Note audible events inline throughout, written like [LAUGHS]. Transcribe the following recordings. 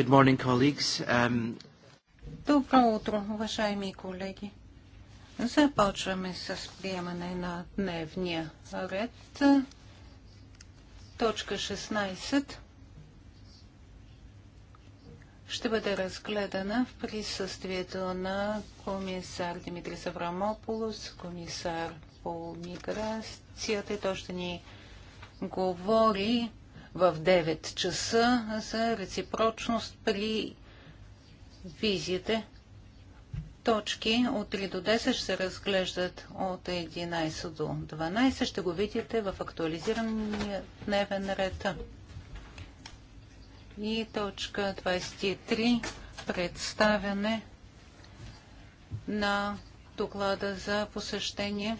Good morning, colleagues. Um... Добро утро, уважаеми колеги. Започваме с приемане на дневния ред. Точка 16 ще бъде разгледана в присъствието на комисар Димитрис Аврамополос, комисар по миграцията и той ще ни говори в 9 часа за реципрочност при визите. Точки от 3 до 10 ще се разглеждат от 11 до 12. Ще го видите в актуализирания дневен ред. И точка 23 представяне на доклада за посещение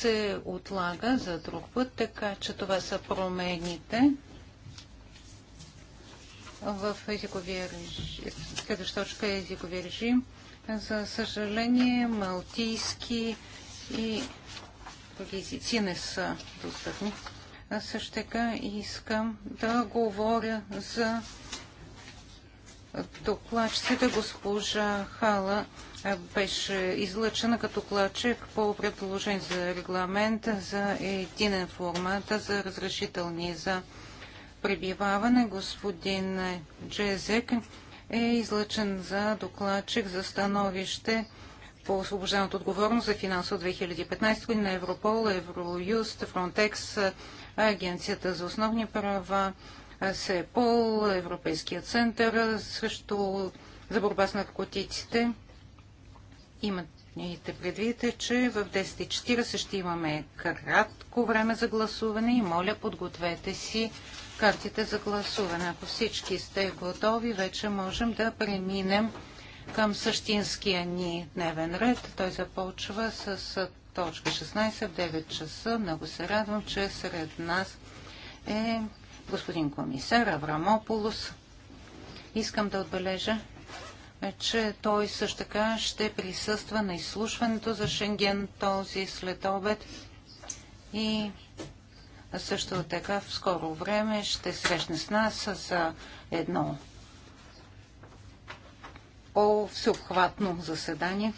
се отлага за друг път, така че това са промените в езиковия режим. Следваща точка е езиковия режим. За съжаление, малтийски и други езици не са достъпни. Аз също така искам да говоря за докладчицата госпожа Хала беше излъчена като клачек по предложение за регламент за единен формат за разрешителни за пребиваване. Господин Джезек е излъчен за докладчик за становище по освобождената отговорност за финансово 2015 година Европол, Евроюст, Фронтекс, Агенцията за основни права, СЕПОЛ, Европейския център срещу за борба с наркотиците, имате предвид, че в 10.40 ще имаме кратко време за гласуване и моля подгответе си картите за гласуване. Ако всички сте готови, вече можем да преминем към същинския ни дневен ред. Той започва с точка 16 в 9 часа. Много се радвам, че сред нас е господин комисар Аврамополос. Искам да отбележа, че той също така ще присъства на изслушването за Шенген този след обед и също така в скоро време ще срещне с нас за едно по-всеобхватно заседание.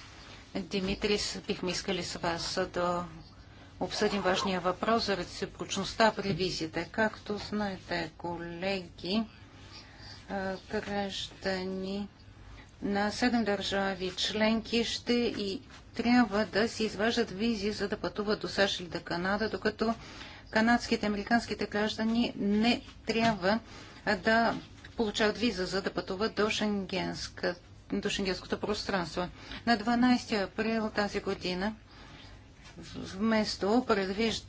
Димитрис, бихме искали с вас да обсъдим важния въпрос за реципрочността в визите. Както знаете, колеги, граждани на 7 държави членки ще и трябва да си изваждат визи, за да пътуват до САЩ или до Канада, докато канадските, и американските граждани не трябва да получават виза, за да пътуват до, шенгенска, до шенгенското пространство. На 12 април тази година вместо предвижд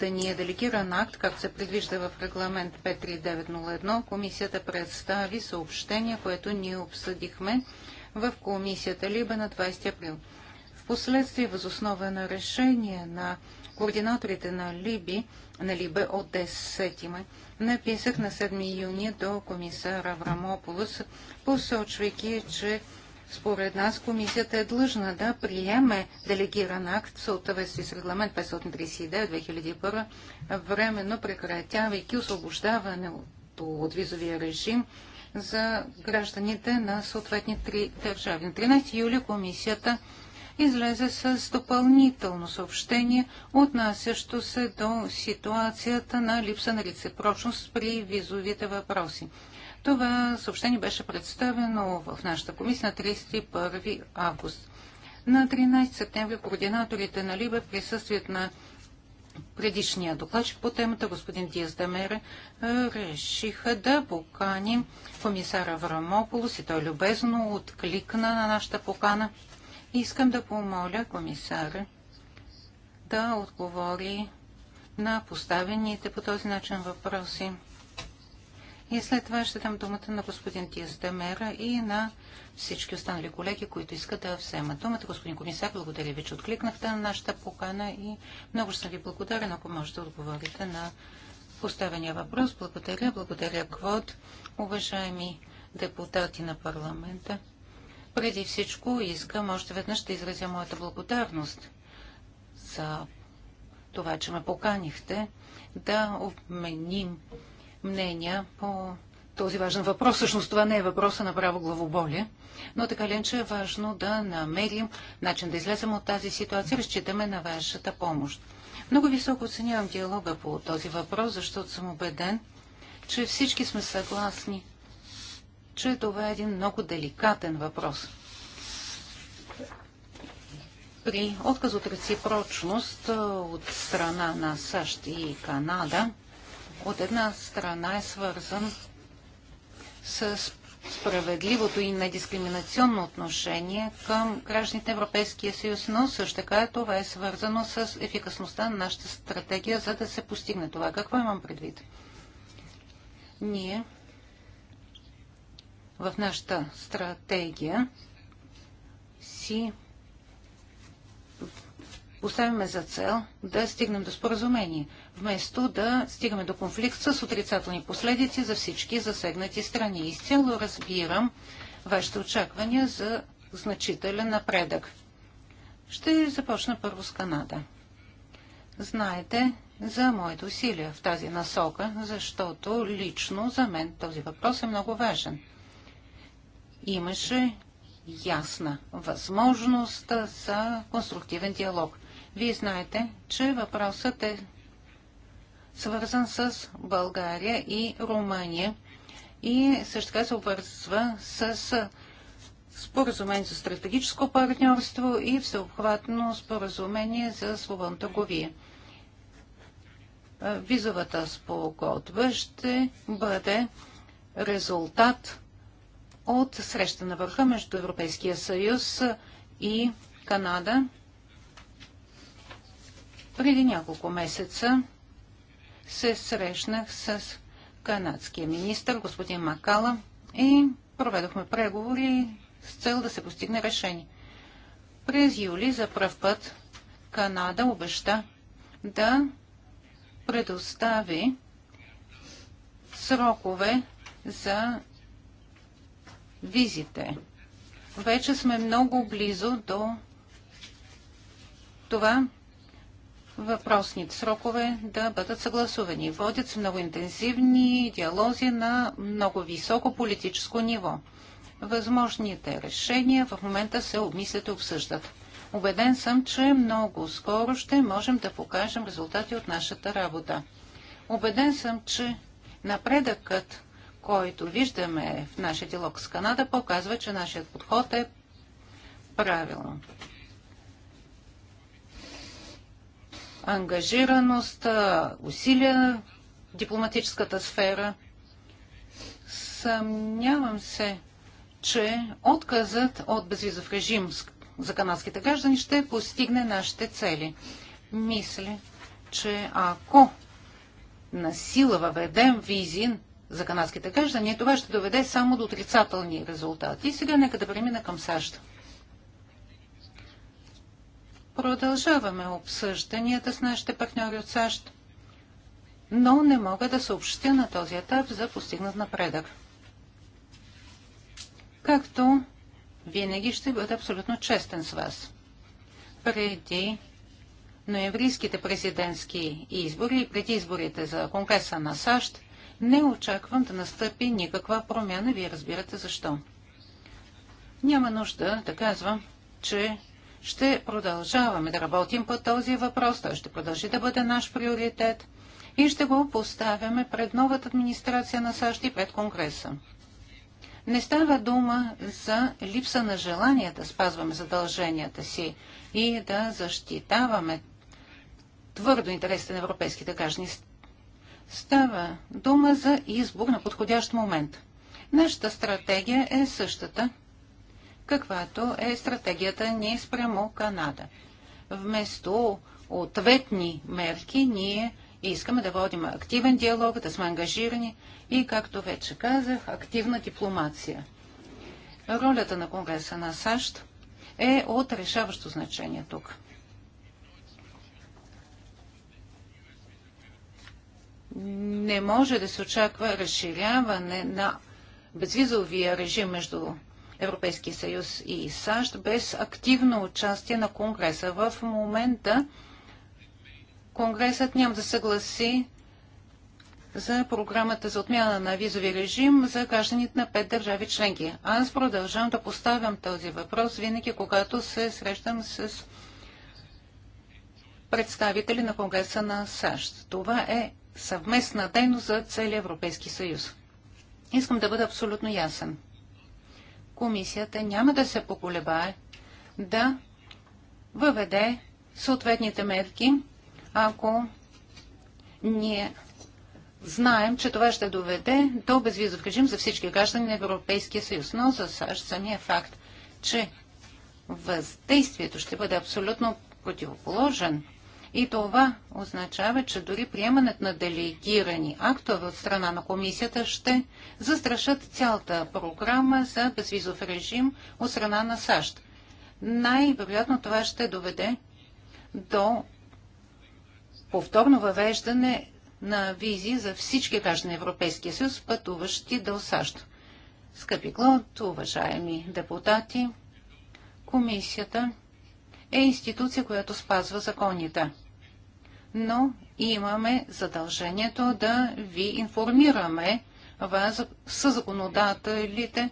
ни е делегиран акт, както се предвижда в регламент 53901, комисията представи съобщение, което ние обсъдихме в комисията Либе на 20 април. Впоследствие, възоснова на решение на координаторите на Либи, на Либе от 10 май, написах на 7 юни до комисар Аврамополос, посочвайки, че според нас комисията е длъжна да приеме делегиран акт в съответствие с регламент 539-2001, временно прекратявайки освобождаването от визовия режим за гражданите на съответни три държави. На 13 юли комисията излезе с допълнително съобщение, отнасящо се до ситуацията на липса на реципрочност при визовите въпроси. Това съобщение беше представено в нашата комисия на 31 август. На 13 септември координаторите на Либе присъствият на предишния докладчик по темата, господин Диас Дамере, решиха да поканим комисара Врамополос и той любезно откликна на нашата покана. Искам да помоля комисара да отговори на поставените по този начин въпроси. И след това ще дам думата на господин Тиас Демера и на всички останали колеги, които искат да вземат думата. Господин комисар, благодаря ви, че откликнахте на нашата покана и много ще ви благодарен, ако можете да отговорите на поставения въпрос. Благодаря, благодаря Квод, уважаеми депутати на парламента. Преди всичко искам още веднъж да изразя моята благодарност за това, че ме поканихте да обменим мнения по този важен въпрос. Всъщност това не е въпроса на право главоболие, но така ли е, е важно да намерим начин да излезем от тази ситуация. Разчитаме на вашата помощ. Много високо оценявам диалога по този въпрос, защото съм убеден, че всички сме съгласни, че това е един много деликатен въпрос. При отказ от реципрочност от страна на САЩ и Канада, от една страна е свързан с справедливото и недискриминационно отношение към гражданите Европейския съюз, но също така е това е свързано с ефикасността на нашата стратегия, за да се постигне това. Какво имам предвид? Ние в нашата стратегия си поставяме за цел да стигнем до споразумение – вместо да стигаме до конфликт с отрицателни последици за всички засегнати страни. Изцяло разбирам вашите очаквания за значителен напредък. Ще започна първо с Канада. Знаете за моите усилия в тази насока, защото лично за мен този въпрос е много важен. Имаше ясна възможност за конструктивен диалог. Вие знаете, че въпросът е свързан с България и Румъния и също така се обвързва с споразумение за стратегическо партньорство и всеобхватно споразумение за свободна търговия. Визовата спогодба ще бъде резултат от среща на върха между Европейския съюз и Канада преди няколко месеца се срещнах с канадския министр господин Макала и проведохме преговори с цел да се постигне решение. През юли за пръв път Канада обеща да предостави срокове за визите. Вече сме много близо до това въпросните срокове да бъдат съгласувани. Водят се много интензивни диалози на много високо политическо ниво. Възможните решения в момента се обмислят и обсъждат. Обеден съм, че много скоро ще можем да покажем резултати от нашата работа. Обеден съм, че напредъкът, който виждаме в нашия диалог с Канада, показва, че нашият подход е правилно. ангажираност, усилия в дипломатическата сфера. Съмнявам се, че отказът от безвизов режим за канадските граждани ще постигне нашите цели. Мисля, че ако насила въведем визин за канадските граждани, това ще доведе само до отрицателни резултати. И сега нека да премина към САЩ. Продължаваме обсъжданията с нашите партньори от САЩ, но не мога да съобщя на този етап за постигнат напредък. Както винаги ще бъда абсолютно честен с вас. Преди ноемврийските президентски избори и преди изборите за Конгреса на САЩ, не очаквам да настъпи никаква промяна. Вие разбирате защо. Няма нужда да казвам, че ще продължаваме да работим по този въпрос. Той ще продължи да бъде наш приоритет и ще го поставяме пред новата администрация на САЩ и пред Конгреса. Не става дума за липса на желание да спазваме задълженията си и да защитаваме твърдо интересите на европейските граждани. Става дума за избор на подходящ момент. Нашата стратегия е същата, каквато е стратегията ни спрямо Канада. Вместо ответни мерки, ние искаме да водим активен диалог, да сме ангажирани и, както вече казах, активна дипломация. Ролята на Конгреса на САЩ е от решаващо значение тук. Не може да се очаква разширяване на безвизовия режим между Европейския съюз и САЩ без активно участие на Конгреса. В момента Конгресът няма да съгласи за програмата за отмяна на визови режим за гражданите на пет държави членки. Аз продължавам да поставям този въпрос винаги, когато се срещам с представители на Конгреса на САЩ. Това е съвместна дейност за целия Европейски съюз. Искам да бъда абсолютно ясен комисията няма да се поколебае да въведе съответните мерки, ако ние знаем, че това ще доведе до безвизов режим за всички граждани на Европейския съюз. Но за САЩ самия факт, че въздействието ще бъде абсолютно противоположен и това означава, че дори приемането на делегирани актове от страна на комисията ще застрашат цялата програма за безвизов режим от страна на САЩ. Най-вероятно това ще доведе до повторно въвеждане на визи за всички граждани Европейския съюз, пътуващи до САЩ. Скъпи Клод, уважаеми депутати, комисията е институция, която спазва законите но имаме задължението да ви информираме с законодателите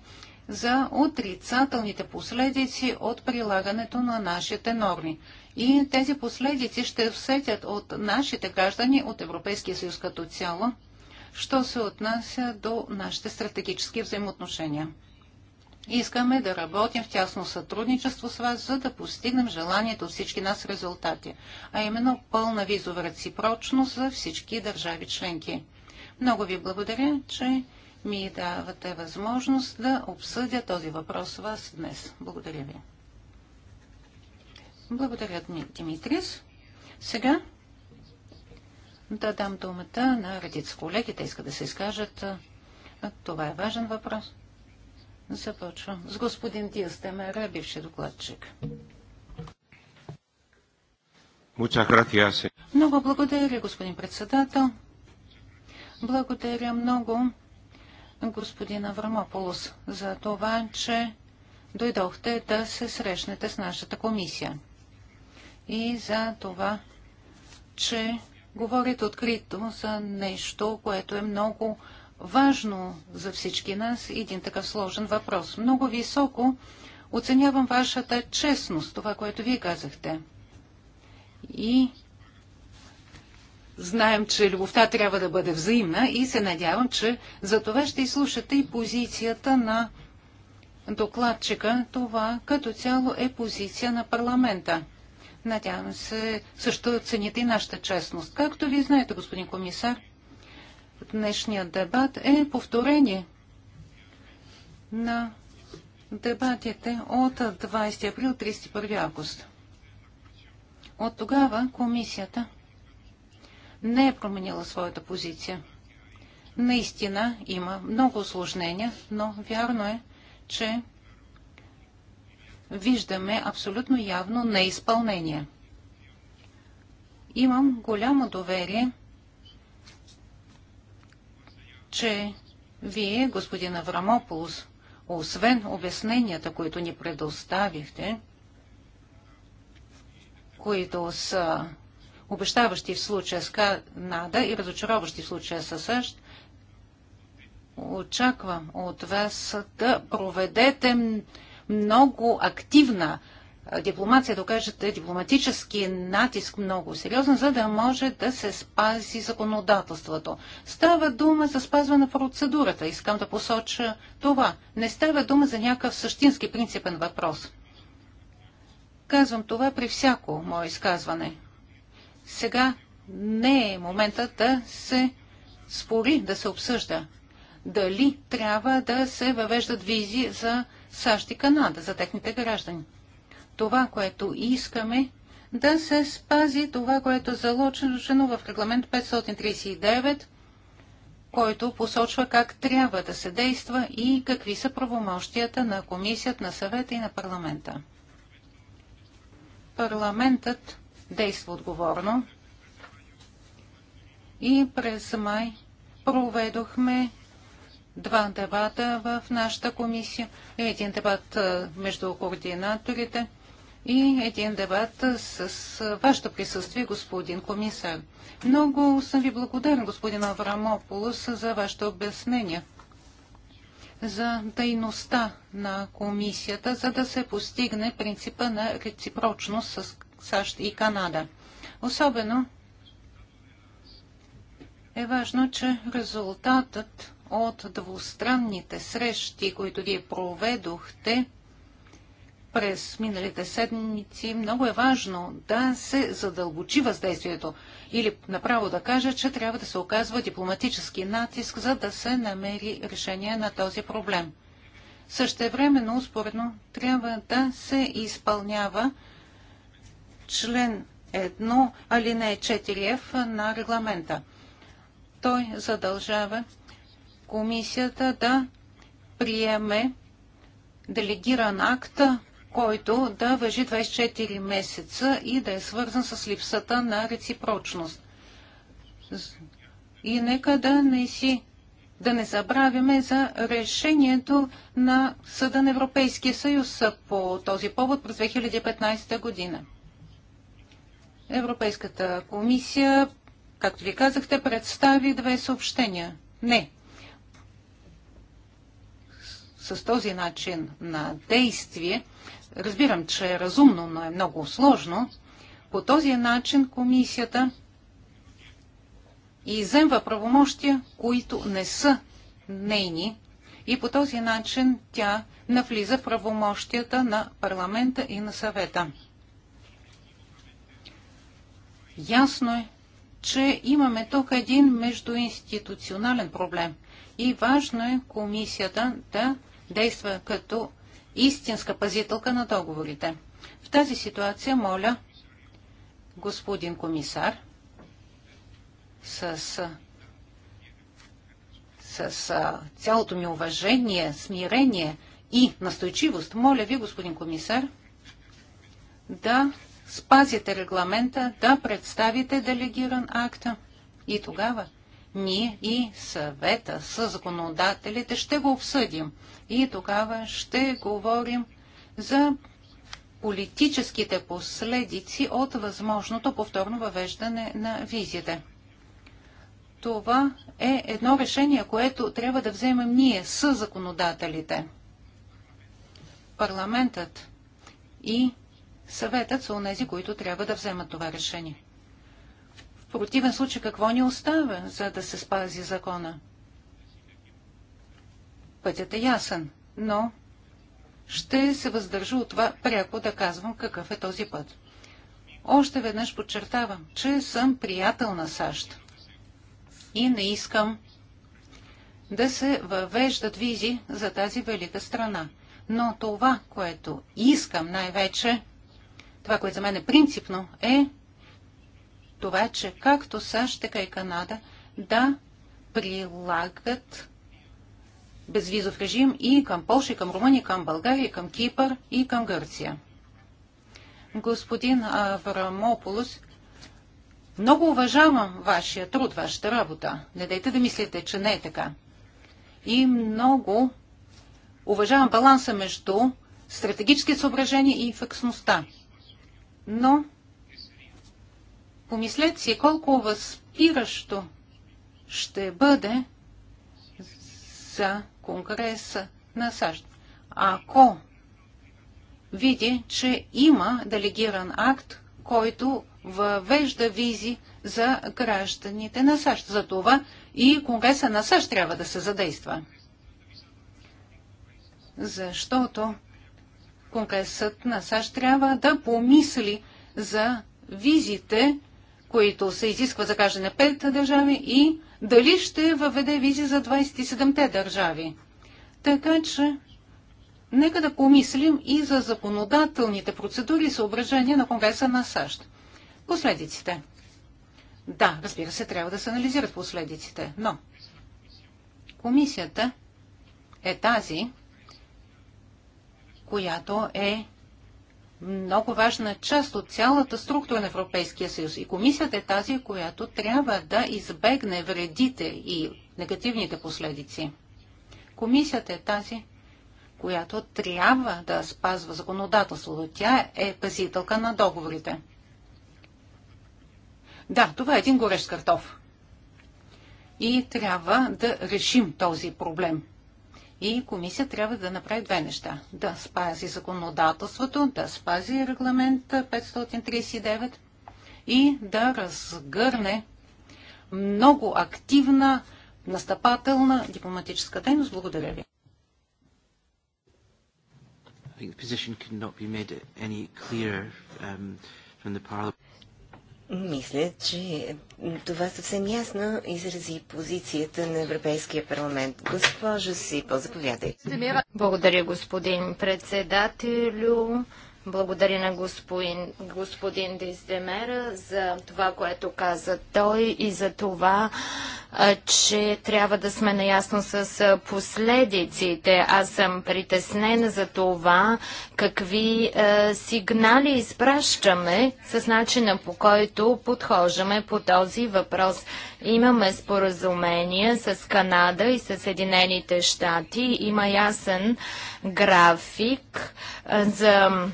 за отрицателните последици от прилагането на нашите норми. И тези последици ще усетят от нашите граждани, от Европейския съюз като цяло, що се отнася до нашите стратегически взаимоотношения. Искаме да работим в тясно сътрудничество с вас, за да постигнем желанието от всички нас резултати, а именно пълна визова реципрочност за всички държави членки. Много ви благодаря, че ми давате възможност да обсъдя този въпрос с вас днес. Благодаря ви. Благодаря, Димитрис. Сега да дам думата на редица колеги. Те искат да се изкажат. Това е важен въпрос. Започвам с господин Диастемера, бивши докладчик. Eh. Много благодаря, господин председател. Благодаря много, господин Аврамополос, за това, че дойдохте да се срещнете с нашата комисия. И за това, че говорите открито за нещо, което е много важно за всички нас един такъв сложен въпрос. Много високо оценявам вашата честност, това, което вие казахте. И знаем, че любовта трябва да бъде взаимна и се надявам, че за това ще изслушате и позицията на докладчика. Това като цяло е позиция на парламента. Надявам се също цените и нашата честност. Както ви знаете, господин комисар, днешният дебат е повторение на дебатите от 20 април 31 август. От тогава комисията не е променила своята позиция. Наистина има много осложнения, но вярно е, че виждаме абсолютно явно неизпълнение. Имам голямо доверие че вие, господин Аврамополос, освен обясненията, които ни предоставихте, които са обещаващи в случая с Канада и разочароващи в случая с САЩ, очаквам от вас да проведете много активна дипломация да окажете дипломатически натиск много сериозен, за да може да се спази законодателството. Става дума за спазване на процедурата. Искам да посоча това. Не става дума за някакъв същински принципен въпрос. Казвам това при всяко мое изказване. Сега не е момента да се спори, да се обсъжда дали трябва да се въвеждат визи за САЩ и Канада, за техните граждани това, което искаме, да се спази това, което е заложено в регламент 539, който посочва как трябва да се действа и какви са правомощията на комисията, на съвета и на парламента. Парламентът действа отговорно и през май проведохме два дебата в нашата комисия. Един дебат между координаторите – и един дебат с вашето присъствие, господин комисар. Много съм ви благодарен, господин Аврамополос, за вашето обяснение за дейността на комисията, за да се постигне принципа на реципрочност с САЩ и Канада. Особено е важно, че резултатът от двустранните срещи, които вие проведохте, през миналите седмици, много е важно да се задълбочи въздействието. Или направо да кажа, че трябва да се оказва дипломатически натиск, за да се намери решение на този проблем. Същевременно, успоредно, трябва да се изпълнява член 1, алинея 4F на регламента. Той задължава комисията да приеме делегиран акт който да въжи 24 месеца и да е свързан с липсата на реципрочност. И нека да не си да не забравяме за решението на Съда на Европейския съюз по този повод през 2015 година. Европейската комисия, както ви казахте, представи две съобщения. Не. С този начин на действие разбирам, че е разумно, но е много сложно, по този начин комисията иземва правомощия, които не са нейни и по този начин тя навлиза в правомощията на парламента и на съвета. Ясно е, че имаме тук един междуинституционален проблем и важно е комисията да действа като истинска пазителка на договорите. В тази ситуация моля господин комисар с, с, с цялото ми уважение, смирение и настойчивост, моля ви, господин комисар, да спазите регламента, да представите делегиран акт и тогава ние и съвета с законодателите ще го обсъдим. И тогава ще говорим за политическите последици от възможното повторно въвеждане на визите. Това е едно решение, което трябва да вземем ние с законодателите. Парламентът и съветът са онези, които трябва да вземат това решение. В противен случай какво ни остава, за да се спази закона? Пътят е ясен, но ще се въздържа от това пряко да казвам какъв е този път. Още веднъж подчертавам, че съм приятел на САЩ и не искам да се въвеждат визи за тази велика страна. Но това, което искам най-вече, това, което за мен е принципно, е това, че както САЩ, така и Канада да прилагат безвизов режим и към Польша, и към Румъния, и към България, и към Кипър, и към Гърция. Господин Аврамополос, много уважавам вашия труд, вашата работа. Не дайте да мислите, че не е така. И много уважавам баланса между стратегически съображения и фъксността. Но Помислете си колко възпиращо ще бъде за Конгреса на САЩ. Ако види, че има делегиран акт, който въвежда визи за гражданите на САЩ. За това и Конгреса на САЩ трябва да се задейства. Защото Конгресът на САЩ трябва да помисли за визите които се изисква за каждане на пет държави и дали ще въведе визи за 27-те държави. Така че нека да помислим и за законодателните процедури и съображения на Конгреса на САЩ. Последиците. Да, разбира се, трябва да се анализират последиците, но комисията е тази, която е много важна част от цялата структура на Европейския съюз. И комисията е тази, която трябва да избегне вредите и негативните последици. Комисията е тази, която трябва да спазва законодателството. Тя е пазителка на договорите. Да, това е един горещ картоф. И трябва да решим този проблем. И комисия трябва да направи две неща. Да спази законодателството, да спази регламент 539 и да разгърне много активна настъпателна дипломатическа дейност. Благодаря ви. I think the position could not be made any clearer um, from the Parliament. Мисля, че това съвсем ясно изрази позицията на Европейския парламент. Госпожо Сипо, заповядай. Благодаря, господин председателю. Благодаря на господин, господин Диздемера за това, което каза той и за това, че трябва да сме наясно с последиците. Аз съм притеснена за това какви сигнали изпращаме с начина по който подхождаме по този въпрос. Имаме споразумения с Канада и с Съединените щати. Има ясен график за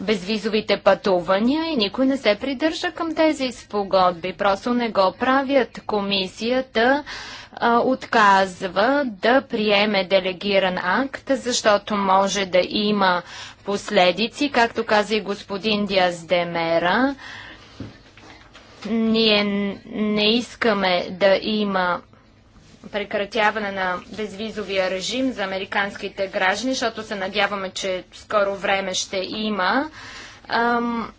безвизовите пътувания и никой не се придържа към тези спогодби. Просто не го правят. Комисията а, отказва да приеме делегиран акт, защото може да има последици, както каза и господин Диаз Демера. Ние не искаме да има прекратяване на безвизовия режим за американските граждани, защото се надяваме, че скоро време ще има ам,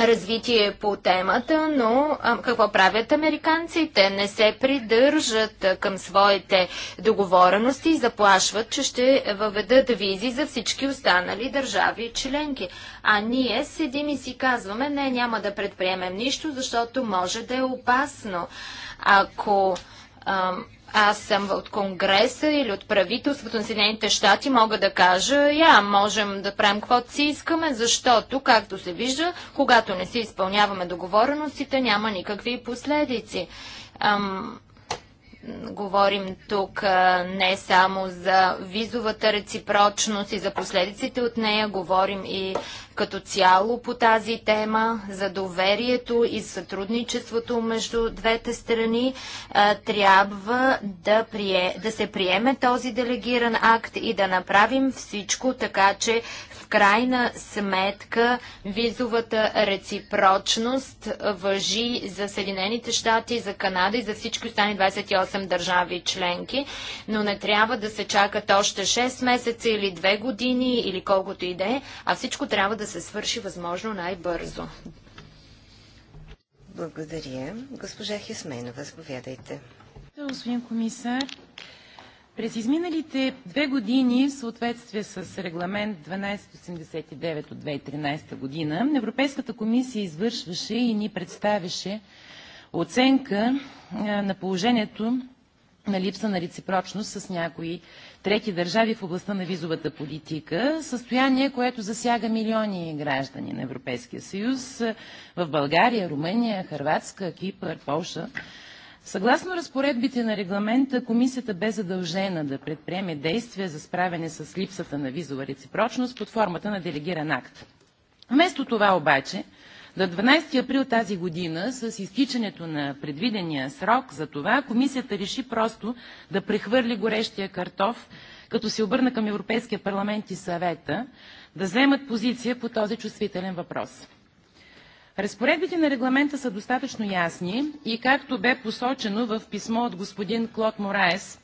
развитие по темата, но ам, какво правят американците? Не се придържат към своите договорености и заплашват, че ще въведат визи за всички останали държави и членки. А ние седим и си казваме, не, няма да предприемем нищо, защото може да е опасно ако аз съм от Конгреса или от правителството на Съединените щати, мога да кажа, я, можем да правим каквото си искаме, защото, както се вижда, когато не си изпълняваме договореностите, няма никакви последици. Ам, говорим тук а, не само за визовата реципрочност и за последиците от нея, говорим и като цяло по тази тема, за доверието и сътрудничеството между двете страни, трябва да, прие, да се приеме този делегиран акт и да направим всичко така, че в крайна сметка визовата реципрочност въжи за Съединените щати, за Канада и за всички останали 28 държави членки, но не трябва да се чакат още 6 месеца или 2 години или колкото и да е, а всичко трябва да се свърши възможно най-бързо. Благодаря. Госпожа Хисменова, заповядайте. Господин комисар, през изминалите две години в съответствие с регламент 1289 от 2013 година Европейската комисия извършваше и ни представяше оценка на положението на липса на реципрочност с някои трети държави в областта на визовата политика. Състояние, което засяга милиони граждани на Европейския съюз е, в България, Румъния, Харватска, Кипър, Полша. Съгласно разпоредбите на регламента, комисията бе задължена да предприеме действия за справяне с липсата на визова реципрочност под формата на делегиран акт. Вместо това обаче, на 12 април тази година, с изтичането на предвидения срок за това, комисията реши просто да прехвърли горещия картоф, като се обърна към Европейския парламент и съвета да вземат позиция по този чувствителен въпрос. Разпоредбите на регламента са достатъчно ясни и както бе посочено в писмо от господин Клод Мораес,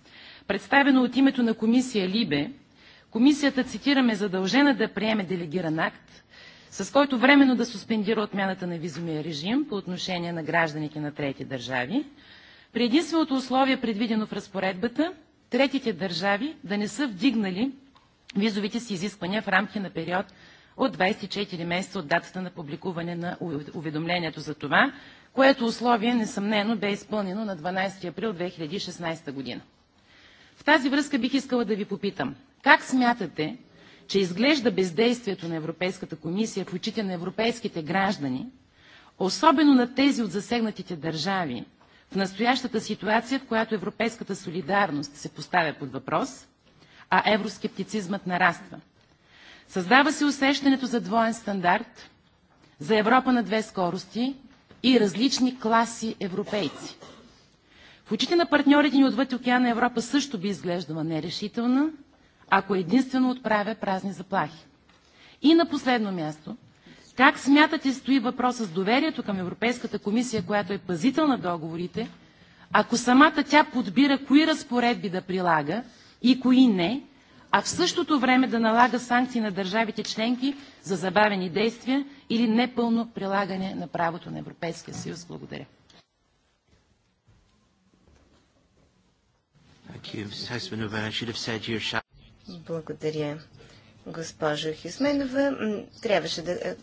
представено от името на комисия Либе, комисията, цитираме, задължена да приеме делегиран акт, с който временно да суспендира отмяната на визовия режим по отношение на гражданите на трети държави, при единственото условие, предвидено в разпоредбата, третите държави да не са вдигнали визовите си изисквания в рамки на период от 24 месеца от датата на публикуване на уведомлението за това, което условие несъмнено бе изпълнено на 12 април 2016 година. В тази връзка бих искала да ви попитам, как смятате че изглежда бездействието на Европейската комисия в очите на европейските граждани, особено на тези от засегнатите държави, в настоящата ситуация, в която европейската солидарност се поставя под въпрос, а евроскептицизмът нараства. Създава се усещането за двоен стандарт, за Европа на две скорости и различни класи европейци. В очите на партньорите ни отвъд океана Европа също би изглеждала нерешителна ако единствено отправя празни заплахи? И на последно място, как смятате стои въпроса с доверието към Европейската комисия, която е пазител на договорите, ако самата тя подбира кои разпоредби да прилага и кои не, а в същото време да налага санкции на държавите членки за забавени действия или непълно прилагане на правото на Европейския съюз. Благодаря. Благодаря, госпожо Хюсменова. Трябваше да е,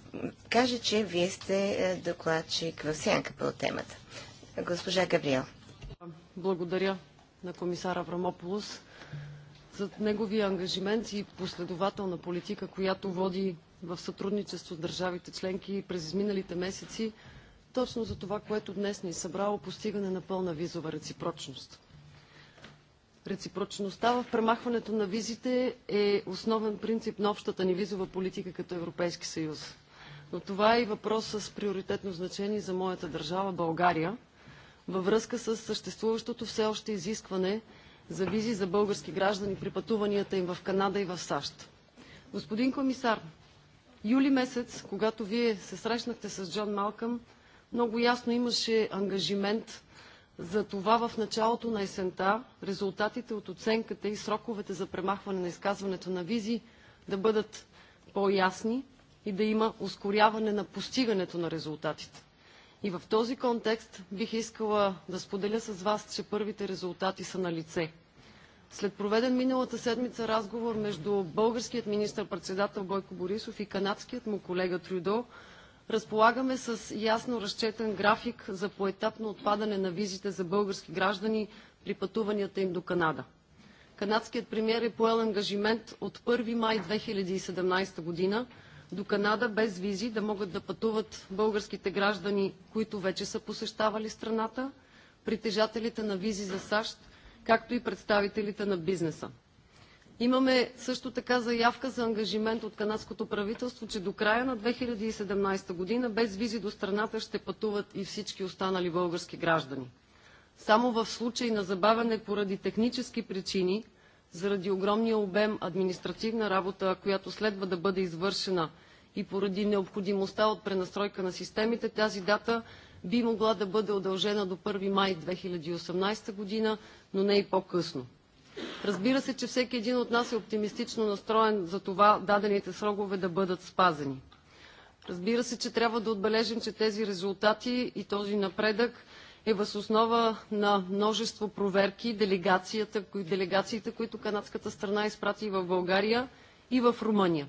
кажа, че вие сте е, докладчик в сянка по темата. Госпожа Габриел. Благодаря на комисар Аврамополос за неговия ангажимент и последователна политика, която води в сътрудничество с държавите членки през изминалите месеци, точно за това, което днес ни е събрало постигане на пълна визова реципрочност. Реципрочността в премахването на визите е основен принцип на общата ни визова политика като Европейски съюз. Но това е и въпрос с приоритетно значение за моята държава България във връзка с съществуващото все още изискване за визи за български граждани при пътуванията им в Канада и в САЩ. Господин комисар, юли месец, когато вие се срещнахте с Джон Малкъм, много ясно имаше ангажимент затова в началото на есента резултатите от оценката и сроковете за премахване на изказването на визи да бъдат по-ясни и да има ускоряване на постигането на резултатите. И в този контекст бих искала да споделя с вас, че първите резултати са на лице. След проведен миналата седмица разговор между българският министър-председател Бойко Борисов и канадският му колега Трюдо, Разполагаме с ясно разчетен график за поетапно отпадане на визите за български граждани при пътуванията им до Канада. Канадският премьер е поел ангажимент от 1 май 2017 година до Канада без визи да могат да пътуват българските граждани, които вече са посещавали страната, притежателите на визи за САЩ, както и представителите на бизнеса. Имаме също така заявка за ангажимент от канадското правителство, че до края на 2017 година без визи до страната ще пътуват и всички останали български граждани. Само в случай на забавяне поради технически причини, заради огромния обем административна работа, която следва да бъде извършена и поради необходимостта от пренастройка на системите, тази дата би могла да бъде удължена до 1 май 2018 година, но не и по-късно. Разбира се, че всеки един от нас е оптимистично настроен за това дадените срокове да бъдат спазени. Разбира се, че трябва да отбележим, че тези резултати и този напредък е възоснова основа на множество проверки, делегациите, които канадската страна изпрати в България и в Румъния.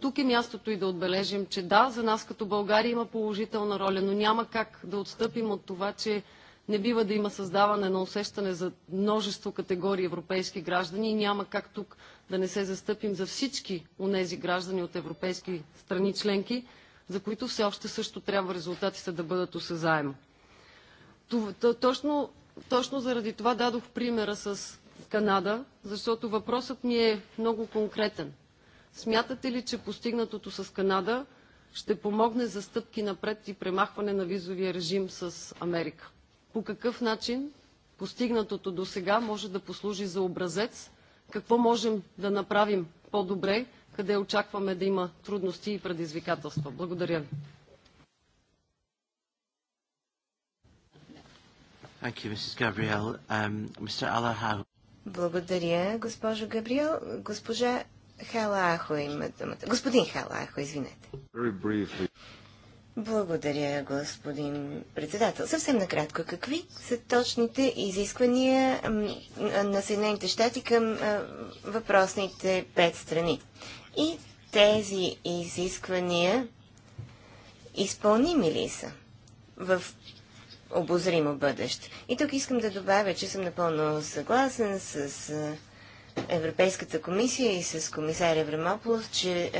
Тук е мястото и да отбележим, че да, за нас като България има положителна роля, но няма как да отстъпим от това, че не бива да има създаване на усещане за множество категории европейски граждани и няма как тук да не се застъпим за всички онези граждани от европейски страни членки, за които все още също трябва резултатите да бъдат осезаемо. Точно, точно заради това дадох примера с Канада, защото въпросът ми е много конкретен. Смятате ли, че постигнатото с Канада ще помогне за стъпки напред и премахване на визовия режим с Америка? по какъв начин постигнатото до сега може да послужи за образец, какво можем да направим по-добре, къде очакваме да има трудности и предизвикателства. Благодаря ви. Thank you, Mrs. Gabriel. Um, Mr. Alahau. Благодаря, госпожо Габриел. Госпожа Ахо има думата. Господин Ахо, извинете. Very briefly. Благодаря, господин председател. Съвсем накратко, какви са точните изисквания на Съединените щати към въпросните пет страни? И тези изисквания изпълними ли са в обозримо бъдеще? И тук искам да добавя, че съм напълно съгласен с Европейската комисия и с комисаря Евремополов, че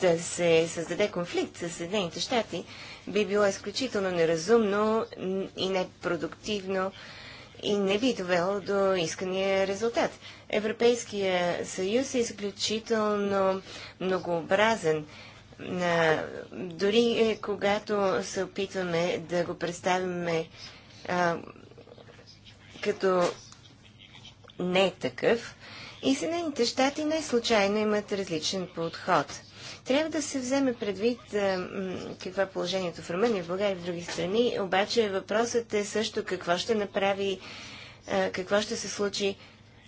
да се създаде конфликт с Съединените щати би било изключително неразумно и непродуктивно и не би довело до искания резултат. Европейския съюз е изключително многообразен. На, дори е, когато се опитваме да го представяме а, като не такъв, и Съединените щати не случайно имат различен подход. Трябва да се вземе предвид е, какво е положението в Румъния, в България и в други страни, обаче въпросът е също какво ще направи, е, какво ще се случи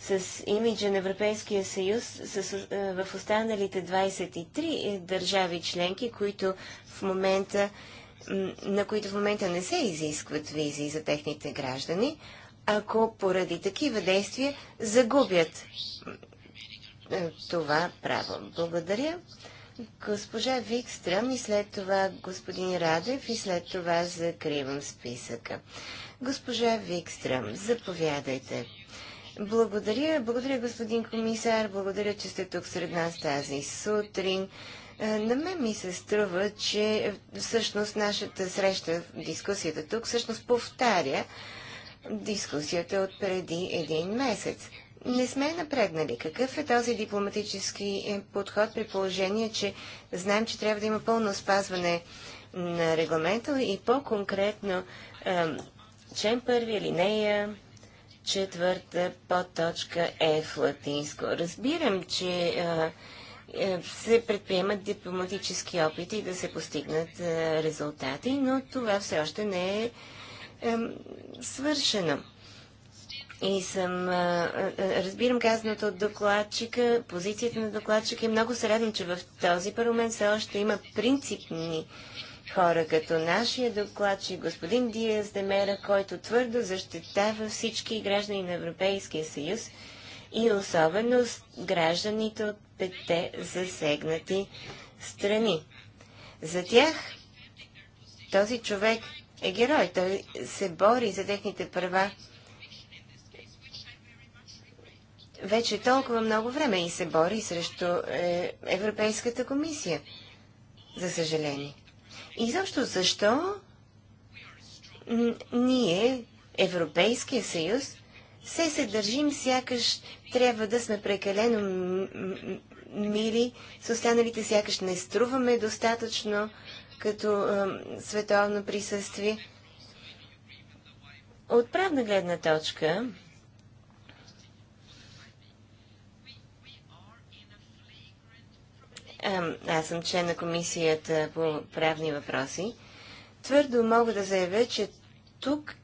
с имиджа на Европейския съюз с, е, в останалите 23 държави членки, които в момента, на които в момента не се изискват визи за техните граждани, ако поради такива действия загубят е, това право. Благодаря. Госпожа Викстрам и след това господин Радев и след това закривам списъка. Госпожа Викстрам, заповядайте. Благодаря, благодаря господин комисар, благодаря, че сте тук сред нас тази сутрин. Е, на мен ми се струва, че всъщност нашата среща, дискусията тук всъщност повтаря дискусията от преди един месец. Не сме напреднали. Какъв е този дипломатически е, подход при положение, че знаем, че трябва да има пълно спазване на регламента и по-конкретно член първи нея, четвърта подточка е в латинско. Разбирам, че е, се предприемат дипломатически опити да се постигнат резултати, но това все още не е е, свършено. И съм, разбирам казаното от докладчика, позицията на докладчика и много се радвам, че в този парламент все още има принципни хора, като нашия докладчик, господин Диас Демера, който твърдо защитава всички граждани на Европейския съюз и особено гражданите от пете засегнати страни. За тях този човек е герой. Той се бори за техните права вече толкова много време и се бори срещу е, Европейската комисия, за съжаление. И защо, защо ние, Европейския съюз, се се държим сякаш трябва да сме прекалено мили, с останалите сякаш не струваме достатъчно, като а, световно присъствие. От правна гледна точка, а, аз съм член на комисията по правни въпроси, твърдо мога да заявя, че тук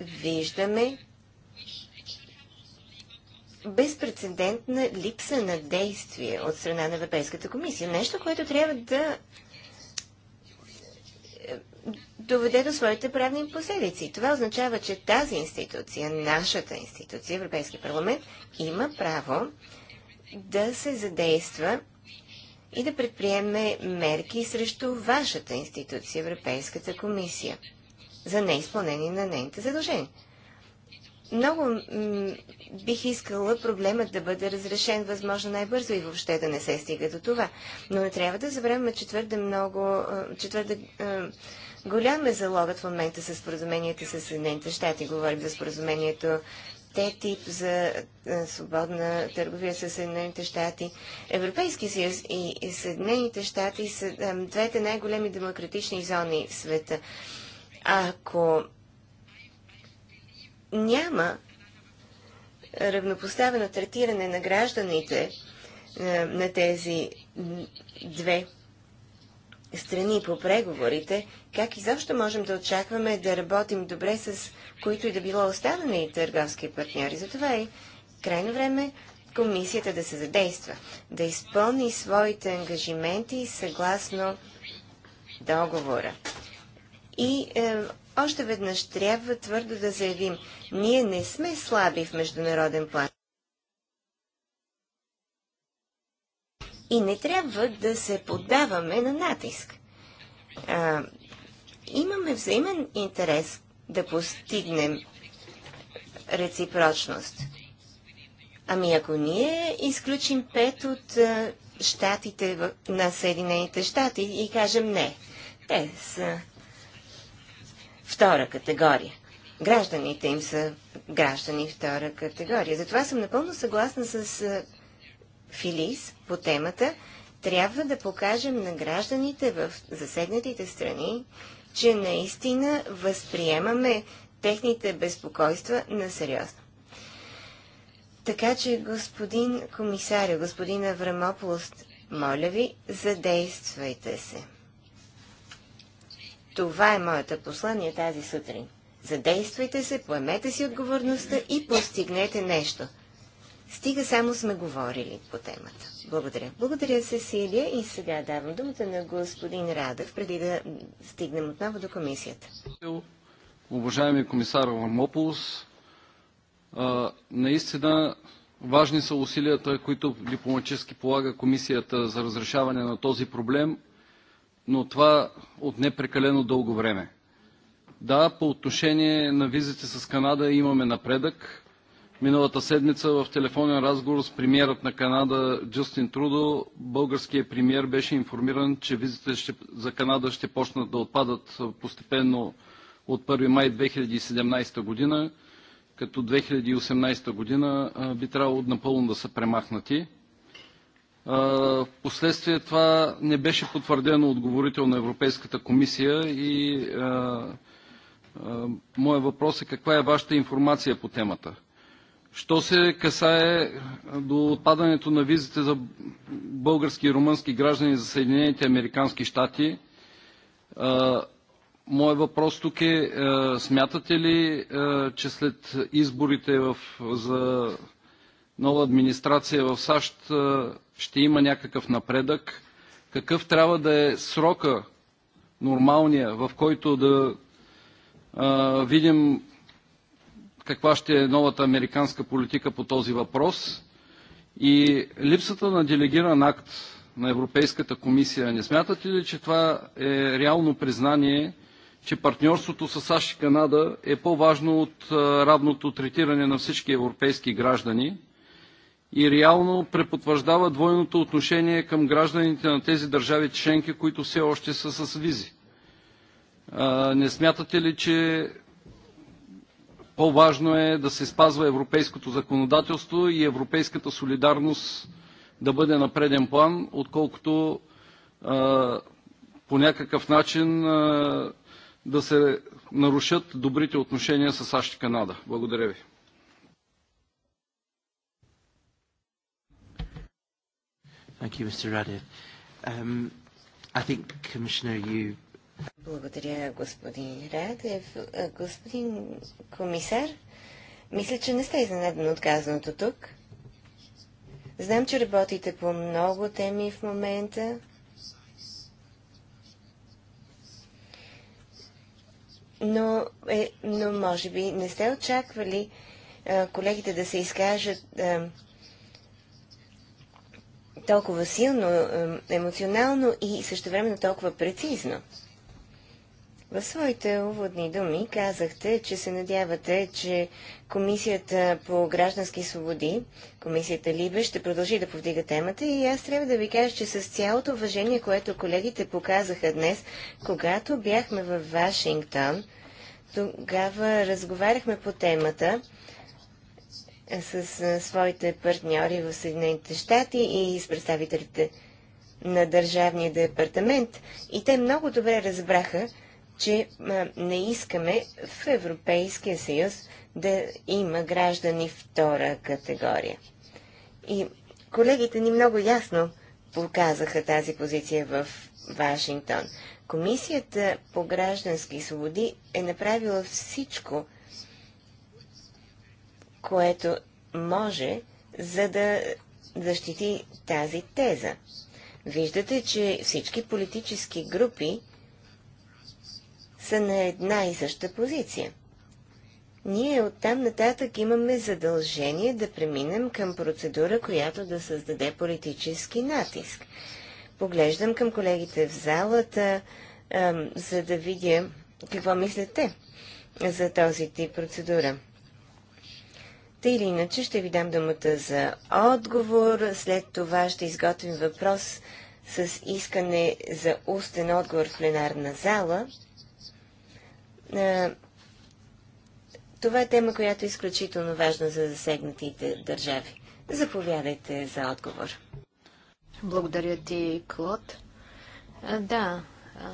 виждаме безпредседентна липса на действие от страна на Европейската комисия. Нещо, което трябва да доведе до своите правни последици. Това означава, че тази институция, нашата институция, Европейски парламент, има право да се задейства и да предприеме мерки срещу вашата институция, Европейската комисия, за неизпълнение на нейните задължения. Много бих искала проблемът да бъде разрешен възможно най-бързо и въобще да не се стига до това. Но не трябва да забравяме, че твърде много, че твърде Голям е залогът в момента с споразуменията с Съединените щати. Говорим за споразумението ТТИП за е, свободна търговия с Съединените щати. Европейски съюз и Съединените щати са е, двете най-големи демократични зони в света. Ако няма равнопоставено третиране на гражданите е, на тези две страни по преговорите, как изобщо можем да очакваме да работим добре с които и да било и търговски партньори. Затова е крайно време комисията да се задейства, да изпълни своите ангажименти съгласно договора. И е, още веднъж трябва твърдо да заявим, ние не сме слаби в международен план. И не трябва да се поддаваме на натиск. А, имаме взаимен интерес да постигнем реципрочност. Ами ако ние изключим пет от а, щатите в, на Съединените щати и кажем не, те са втора категория. Гражданите им са граждани втора категория. Затова съм напълно съгласна с а, Филис, по темата, трябва да покажем на гражданите в заседнатите страни, че наистина възприемаме техните безпокойства на сериозно. Така че, господин комисаря, господин Аврамополос, моля ви, задействайте се. Това е моята послание тази сутрин. Задействайте се, поемете си отговорността и постигнете нещо – Стига само сме говорили по темата. Благодаря. Благодаря, Сесилия. И сега давам думата на господин Радев, преди да стигнем отново до комисията. Уважаеми комисар Ламополос, наистина важни са усилията, които дипломатически полага комисията за разрешаване на този проблем, но това от непрекалено дълго време. Да, по отношение на визите с Канада имаме напредък, Миналата седмица в телефонен разговор с премиерът на Канада Джустин Трудо, българският премиер беше информиран, че визите за Канада ще почнат да отпадат постепенно от 1 май 2017 година, като 2018 година би трябвало напълно да са премахнати. Впоследствие това не беше потвърдено от говорител на Европейската комисия и а, а, моят въпрос е каква е вашата информация по темата? Що се касае до отпадането на визите за български и румънски граждани за Съединените Американски щати, Моят въпрос тук е, смятате ли, че след изборите в, за нова администрация в САЩ ще има някакъв напредък? Какъв трябва да е срока, нормалния, в който да видим каква ще е новата американска политика по този въпрос. И липсата на делегиран акт на Европейската комисия, не смятате ли, че това е реално признание, че партньорството с САЩ и Канада е по-важно от равното третиране на всички европейски граждани и реално препотвърждава двойното отношение към гражданите на тези държави членки, които все още са с визи? Не смятате ли, че по-важно е да се спазва европейското законодателство и европейската солидарност да бъде на преден план, отколкото по някакъв начин да се нарушат добрите отношения с САЩ и Канада. Благодаря ви. Thank you, Mr. Radev. Um, I think, Commissioner, you благодаря, господин Радев. Господин комисар, мисля, че не сте изненадан от казаното тук. Знам, че работите по много теми в момента. Но, е, но може би не сте очаквали а, колегите да се изкажат а, толкова силно, а, емоционално и също времено толкова прецизно. В своите уводни думи казахте, че се надявате, че Комисията по граждански свободи, Комисията Либе, ще продължи да повдига темата и аз трябва да ви кажа, че с цялото уважение, което колегите показаха днес, когато бяхме в Вашингтон, тогава разговаряхме по темата с своите партньори в Съединените щати и с представителите на Държавния департамент и те много добре разбраха, че не искаме в Европейския съюз да има граждани втора категория. И колегите ни много ясно показаха тази позиция в Вашингтон. Комисията по граждански свободи е направила всичко, което може, за да защити тази теза. Виждате, че всички политически групи са на една и съща позиция. Ние оттам нататък имаме задължение да преминем към процедура, която да създаде политически натиск. Поглеждам към колегите в залата, ам, за да видя какво мислите за този тип процедура. Та или иначе ще ви дам думата за отговор. След това ще изготвим въпрос с искане за устен отговор в пленарна зала е, това е тема, която е изключително важна за засегнатите държави. Заповядайте за отговор. Благодаря ти, Клод. А, да, а,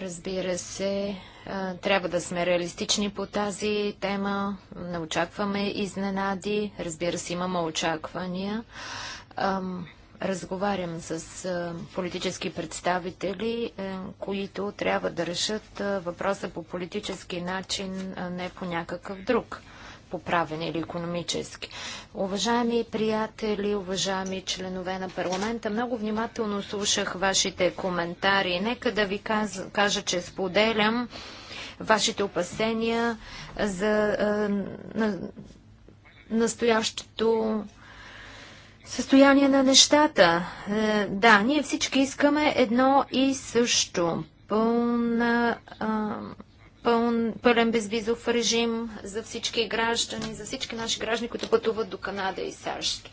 разбира се, а, трябва да сме реалистични по тази тема. Не очакваме изненади. Разбира се, имаме очаквания разговарям с политически представители, които трябва да решат въпроса по политически начин, а не по някакъв друг поправен или економически. Уважаеми приятели, уважаеми членове на парламента, много внимателно слушах вашите коментари. Нека да ви кажа, че споделям вашите опасения за настоящото състояние на нещата. Е, да, ние всички искаме едно и също. Пълна, а, пълн, пълен безвизов режим за всички граждани, за всички наши граждани, които пътуват до Канада и САЩ.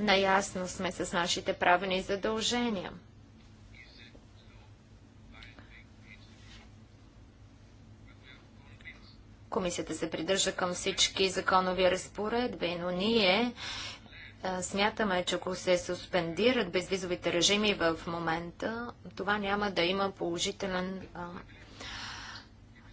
Наясно сме с нашите правени задължения. Комисията се придържа към всички законови разпоредби, но ние Смятаме, че ако се суспендират безвизовите режими в момента, това няма да има положителен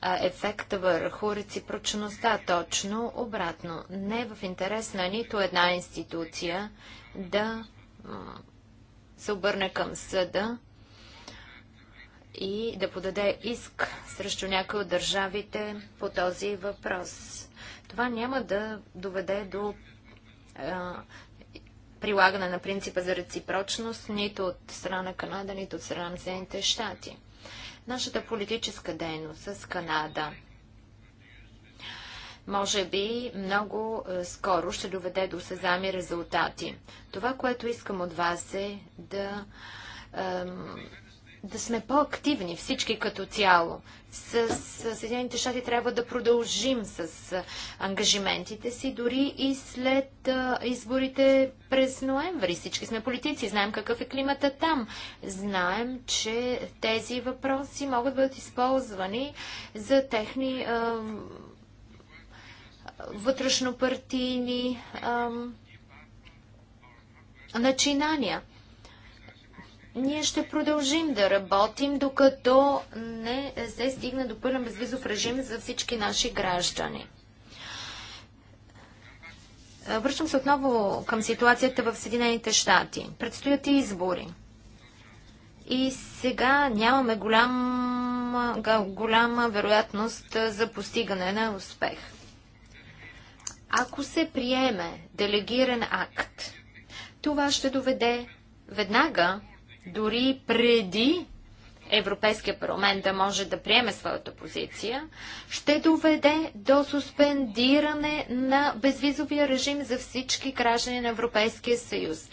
ефект върху реципрочността. Точно обратно. Не е в интерес на нито една институция да се обърне към съда и да подаде иск срещу някои от държавите по този въпрос. Това няма да доведе до прилагане на принципа за реципрочност нито от страна на Канада, нито от страна на Съединените щати. Нашата политическа дейност с Канада може би много е, скоро ще доведе до съзами резултати. Това, което искам от вас е да да сме по-активни всички като цяло. С, с Съединените щати трябва да продължим с ангажиментите си, дори и след а, изборите през ноември. Всички сме политици, знаем какъв е климата там. Знаем, че тези въпроси могат да бъдат използвани за техни вътрешнопартийни начинания. Ние ще продължим да работим, докато не се стигне до пълен безвизов режим за всички наши граждани. Връщам се отново към ситуацията в Съединените щати. Предстоят и избори. И сега нямаме голям, голяма вероятност за постигане на успех. Ако се приеме делегиран акт, това ще доведе веднага дори преди Европейския парламент да може да приеме своята позиция, ще доведе до суспендиране на безвизовия режим за всички граждани на Европейския съюз.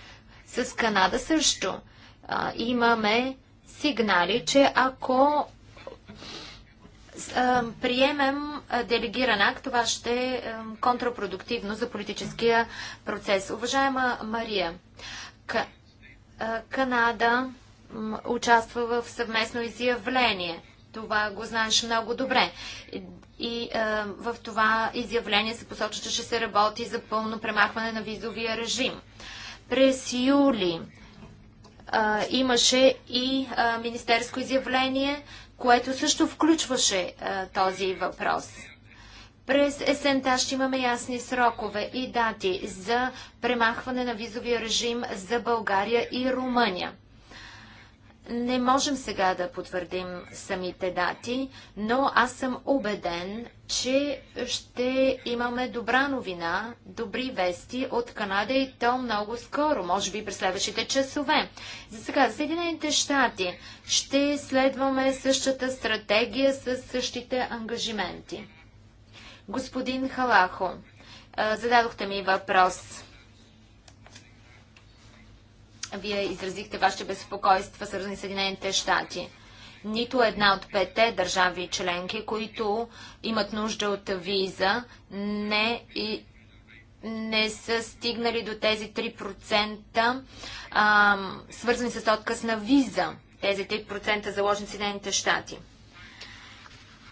С Канада също а, имаме сигнали, че ако а, приемем а, делегиран акт, това ще е контрапродуктивно за политическия процес. Уважаема Мария, Канада участва в съвместно изявление. Това го знаеш много добре. И, а, в това изявление се посочва, че ще се работи за пълно премахване на визовия режим. През юли а, имаше и а, министерско изявление, което също включваше а, този въпрос. През есента ще имаме ясни срокове и дати за премахване на визовия режим за България и Румъния. Не можем сега да потвърдим самите дати, но аз съм убеден, че ще имаме добра новина, добри вести от Канада и то много скоро, може би през следващите часове. За сега, Съединените щати ще следваме същата стратегия с същите ангажименти. Господин Халахо, зададохте ми въпрос. Вие изразихте вашите безпокойство, свързани с Съединените щати. Нито една от пете държави членки, които имат нужда от виза, не, и, не са стигнали до тези 3% а, свързани с отказ на виза. Тези 3% заложени в Съединените щати.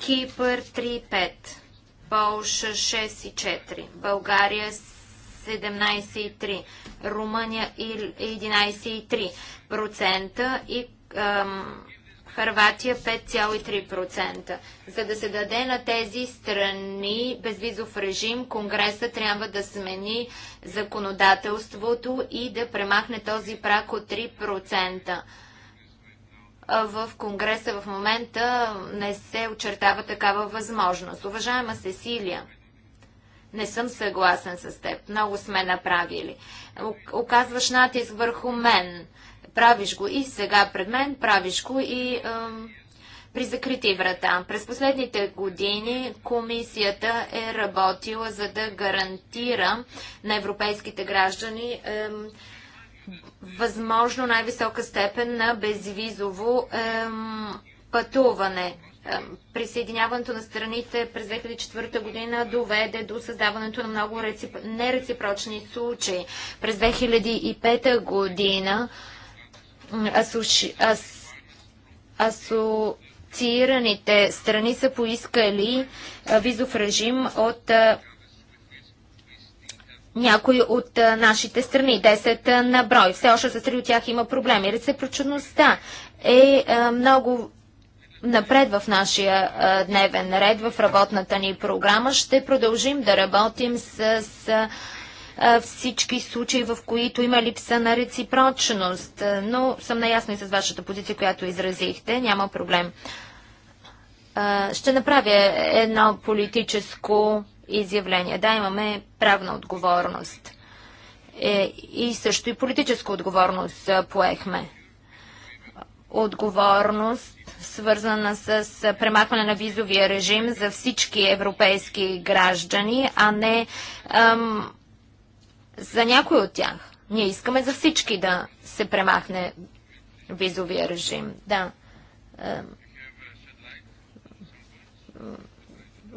Кипър 5. Полша 6,4% България 17,3%, Румъния 113% и процента и ам, Харватия 5,3%. За да се даде на тези страни безвизов режим, Конгреса трябва да смени законодателството и да премахне този прак от 3% в Конгреса в момента не се очертава такава възможност. Уважаема Сесилия, не съм съгласен с теб. Много сме направили. Оказваш натиск върху мен. Правиш го и сега пред мен, правиш го и е, при закрити врата. През последните години комисията е работила за да гарантира на европейските граждани Е, възможно най-висока степен на безвизово ем, пътуване. Присъединяването на страните през 2004 година доведе до създаването на много реципр... нереципрочни случаи. През 2005 година асуши... ас... асоциираните страни са поискали визов режим от някои от а, нашите страни. 10 на брой. Все още за три от тях има проблеми. Рецепрочността е а, много напред в нашия дневен ред, в работната ни програма. Ще продължим да работим с, с всички случаи, в които има липса на реципрочност. Но съм наясна и с вашата позиция, която изразихте. Няма проблем. Ще направя едно политическо изявления. Да, имаме правна отговорност. Е, и също и политическа отговорност поехме. Отговорност, свързана с премахване на визовия режим за всички европейски граждани, а не ам, за някой от тях. Ние искаме за всички да се премахне визовия режим. Да. Ам,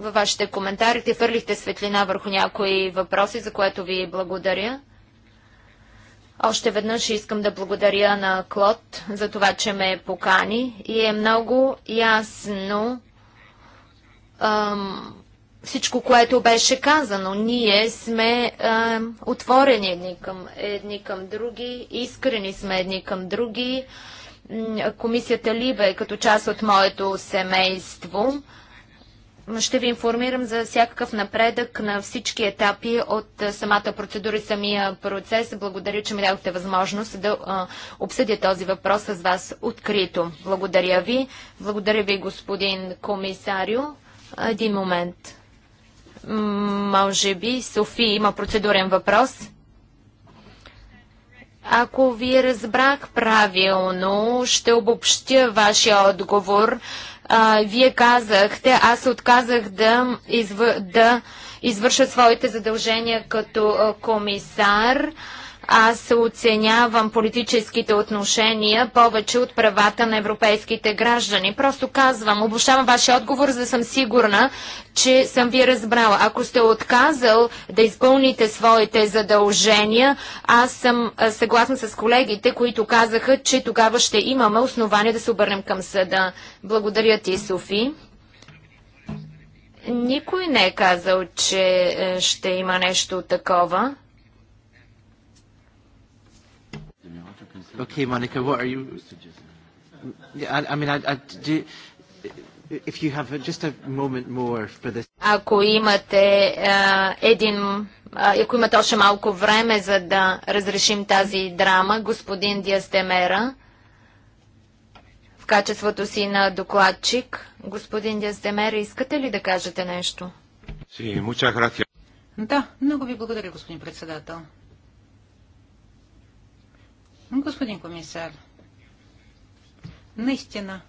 във вашите те Фърлихте светлина върху някои въпроси, за което ви благодаря. Още веднъж искам да благодаря на Клод за това, че ме покани и е много ясно ам, всичко, което беше казано. Ние сме ам, отворени едни към, едни към други, искрени сме едни към други. Комисията Либе е като част от моето семейство. Ще ви информирам за всякакъв напредък на всички етапи от самата процедура и самия процес. Благодаря, че ми дадохте възможност да обсъдя този въпрос с вас открито. Благодаря ви. Благодаря ви, господин комисарио. Един момент. Може би Софи има процедурен въпрос. Ако ви разбрах правилно, ще обобщя вашия отговор. А, вие казахте, аз отказах да, изв... да извърша своите задължения като комисар. Аз оценявам политическите отношения повече от правата на европейските граждани. Просто казвам, обощавам вашия отговор, за да съм сигурна, че съм ви разбрала. Ако сте отказал да изпълните своите задължения, аз съм съгласна с колегите, които казаха, че тогава ще имаме основание да се обърнем към съда. Благодаря ти, Софи. Никой не е казал, че е, ще има нещо такова. Okay, Monica, what are you? Yeah, I, I mean, I, I do. If you have just a moment more for this. Ако имате а, един, а, ако имате още малко време за да разрешим тази драма, господин Диастемера, в качеството си на докладчик, господин Диастемера, искате ли да кажете нещо? Sí, Да, много ви благодаря, господин председател. Господин комисар, наистина,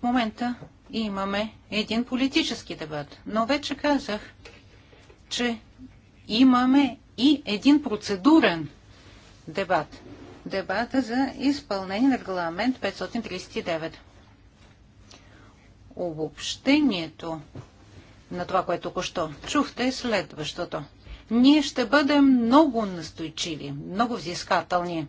в момента имаме един политически дебат, но вече казах, че имаме и един процедурен дебат. Дебата за изпълнение на регламент 539. Обобщението на това, което току-що чухте е следващото – ние ще бъдем много настойчиви, много взискателни.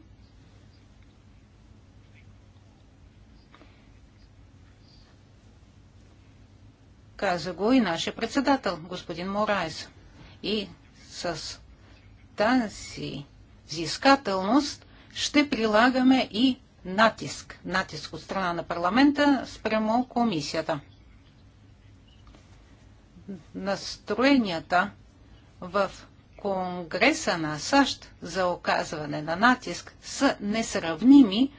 Каза го и нашия председател, господин Морайс. И с тази взискателност ще прилагаме и натиск. Натиск от страна на парламента спрямо комисията. Настроенията в Конгреса на САЩ за оказване на натиск са несравними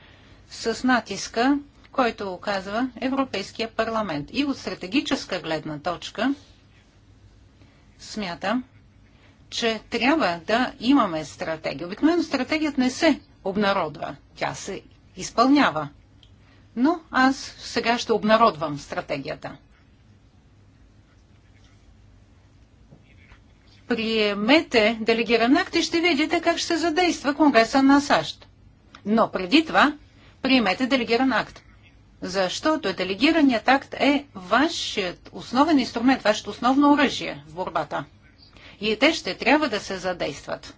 с натиска, който оказва Европейския парламент. И от стратегическа гледна точка смятам, че трябва да имаме стратегия. Обикновено стратегията не се обнародва, тя се изпълнява. Но аз сега ще обнародвам стратегията. приемете делегиран акт и ще видите как ще задейства Конгреса на САЩ. Но преди това приемете делегиран акт. Защото делегираният акт е вашият основен инструмент, вашето основно оръжие в борбата. И те ще трябва да се задействат.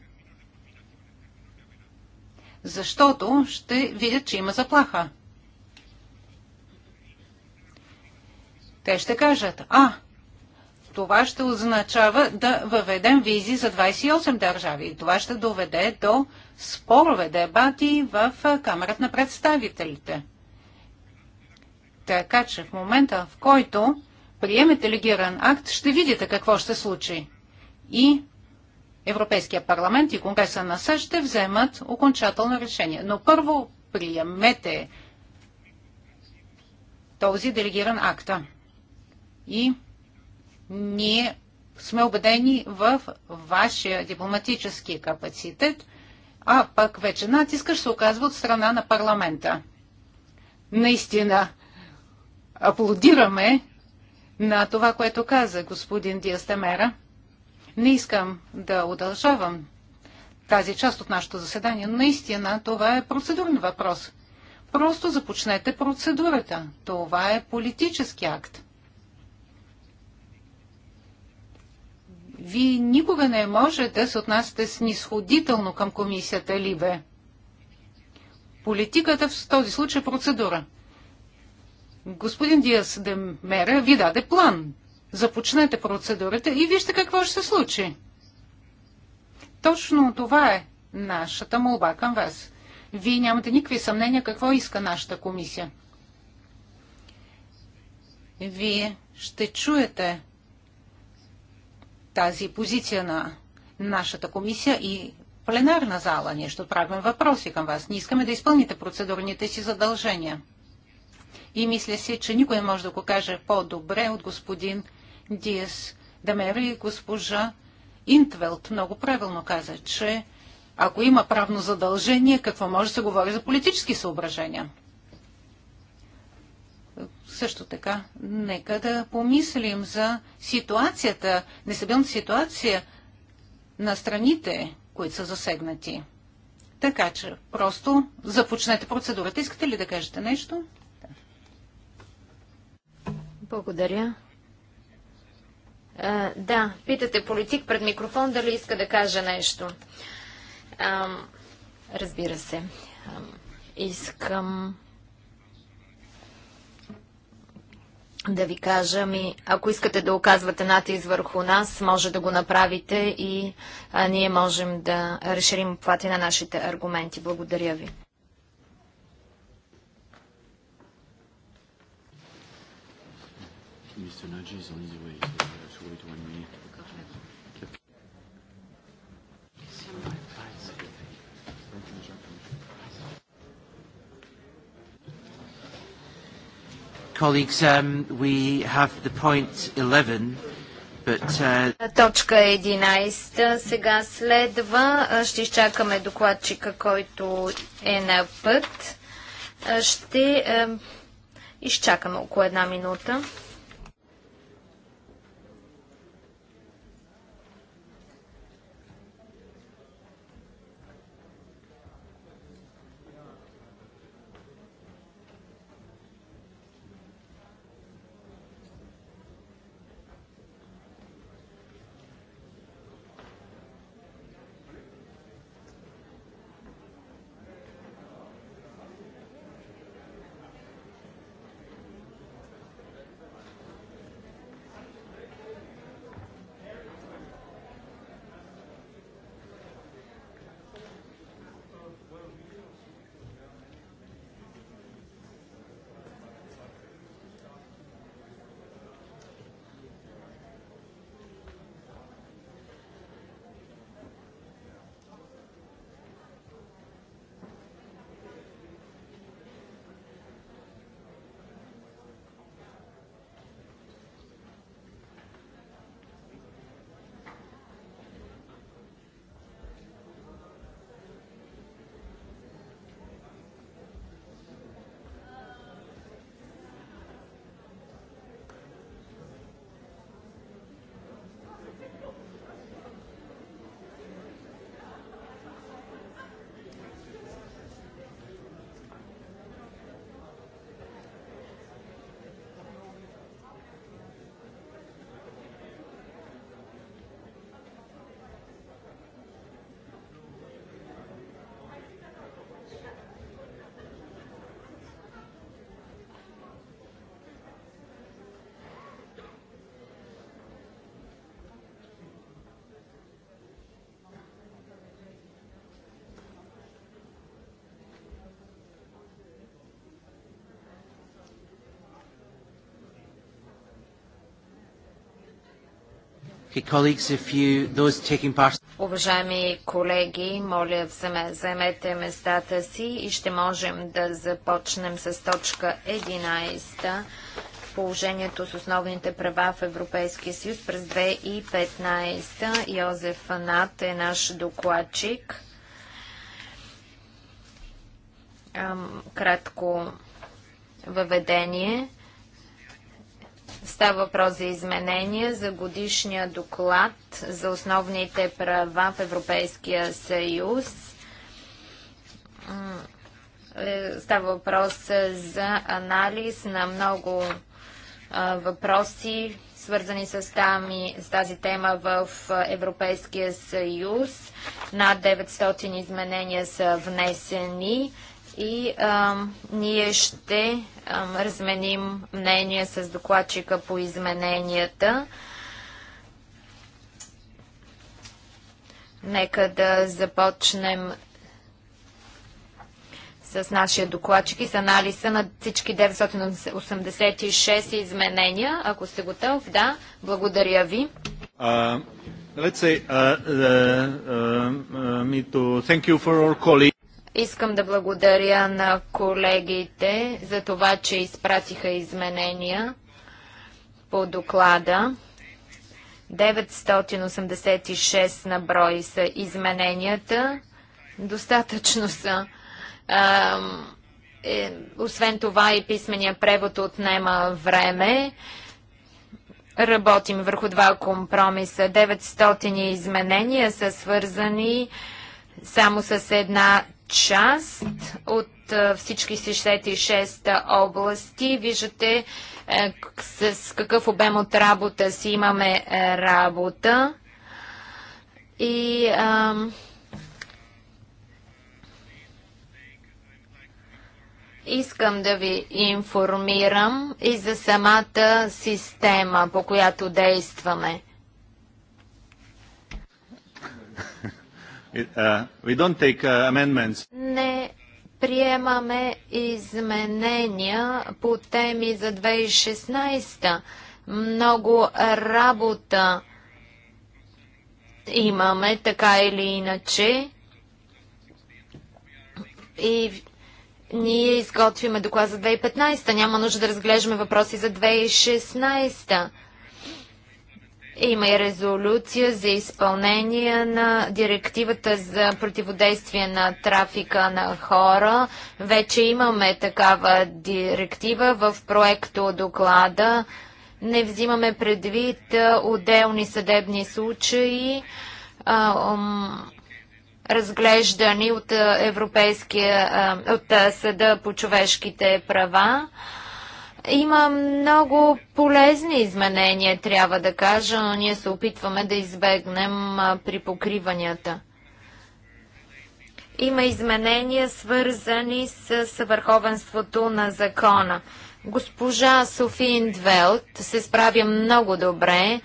Защото ще видят, че има заплаха. Те ще кажат, а, това ще означава да въведем визи за 28 държави. И Това ще доведе до спорове, дебати в Камерата на представителите. Така че в момента, в който приемете легиран акт, ще видите какво ще случи. И Европейския парламент и Конгреса на САЩ ще вземат окончателно решение. Но първо приемете този делегиран акта. И ние сме убедени в вашия дипломатически капацитет, а пък вече натиска ще се оказва от страна на парламента. Наистина, аплодираме на това, което каза господин Диастемера. Не искам да удължавам тази част от нашето заседание, но наистина това е процедурен въпрос. Просто започнете процедурата. Това е политически акт. Вие никога не можете да се отнасяте снисходително към комисията Либе. Политиката в този случай е процедура. Господин Диас Демера ви даде план. Започнете процедурата и вижте какво ще се случи. Точно това е нашата молба към вас. Вие нямате никакви съмнения какво иска нашата комисия. Вие ще чуете тази позиция на нашата комисия и пленарна зала. Ние ще отправим въпроси към вас. Не искаме да изпълните процедурните си задължения. И мисля си, че никой не може да го каже по-добре от господин Диес Дамери и госпожа Интвелт. Много правилно каза, че ако има правно задължение, какво може да се говори за политически съображения? също така, нека да помислим за ситуацията, нестабилната ситуация на страните, които са засегнати. Така че просто започнете процедурата. Искате ли да кажете нещо? Благодаря. А, да, питате политик пред микрофон дали иска да каже нещо. А, разбира се. А, искам да ви кажа, ми, ако искате да оказвате натиск върху нас, може да го направите и а, ние можем да разширим обхвати на нашите аргументи. Благодаря ви. Mr. is on his way, to one minute. Colleagues, um, we have the point 11. Uh, Точка 11 сега следва. Ще изчакаме докладчика, който е на път. Ще изчакаме около една минута. Уважаеми колеги, моля вземете местата си и ще можем да започнем с точка 11. Положението с основните права в Европейския съюз през 2015. Йозеф Нат е наш докладчик. Кратко въведение Става въпрос за изменения за годишния доклад за основните права в Европейския съюз. Е, става въпрос за анализ на много въпроси, свързани с тази тема в Европейския съюз. Над 900 изменения са внесени и а, ние ще а, разменим мнение с докладчика по измененията. Нека да започнем с нашия докладчик и с анализа на всички 986 изменения. Ако сте готов, да, благодаря ви. Uh, let's say, uh, uh, uh, me to thank you for our colleagues. Искам да благодаря на колегите за това, че изпратиха изменения по доклада. 986 на брой са измененията. Достатъчно са. А, е, освен това и писмения превод отнема време. Работим върху два компромиса. 900 изменения са свързани само с една част от всички 66 области. Виждате с какъв обем от работа си имаме работа. И искам да ви информирам и за самата система, по която действаме. [LAUGHS] Uh, we don't take uh, amendments. Не приемаме изменения по теми за 2016. Много работа имаме, така или иначе. И ние изготвяме доклад за 2015. Няма нужда да разглеждаме въпроси за 2016. Има и резолюция за изпълнение на директивата за противодействие на трафика на хора. Вече имаме такава директива в проекто доклада. Не взимаме предвид отделни съдебни случаи, разглеждани от Европейския от Съда по човешките права. Има много полезни изменения, трябва да кажа, но ние се опитваме да избегнем при покриванията. Има изменения, свързани с, с върховенството на закона. Госпожа Софи Индвелт се справя много добре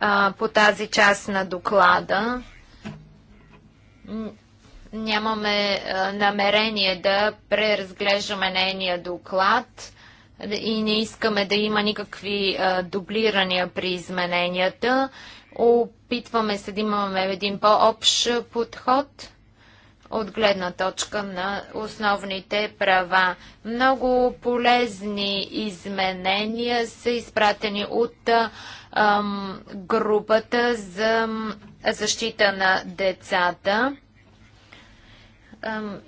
а, по тази част на доклада. Нямаме а, намерение да преразглеждаме нейния доклад и не искаме да има никакви а, дублирания при измененията. Опитваме се да имаме един по-общ подход от гледна точка на основните права. Много полезни изменения са изпратени от ам, групата за защита на децата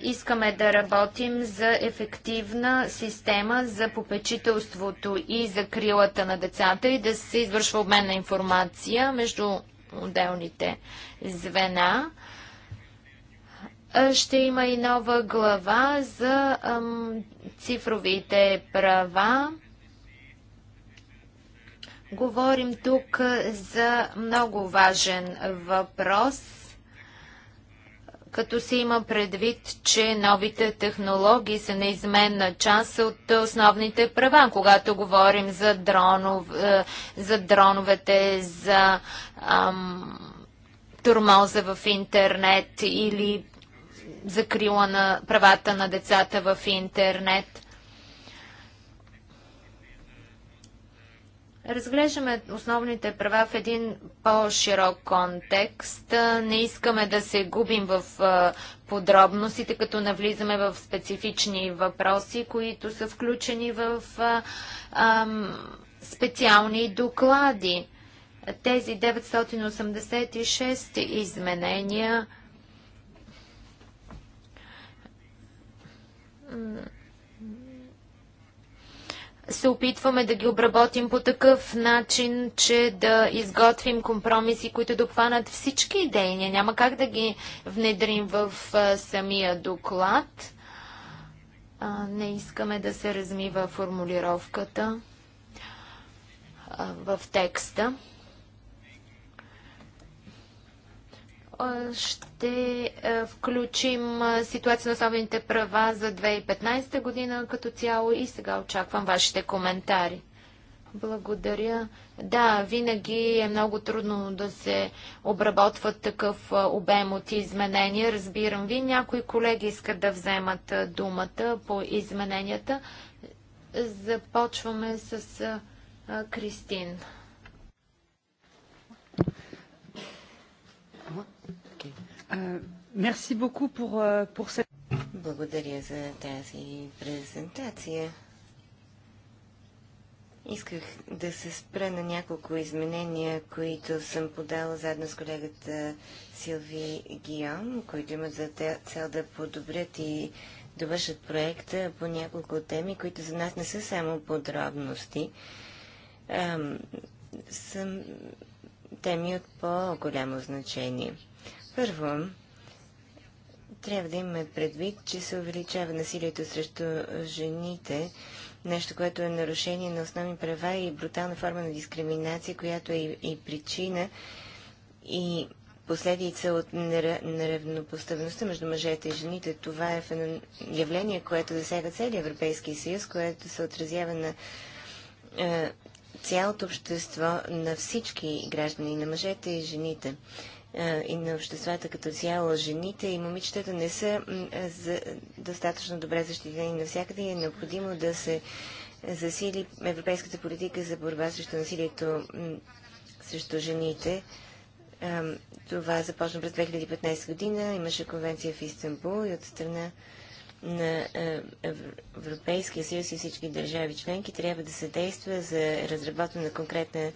искаме да работим за ефективна система за попечителството и за крилата на децата и да се извършва обмен на информация между отделните звена. Ще има и нова глава за цифровите права. Говорим тук за много важен въпрос – като се има предвид, че новите технологии са неизменна част от основните права, когато говорим за, дронов, е, за дроновете, за ам, турмоза в интернет или закрила на правата на децата в интернет. Разглеждаме основните права в един по-широк контекст. Не искаме да се губим в подробностите, като навлизаме в специфични въпроси, които са включени в специални доклади. Тези 986 изменения се опитваме да ги обработим по такъв начин, че да изготвим компромиси, които да всички идеи. Ние няма как да ги внедрим в а, самия доклад. А, не искаме да се размива формулировката а, в текста. ще е, включим е, ситуация на основните права за 2015 година като цяло и сега очаквам вашите коментари. Благодаря. Да, винаги е много трудно да се обработват такъв е, обем от изменения. Разбирам ви, някои колеги искат да вземат думата по измененията. Започваме с Кристин. Е, е, Благодаря за тази презентация. Исках да се спра на няколко изменения, които съм подала заедно с колегата Силви Гион, които имат за цел да подобрят и довършат проекта по няколко теми, които за нас не са само подробности. Ам, са теми от по-голямо значение. Първо, трябва да имаме предвид, че се увеличава насилието срещу жените, нещо, което е нарушение на основни права и брутална форма на дискриминация, която е и, и причина и последица от неравнопоставеността между мъжете и жените. Това е явление, което засяга целия Европейски съюз, което се отразява на е, цялото общество, на всички граждани, на мъжете и жените. Е, и на обществата като цяло, жените и момичетата не са е, достатъчно добре защитени навсякъде и е необходимо да се засили европейската политика за борба срещу насилието срещу жените. Е, това започна през 2015 година. Имаше конвенция в Истанбул и от страна на Европейския съюз и всички държави членки трябва да се действа за разработване на конкретна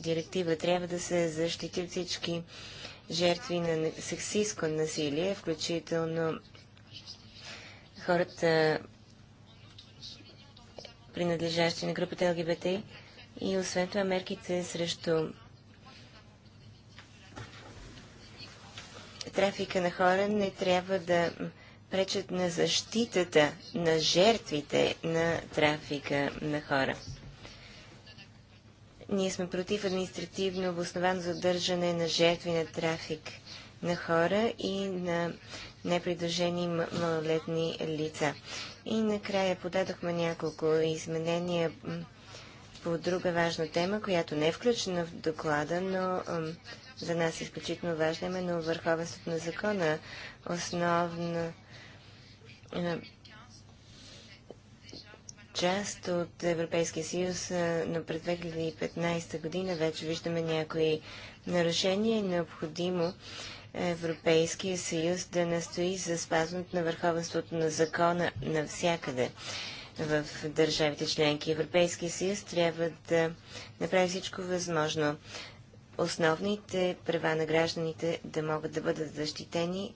директива трябва да се защитят всички жертви на сексистско насилие, включително хората, принадлежащи на групата ЛГБТ. И освен това мерките срещу трафика на хора не трябва да пречат на защитата на жертвите на трафика на хора. Ние сме против административно обосновано задържане на жертви на трафик на хора и на непридължени малолетни лица. И накрая подадохме няколко изменения по друга важна тема, която не е включена в доклада, но за нас е изключително важна, именно върховенството на закона, основна е, част от Европейския съюз, но през 2015 година вече виждаме някои нарушения и необходимо Европейския съюз да настои за спазването на върховенството на закона навсякъде в държавите членки. Европейския съюз трябва да направи всичко възможно. Основните права на гражданите да могат да бъдат защитени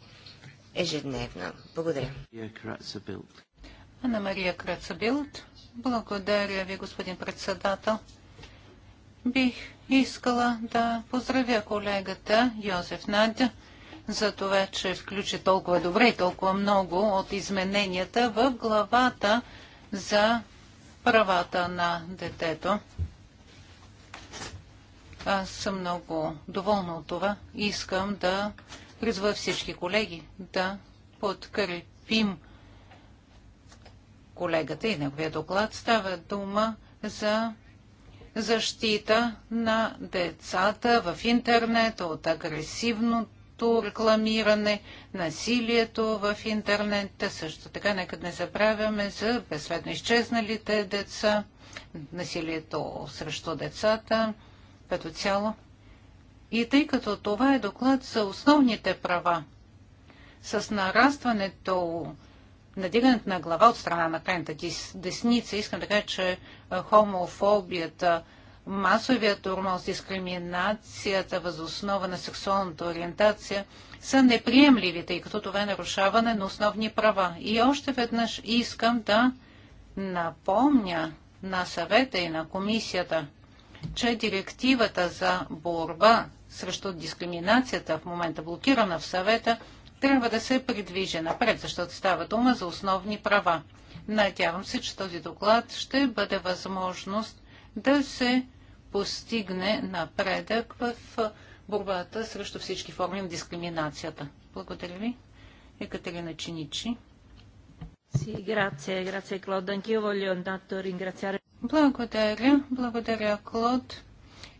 ежедневно. Благодаря. Ана Мария Крацабилт. Благодаря ви, господин председател. Бих искала да поздравя колегата Йозеф Надя за това, че включи толкова добре и толкова много от измененията в главата за правата на детето. Аз съм много доволна от това. Искам да призва всички колеги да подкрепим колегата и неговия доклад става дума за защита на децата в интернет от агресивното рекламиране, насилието в интернет. Също така, нека не забравяме за безследно изчезналите деца, насилието срещу децата като цяло. И тъй като това е доклад за основните права, с нарастването надигането на глава от страна на крайната десница, искам да кажа, че хомофобията, масовият тормоз, дискриминацията възоснова на сексуалната ориентация са неприемливи, тъй като това е нарушаване на основни права. И още веднъж искам да напомня на съвета и на комисията, че директивата за борба срещу дискриминацията в момента блокирана в съвета трябва да се придвижи напред, защото става дума за основни права. Надявам се, че този доклад ще бъде възможност да се постигне напредък в борбата срещу всички форми на дискриминацията. Благодаря ви. Екатерина Чиничи. Благодаря. Благодаря, Клод.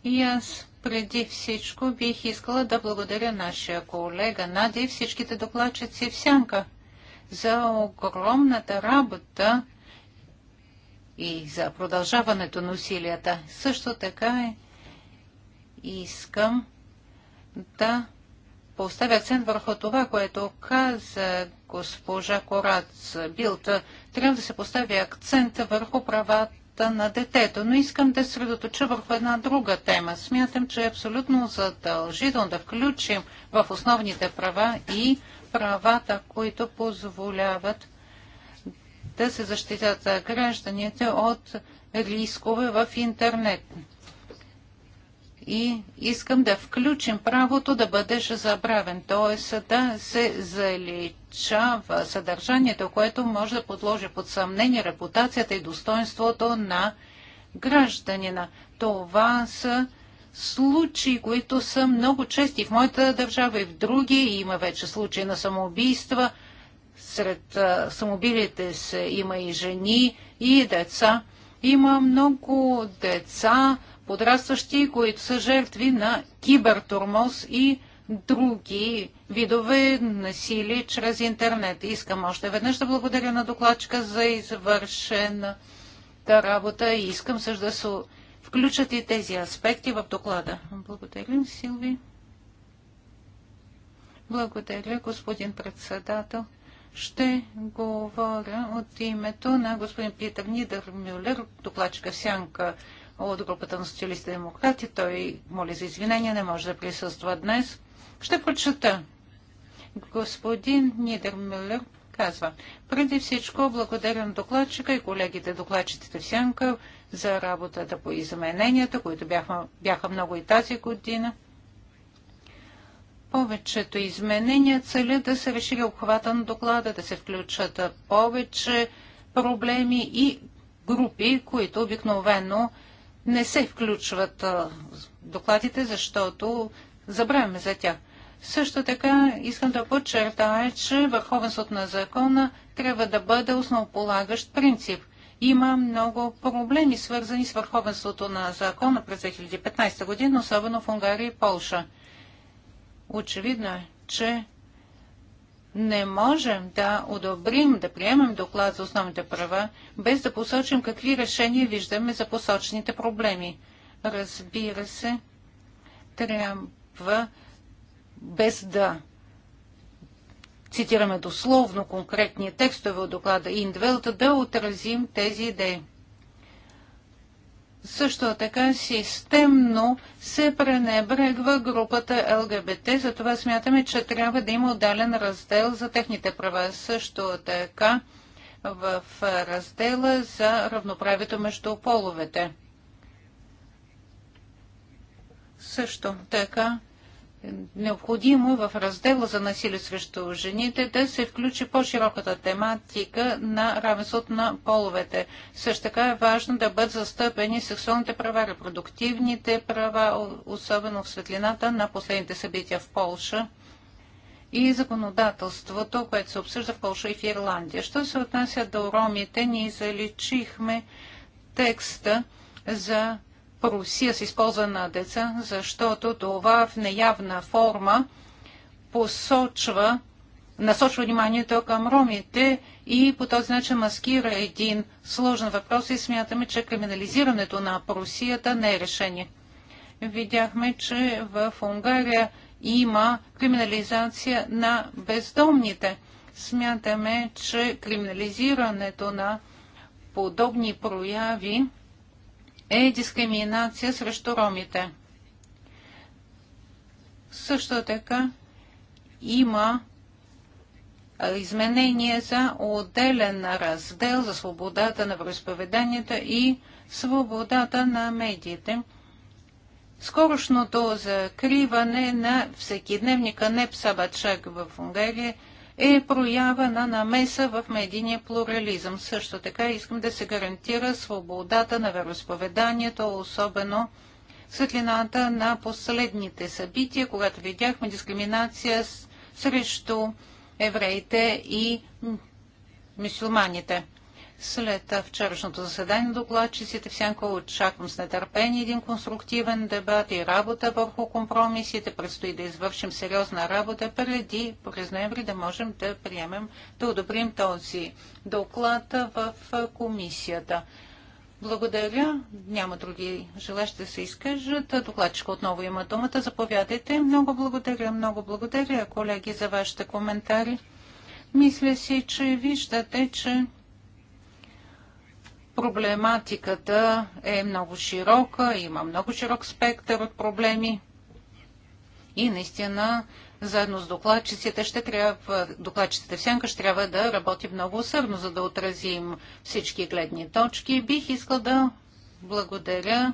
И аз преди всичко бих искала да благодаря нашия колега Нади и всичките докладчици в Сянка за огромната работа и за продължаването на усилията. Също така е, искам да поставя акцент върху това, което каза госпожа Корац Билта. Трябва да се постави акцент върху правата правата на детето. Но искам да средоточа върху една друга тема. Смятам, че е абсолютно задължително да включим в основните права и правата, които позволяват да се защитят гражданите от рискове в интернет и искам да включим правото да бъдеш забравен, т.е. да се заличава съдържанието, което може да подложи под съмнение репутацията и достоинството на гражданина. Това са случаи, които са много чести в моята държава и в други. Има вече случаи на самоубийства. Сред самобилите се има и жени, и деца. Има много деца, подрастващи, които са жертви на кибертурмоз и други видове насилие чрез интернет. Искам още веднъж да благодаря на докладчика за извършената работа и искам също да се включат и тези аспекти в доклада. Благодаря, Силви. Благодаря, господин председател. Ще говоря от името на господин Питър Нидер Мюллер, докладчика Сянка от групата на социалистите демократи. Той моли за извинения, не може да присъства днес. Ще прочета. Господин Нидермюллер казва, преди всичко благодаря на докладчика и колегите докладчиците в Сянка за работата по измененията, които бяха, бяха много и тази година. Повечето изменения целят да се разшири обхвата на доклада, да се включат повече проблеми и групи, които обикновено не се включват докладите, защото забравяме за тях. Също така искам да подчертая, че върховенството на закона трябва да бъде основополагащ принцип. Има много проблеми, свързани с върховенството на закона през 2015 година, особено в Унгария и Полша. Очевидно е, че не можем да одобрим, да приемем доклад за основните права, без да посочим какви решения виждаме за посочните проблеми. Разбира се, трябва без да цитираме дословно конкретни текстове от доклада Индвелта да отразим тези идеи. Също така системно се пренебрегва групата ЛГБТ, затова смятаме, че трябва да има отдален раздел за техните права. Също така в раздела за равноправието между половете. Също така Необходимо в раздела за насилие срещу жените да се включи по-широката тематика на равенството на половете. Също така е важно да бъдат застъпени сексуалните права, репродуктивните права, особено в светлината на последните събития в Полша и законодателството, което се обсъжда в Полша и в Ирландия. Що се отнася до ромите, ние заличихме текста за Русия се използва на деца, защото това в неявна форма посочва, насочва вниманието към ромите и по този начин маскира един сложен въпрос и смятаме, че криминализирането на Русията не е решение. Видяхме, че в Унгария има криминализация на бездомните. Смятаме, че криминализирането на подобни прояви е дискриминация срещу ромите. Също така има изменение за отделен раздел за свободата на вероисповеданията и свободата на медиите. Скорошното закриване на всекидневника Непсабачак в Унгария е проява на намеса в медийния плурализъм. Също така искам да се гарантира свободата на вероисповеданието, особено светлината на последните събития, когато видяхме дискриминация срещу евреите и мусулманите. След вчерашното заседание докладчиците в Сянко очаквам с нетърпение един конструктивен дебат и работа върху компромисите. Предстои да извършим сериозна работа преди през ноември да можем да приемем, да одобрим този доклад в комисията. Благодаря. Няма други желащи да се изкажат. Докладчика отново има думата. Заповядайте. Много благодаря, много благодаря, колеги, за вашите коментари. Мисля си, че виждате, че Проблематиката е много широка, има много широк спектър от проблеми и наистина заедно с докладчиците ще трябва, докладчиците в сянка ще трябва да работи много усърдно, за да отразим всички гледни точки. Бих искал да благодаря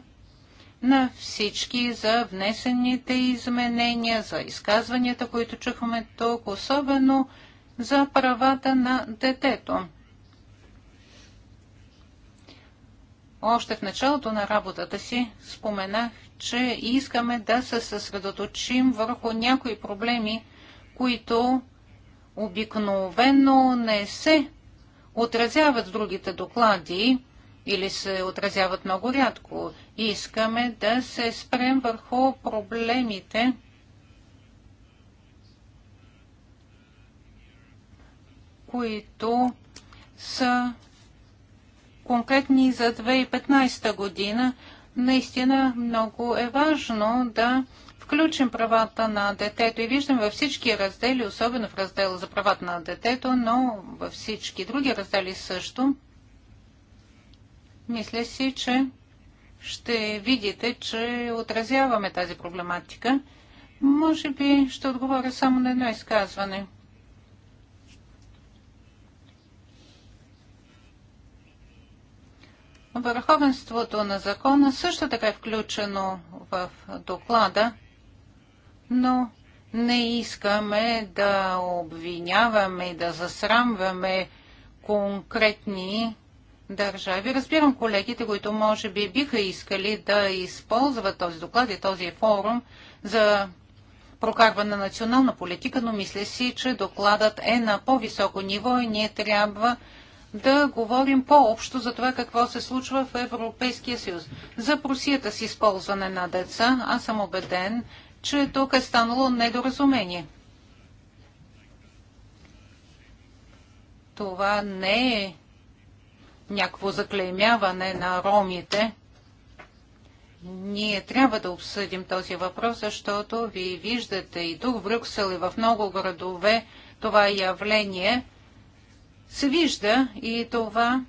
на всички за внесените изменения, за изказванията, които чухме тук, особено за правата на детето. Още в началото на работата си споменах, че искаме да се съсредоточим върху някои проблеми, които обикновено не се отразяват в другите доклади или се отразяват много рядко. Искаме да се спрем върху проблемите, които са конкретни за 2015 година, наистина много е важно да включим правата на детето и виждам във всички раздели, особено в раздела за правата на детето, но във всички други раздели също. Мисля си, че ще видите, че отразяваме тази проблематика. Може би ще отговоря само на едно изказване – Върховенството на закона също така е включено в доклада, но не искаме да обвиняваме и да засрамваме конкретни държави. Разбирам колегите, които може би биха искали да използват този доклад и този форум за прокарване на национална политика, но мисля си, че докладът е на по-високо ниво и ние трябва да говорим по-общо за това какво се случва в Европейския съюз. За просията с използване на деца, аз съм убеден, че тук е станало недоразумение. Това не е някакво заклеймяване на ромите. Ние трябва да обсъдим този въпрос, защото ви виждате и тук в Брюксел и в много градове това явление се вижда и това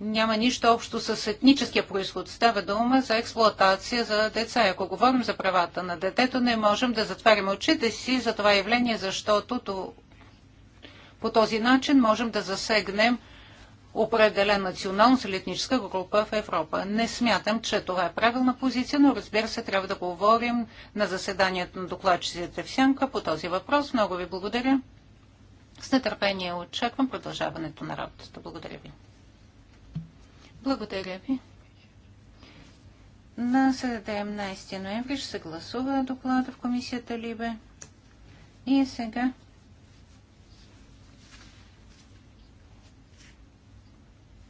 няма нищо общо с етническия происход. Става дума за експлоатация за деца. И ако говорим за правата на детето, не можем да затваряме очите си за това явление, защото то... по този начин можем да засегнем определен националност или етническа група в Европа. Не смятам, че това е правилна позиция, но разбира се, трябва да говорим на заседанието на докладчиците в Сянка по този въпрос. Много ви благодаря. С нетърпение очаквам продължаването на работата. Благодаря ви. Благодаря ви. На 17 ноември ще се гласува доклада в комисията Либе. И е сега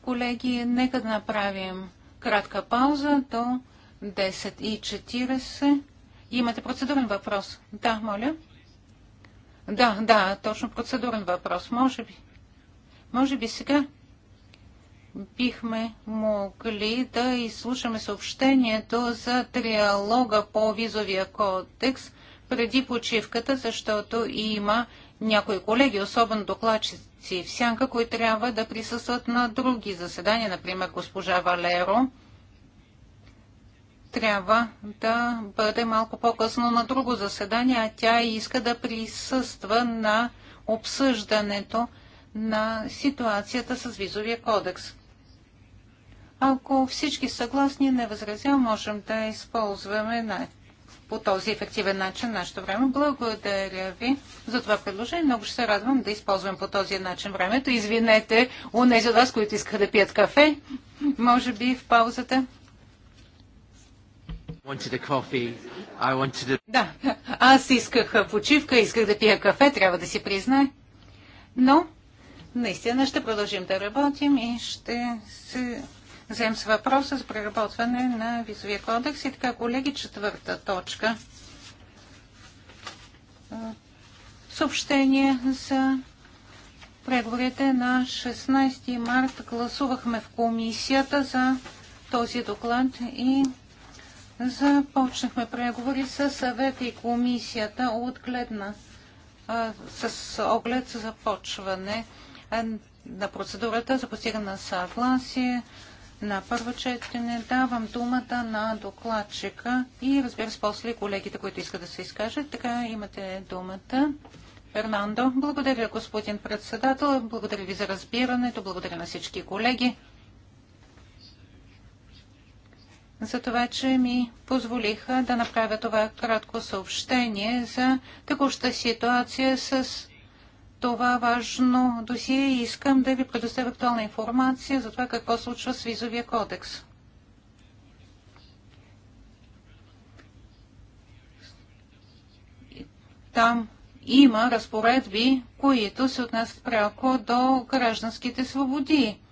Колеги, нека да направим кратка пауза до 10.40. Имате процедурен въпрос? Да, моля. Да, да, точно процедурен въпрос. Може би, може би сега бихме могли да изслушаме съобщението за триалога по визовия кодекс преди почивката, защото има някои колеги, особено докладчици в сянка, които трябва да присъстват на други заседания, например госпожа Валеро трябва да бъде малко по-късно на друго заседание, а тя иска да присъства на обсъждането на ситуацията с визовия кодекс. Ако всички съгласни, не възразя, можем да използваме на, по този ефективен начин нашето време. Благодаря ви за това предложение. Много ще се радвам да използвам по този начин времето. Извинете у нези от вас, които искаха да пият кафе. Може би в паузата. Да, аз исках почивка, исках да пия кафе, трябва да си призная. Но наистина ще продължим да работим и ще се вземем с въпроса за преработване на визовия кодекс. И така, колеги, четвърта точка. Съобщение за преговорите на 16 март гласувахме в комисията за този доклад и започнахме преговори с съвета и комисията от гледна с оглед за започване на процедурата за постигане на съгласие на първо четене. Давам думата на докладчика и разбира се после колегите, които искат да се изкажат. Така имате думата. Фернандо, благодаря господин председател, благодаря ви за разбирането, благодаря на всички колеги. за това, че ми позволиха да направя това кратко съобщение за текуща ситуация с това важно досие и искам да ви предоставя актуална информация за това какво случва с визовия кодекс. Там има разпоредби, които се отнасят пряко до гражданските свободи –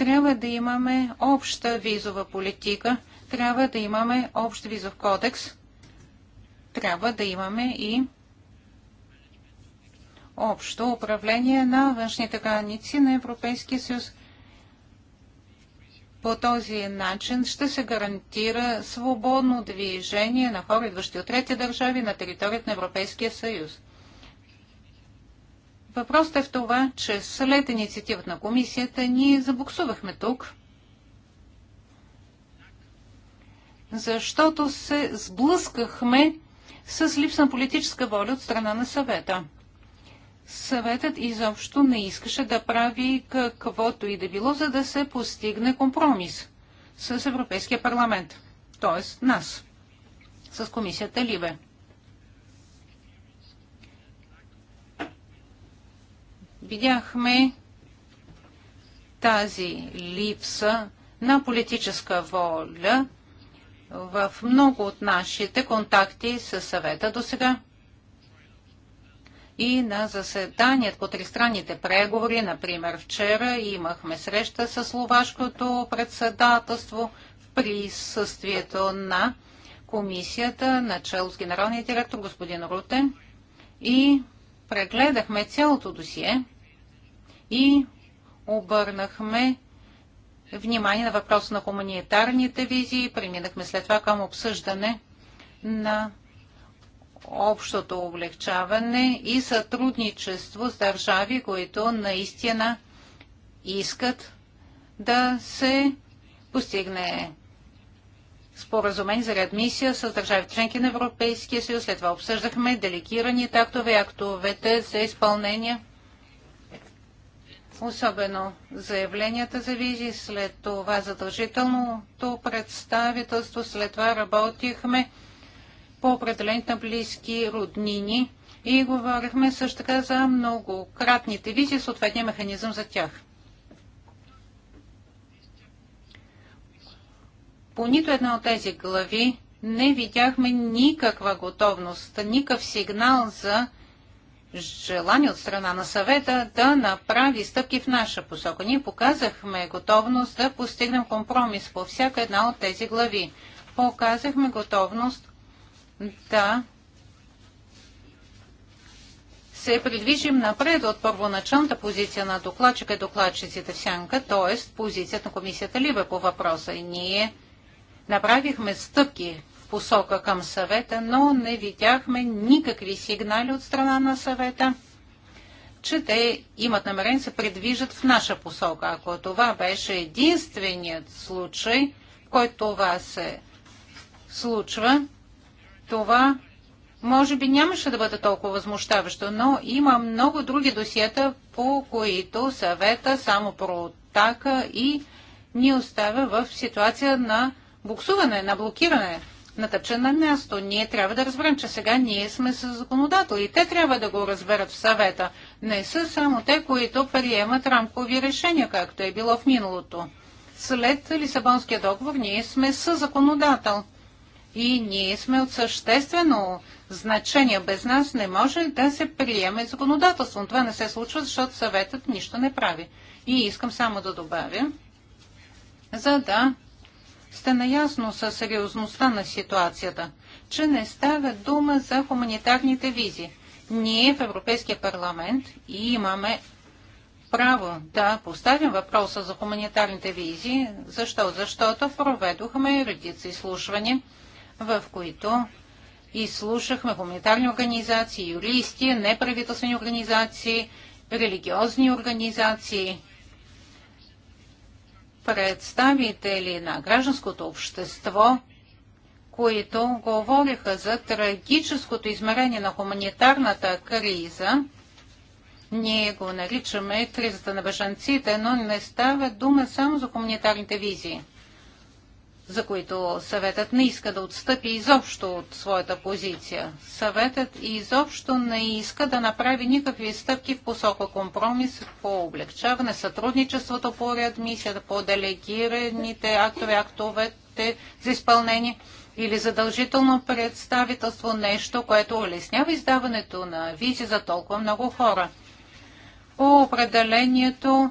трябва да имаме обща визова политика, трябва да имаме общ визов кодекс, трябва да имаме и общо управление на външните граници на Европейския съюз. По този начин ще се гарантира свободно движение на хора, идващи от трети държави на територията на Европейския съюз. Въпросът е в това, че след инициативата на комисията ние забуксувахме тук, защото се сблъскахме с липса на политическа воля от страна на съвета. Съветът изобщо не искаше да прави каквото и да било, за да се постигне компромис с Европейския парламент, т.е. нас, с комисията Либе. видяхме тази липса на политическа воля в много от нашите контакти с съвета до сега и на заседанието по тристранните преговори, например вчера имахме среща с словашкото председателство в присъствието на комисията, чел с генералния директор господин Рутен и прегледахме цялото досие и обърнахме внимание на въпроса на хуманитарните визии. Преминахме след това към обсъждане на общото облегчаване и сътрудничество с държави, които наистина искат да се постигне споразумение за реадмисия с държави членки на Европейския съюз. След това обсъждахме делегираните актове и актовете за изпълнение особено заявленията за визи, след това задължителното представителство, след това работихме по определените на близки роднини и говорихме също така за многократните визи, съответния механизъм за тях. По нито една от тези глави не видяхме никаква готовност, никакъв сигнал за желание от страна на съвета да направи стъпки в наша посока. Ние показахме готовност да постигнем компромис по всяка една от тези глави. Показахме готовност да се придвижим напред от първоначалната позиция на докладчика и докладчиците в сянка, т.е. позицията на комисията Либе по въпроса. И ние направихме стъпки посока към съвета, но не видяхме никакви сигнали от страна на съвета, че те имат намерение да се предвижат в наша посока. Ако това беше единственият случай, в който това се случва, това може би нямаше да бъде толкова възмущаващо, но има много други досиета, по които съвета само протака и ни оставя в ситуация на буксуване, на блокиране натъпчен на място. Ние трябва да разберем, че сега ние сме с законодатели. Те трябва да го разберат в съвета. Не са само те, които приемат рамкови решения, както е било в миналото. След Лисабонския договор ние сме с законодател. И ние сме от съществено значение. Без нас не може да се приеме законодателство. Но това не се случва, защото съветът нищо не прави. И искам само да добавя, за да сте наясно с сериозността на ситуацията, че не става дума за хуманитарните визи. Ние в Европейския парламент имаме право да поставим въпроса за хуманитарните визи. Защо? Защото проведохме редица изслушвания, в които изслушахме хуманитарни организации, юристи, неправителствени организации, религиозни организации представители на гражданското общество, които говориха за трагическото измерение на хуманитарната криза. Ние го наричаме кризата на бежанците, но не става дума само за хуманитарните визии за които съветът не иска да отстъпи изобщо от своята позиция. Съветът изобщо не иска да направи никакви стъпки в посока компромис по облегчаване сътрудничеството по реадмисията, по делегираните актове, актовете за изпълнение или задължително представителство, нещо, което улеснява издаването на визи за толкова много хора. По определението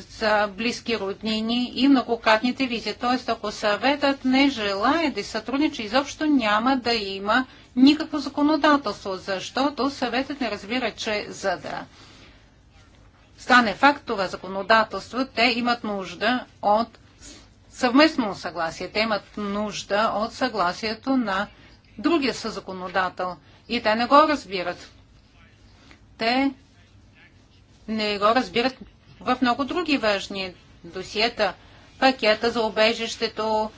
за близки роднини и многократните визи. Т.е. ако съветът не желая да сътрудничи, изобщо няма да има никакво законодателство, защото съветът не разбира, че за да стане факт това законодателство, те имат нужда от съвместно съгласие. Те имат нужда от съгласието на другия съзаконодател. И те не го разбират. Те не го разбират в много други важни досиета. Пакета за обежището,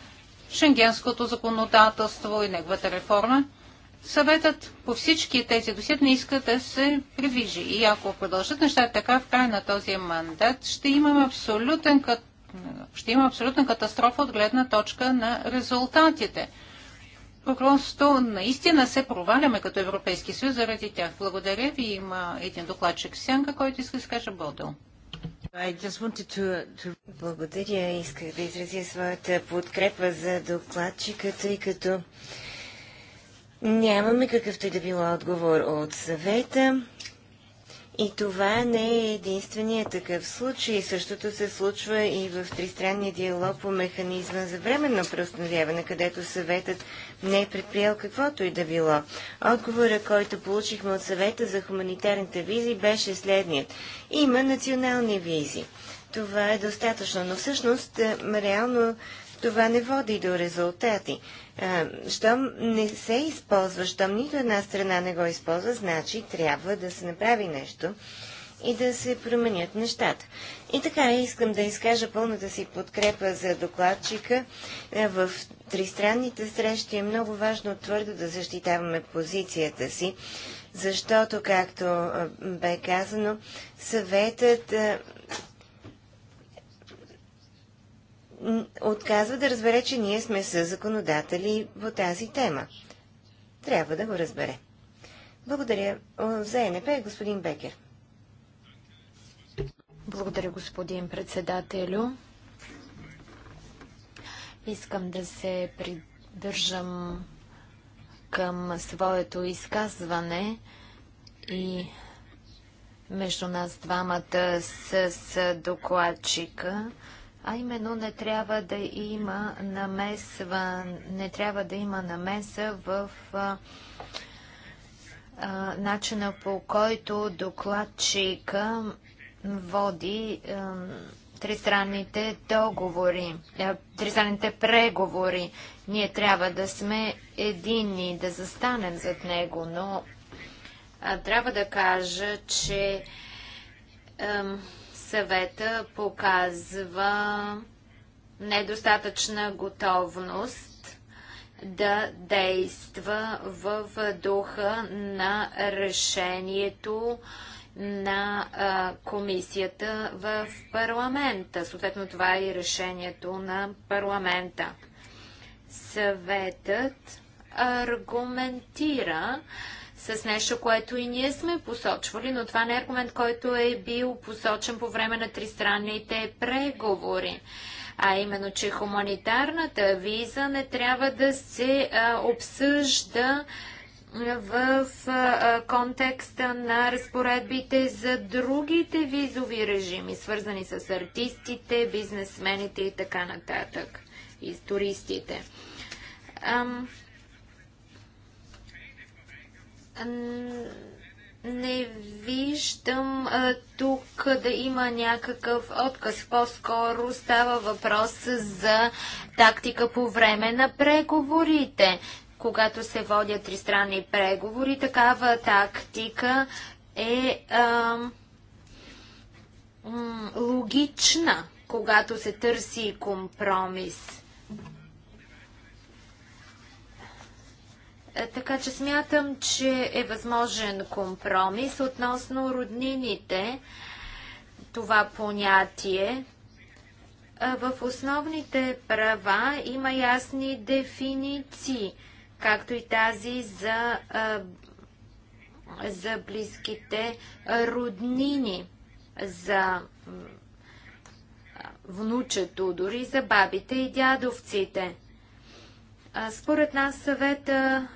шенгенското законодателство и неговата реформа. Съветът по всички тези досиета не иска да се привижи. И ако продължат нещата така, в края на този мандат ще имаме абсолютен ще има абсолютна катастрофа от гледна точка на резултатите. Просто наистина се проваляме като Европейски съюз заради тях. Благодаря ви. Има един докладчик Сянка, който иска да се каже Бодъл. Благодаря. Исках да изразя своята подкрепа за докладчика, тъй като нямаме какъвто и да било отговор от съвета. И това не е единственият такъв случай. Същото се случва и в тристранния диалог по механизма за временно преустановяване, където съветът не е предприел каквото и да било. Отговора, който получихме от съвета за хуманитарните визи, беше следният. Има национални визи. Това е достатъчно, но всъщност реално това не води до резултати. Щом не се използва, щом нито една страна не го използва, значи трябва да се направи нещо и да се променят нещата. И така искам да изкажа пълната си подкрепа за докладчика. В тристранните срещи е много важно твърдо да защитаваме позицията си, защото, както бе казано, съветът отказва да разбере, че ние сме със законодатели по тази тема. Трябва да го разбере. Благодаря за НП, господин Бекер. Благодаря, господин председателю. Искам да се придържам към своето изказване и между нас двамата с докладчика а именно не трябва да има намесва, не трябва да има намеса в а, а, начина по който докладчика води а, тристранните договори, тристранните преговори. Ние трябва да сме едини, да застанем зад него, но трябва да кажа, че съвета показва недостатъчна готовност да действа в духа на решението на а, комисията в парламента. Съответно, това е и решението на парламента. Съветът аргументира, с нещо, което и ние сме посочвали, но това не е аргумент, който е бил посочен по време на тристранните преговори. А именно, че хуманитарната виза не трябва да се а, обсъжда в а, контекста на разпоредбите за другите визови режими, свързани с артистите, бизнесмените и така нататък, и с туристите. Ам, не виждам а, тук да има някакъв отказ. По-скоро става въпрос за тактика по време на преговорите. Когато се водят тристранни преговори, такава тактика е а, логична, когато се търси компромис. Така че смятам, че е възможен компромис относно роднините, това понятие. В основните права има ясни дефиниции, както и тази за, за близките роднини, за внучето, дори за бабите и дядовците. Според нас съвета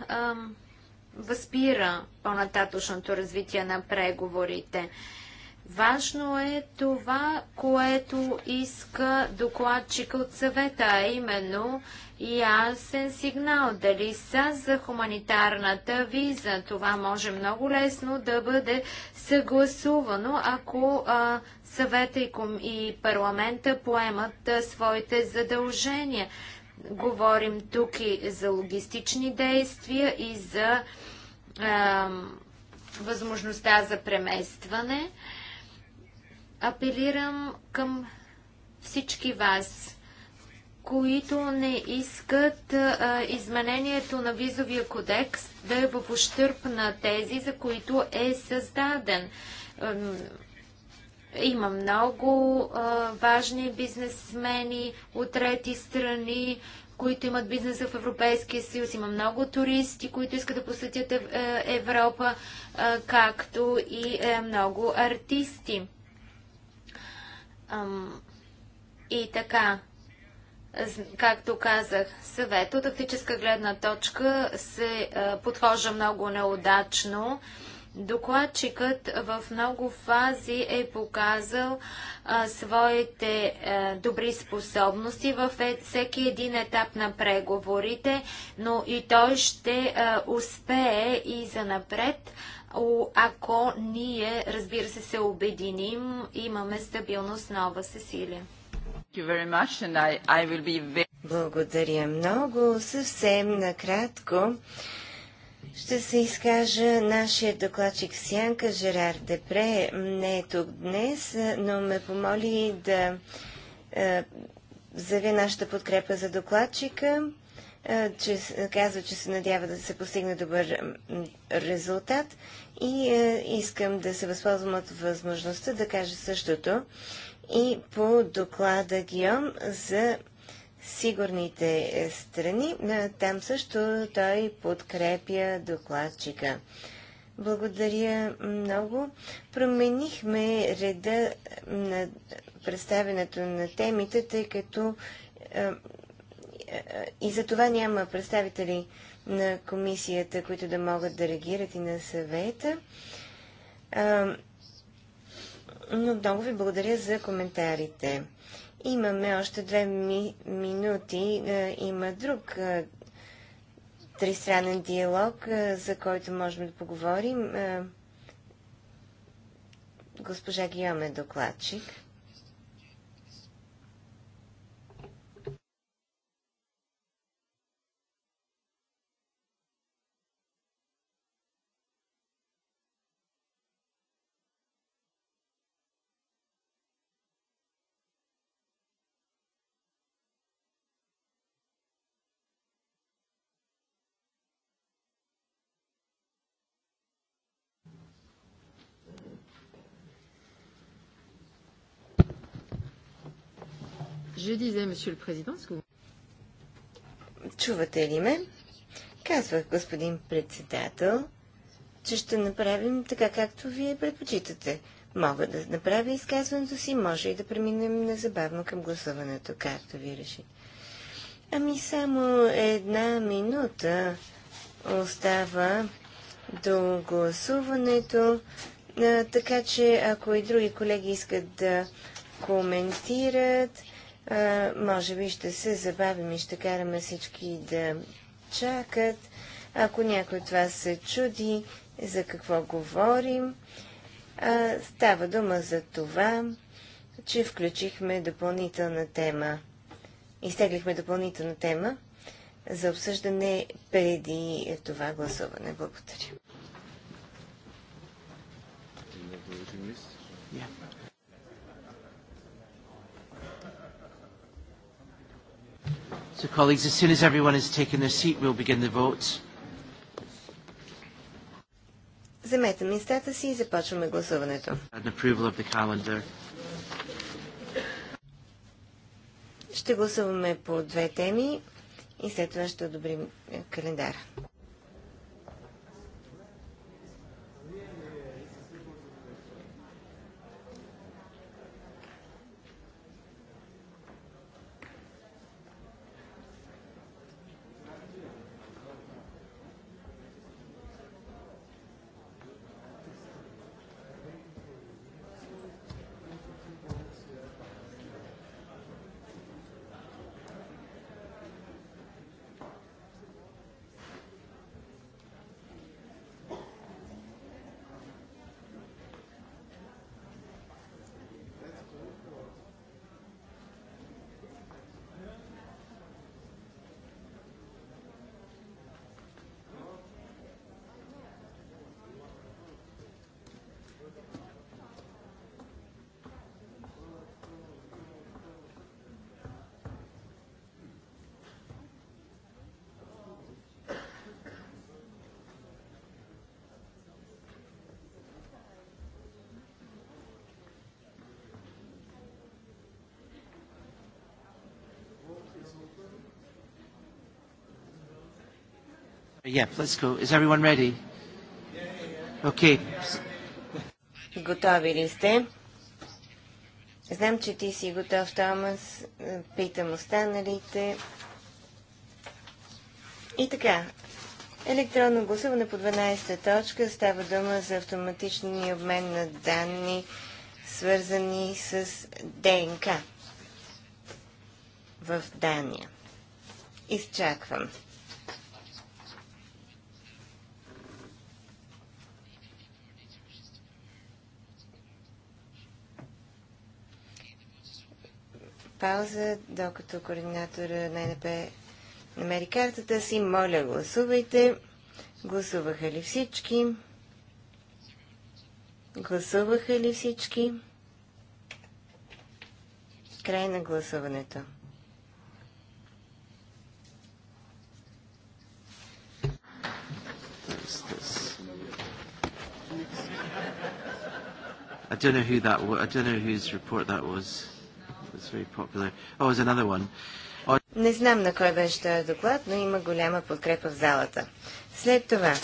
възпира по-нататъчното развитие на преговорите. Важно е това, което иска докладчика от съвета, а именно ясен сигнал дали са за хуманитарната виза. Това може много лесно да бъде съгласувано, ако съвета и, парламента поемат своите задължения. Говорим тук и за логистични действия и за а, възможността за преместване. Апелирам към всички вас, които не искат а, изменението на визовия кодекс да е в ущърп на тези, за които е създаден. Има много а, важни бизнесмени от трети страни, които имат бизнеса в Европейския съюз. Има много туристи, които искат да посетят Ев, е, Европа, а, както и а, е, много артисти. Ам, и така, както казах, съвет от тактическа гледна точка се а, е, подхожа много неудачно. А, Докладчикът в много фази е показал а, своите а, добри способности в всеки един етап на преговорите, но и той ще а, успее и за напред, ако ние, разбира се, се обединим, имаме стабилност нова Сесилия. Благодаря много. Съвсем накратко. Ще се изкажа нашия докладчик Сянка Жерар Депре. Не е тук днес, но ме помоли да е, заявя нашата подкрепа за докладчика. Е, че, казва, че се надява да се постигне добър резултат и е, искам да се възползвам от възможността да кажа същото и по доклада Гион за сигурните е, страни. Е, там също той подкрепя докладчика. Благодаря много. Променихме реда на представенето на темите, тъй като е, и за това няма представители на комисията, които да могат да реагират и на съвета. но много ви благодаря за коментарите. Имаме още две ми, минути. Е, има друг е, тристранен диалог, е, за който можем да поговорим. Госпожа Гиоме докладчик. Je disais, monsieur le président, ce Чувате ли ме? Казвах, господин председател, че ще направим така, както вие предпочитате. Мога да направя изказването си, може и да преминем незабавно към гласуването, както ви реши. Ами само една минута остава до гласуването, така че ако и други колеги искат да коментират, може би ще се забавим и ще караме всички да чакат. Ако някой от вас се чуди за какво говорим, а, става дума за това, че включихме допълнителна тема. Изтеглихме допълнителна тема за обсъждане преди това гласуване. Благодаря. So colleagues, as soon as everyone has taken their seat, we'll begin the votes. Замете местата си и започваме гласуването. Ще гласуваме по две теми и след това ще одобрим календара. Yeah, let's go. Is everyone ready? Okay. Готови ли сте? Знам, че ти си готов, Томас. Питам останалите. И така, електронно гласуване по 12-та точка става дума за автоматичния обмен на данни, свързани с ДНК в Дания. Изчаквам. пауза, докато координатора на НП намери картата си. Моля, гласувайте. Гласуваха ли всички? Гласуваха ли всички? Край на гласуването. I don't know who that was. I don't know whose report that was. Oh, oh, Не знам на кой беше този доклад, но има голяма подкрепа в залата. След това,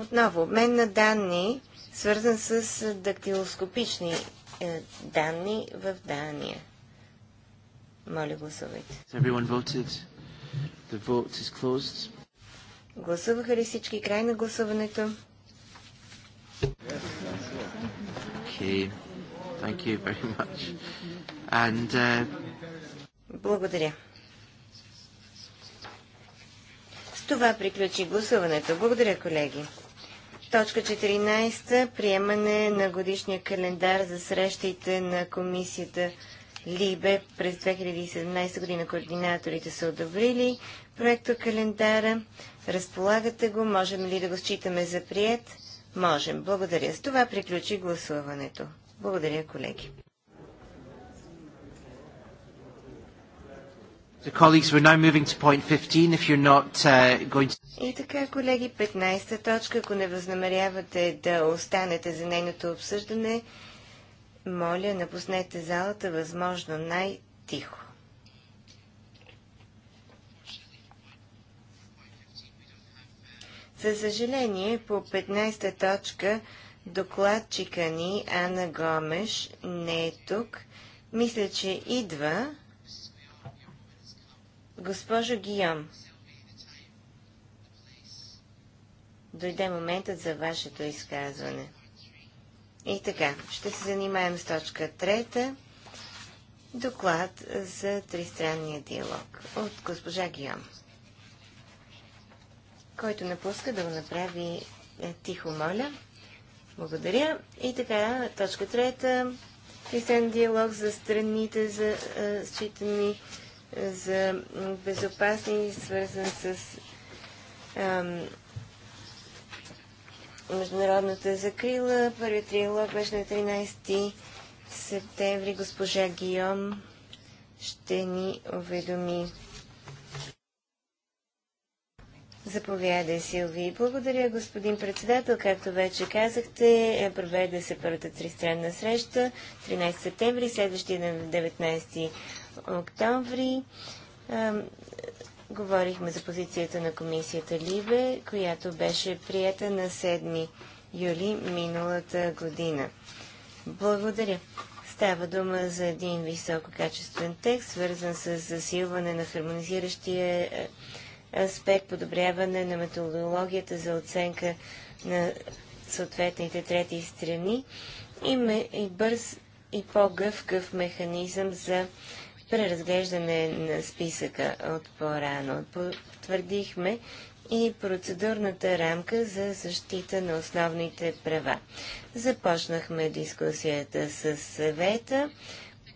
отново, обмен на данни, свързан с дактилоскопични е, данни в Дания. Моля, гласувайте. Гласуваха ли всички край на гласуването? Okay. Thank you very much. And, uh... Благодаря. С това приключи гласуването. Благодаря, колеги. Точка 14. Приемане на годишния календар за срещите на комисията Либе през 2017 година. Координаторите са одобрили проекта календара. Разполагате го. Можем ли да го считаме за прият? Можем. Благодаря. С това приключи гласуването. Благодаря, колеги. И така, колеги, 15-та точка, ако не възнамерявате да останете за нейното обсъждане, моля, напуснете залата възможно най-тихо. За съжаление, по 15-та точка докладчика ни Ана Гомеш не е тук. Мисля, че идва. Госпожо Гиом, дойде моментът за вашето изказване. И така, ще се занимаем с точка трета. Доклад за тристранния диалог от госпожа Гиом, който напуска да го направи е, тихо, моля. Благодаря. И така, точка трета. Тристранния диалог за страните за е, считани за безопасни, свързан с ам, международната закрила. Първият триалог беше на 13 септември. Госпожа Гиом ще ни уведоми. Заповядай, Силви. Благодаря, господин председател. Както вече казахте, е, проведе се първата тристранна среща 13 септември, следващия на 19 октомври говорихме за позицията на комисията Либе, която беше приета на 7 юли миналата година. Благодаря. Става дума за един висококачествен текст, свързан с засилване на хармонизиращия е, аспект, подобряване на методологията за оценка на съответните трети страни и, ме, и бърз и по-гъвкав механизъм за преразглеждане на списъка от по-рано. Потвърдихме и процедурната рамка за защита на основните права. Започнахме дискусията с съвета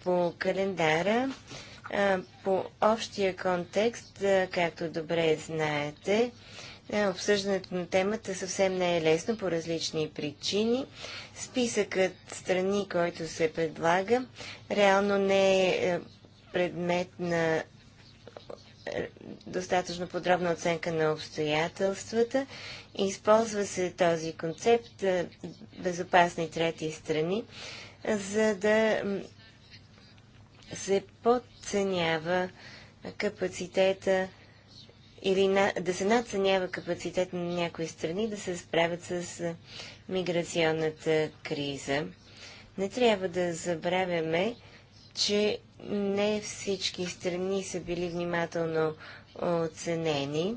по календара, по общия контекст, както добре знаете. Обсъждането на темата съвсем не е лесно по различни причини. Списъкът страни, който се предлага, реално не е, е предмет на е, достатъчно подробна оценка на обстоятелствата. Използва се този концепт е, безопасни трети страни, за да се подценява капацитета или на, да се надценява капацитет на някои страни да се справят с е, миграционната криза. Не трябва да забравяме, че не всички страни са били внимателно оценени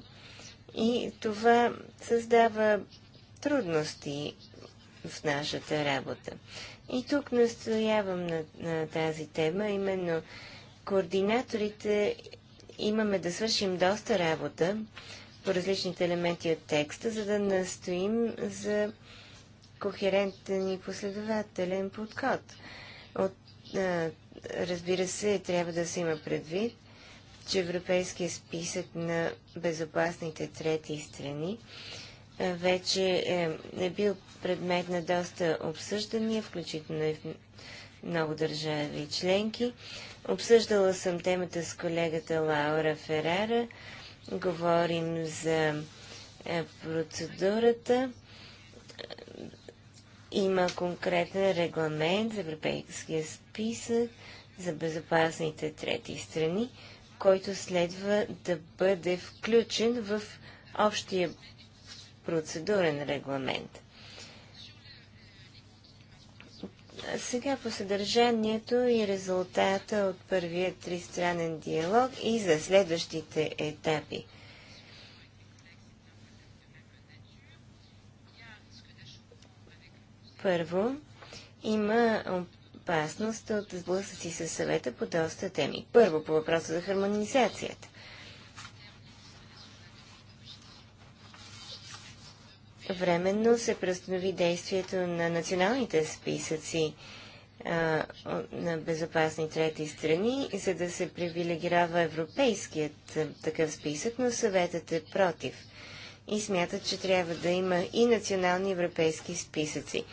и това създава трудности в нашата работа. И тук настоявам на, на тази тема, именно координаторите имаме да свършим доста работа по различните елементи от текста, за да настоим за кохерентен и последователен подход. От разбира се, трябва да се има предвид, че Европейския списък на безопасните трети страни вече е, е, бил предмет на доста обсъждания, включително и в много държави и членки. Обсъждала съм темата с колегата Лаура Ферара. Говорим за е, процедурата има конкретен регламент за европейския списък за безопасните трети страни, който следва да бъде включен в общия процедурен регламент. Сега по съдържанието и резултата от първия тристранен диалог и за следващите етапи – Първо, има опасност от сблъсъци с съвета по доста теми. Първо, по въпроса за хармонизацията. Временно се преустанови действието на националните списъци а, на безопасни трети страни, за да се привилегирава европейският такъв списък, но съветът е против и смятат, че трябва да има и национални европейски списъци.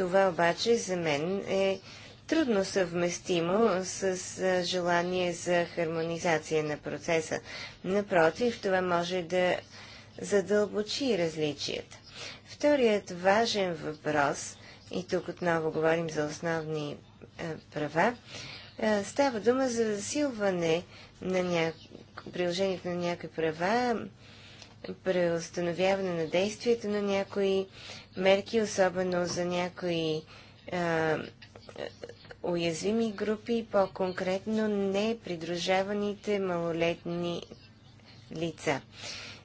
Това обаче за мен е трудно съвместимо с желание за хармонизация на процеса. Напротив, това може да задълбочи различията. Вторият важен въпрос, и тук отново говорим за основни е, права, е, става дума за засилване на ня... приложението на някои права, преустановяване на действието на някои мерки, особено за някои а, уязвими групи, по-конкретно непридружаваните малолетни лица.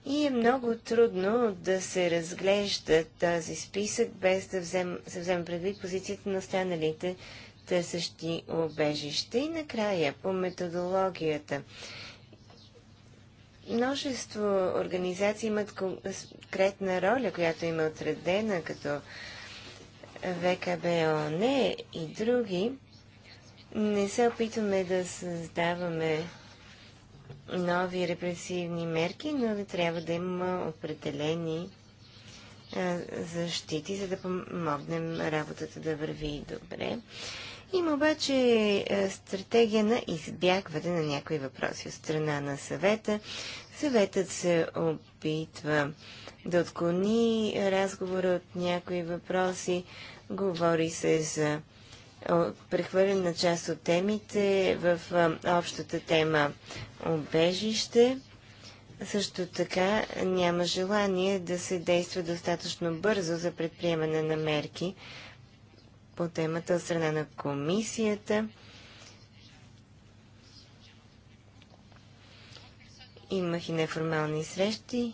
И е много трудно да се разглежда този списък, без да взем, се вземе предвид позицията на останалите търсещи обежище. И накрая, по методологията. Множество организации имат конкретна роля, която има е отредена като ВКБОН и други. Не се опитваме да създаваме нови репресивни мерки, но да трябва да има определени защити, за да помогнем работата да върви добре. Има обаче е, стратегия на избягване на някои въпроси от страна на съвета. Съветът се опитва да отклони разговора от някои въпроси. Говори се за е, прехвърлена част от темите в е, общата тема обежище. Също така няма желание да се действа достатъчно бързо за предприемане на мерки по темата от страна на комисията. Имах и неформални срещи.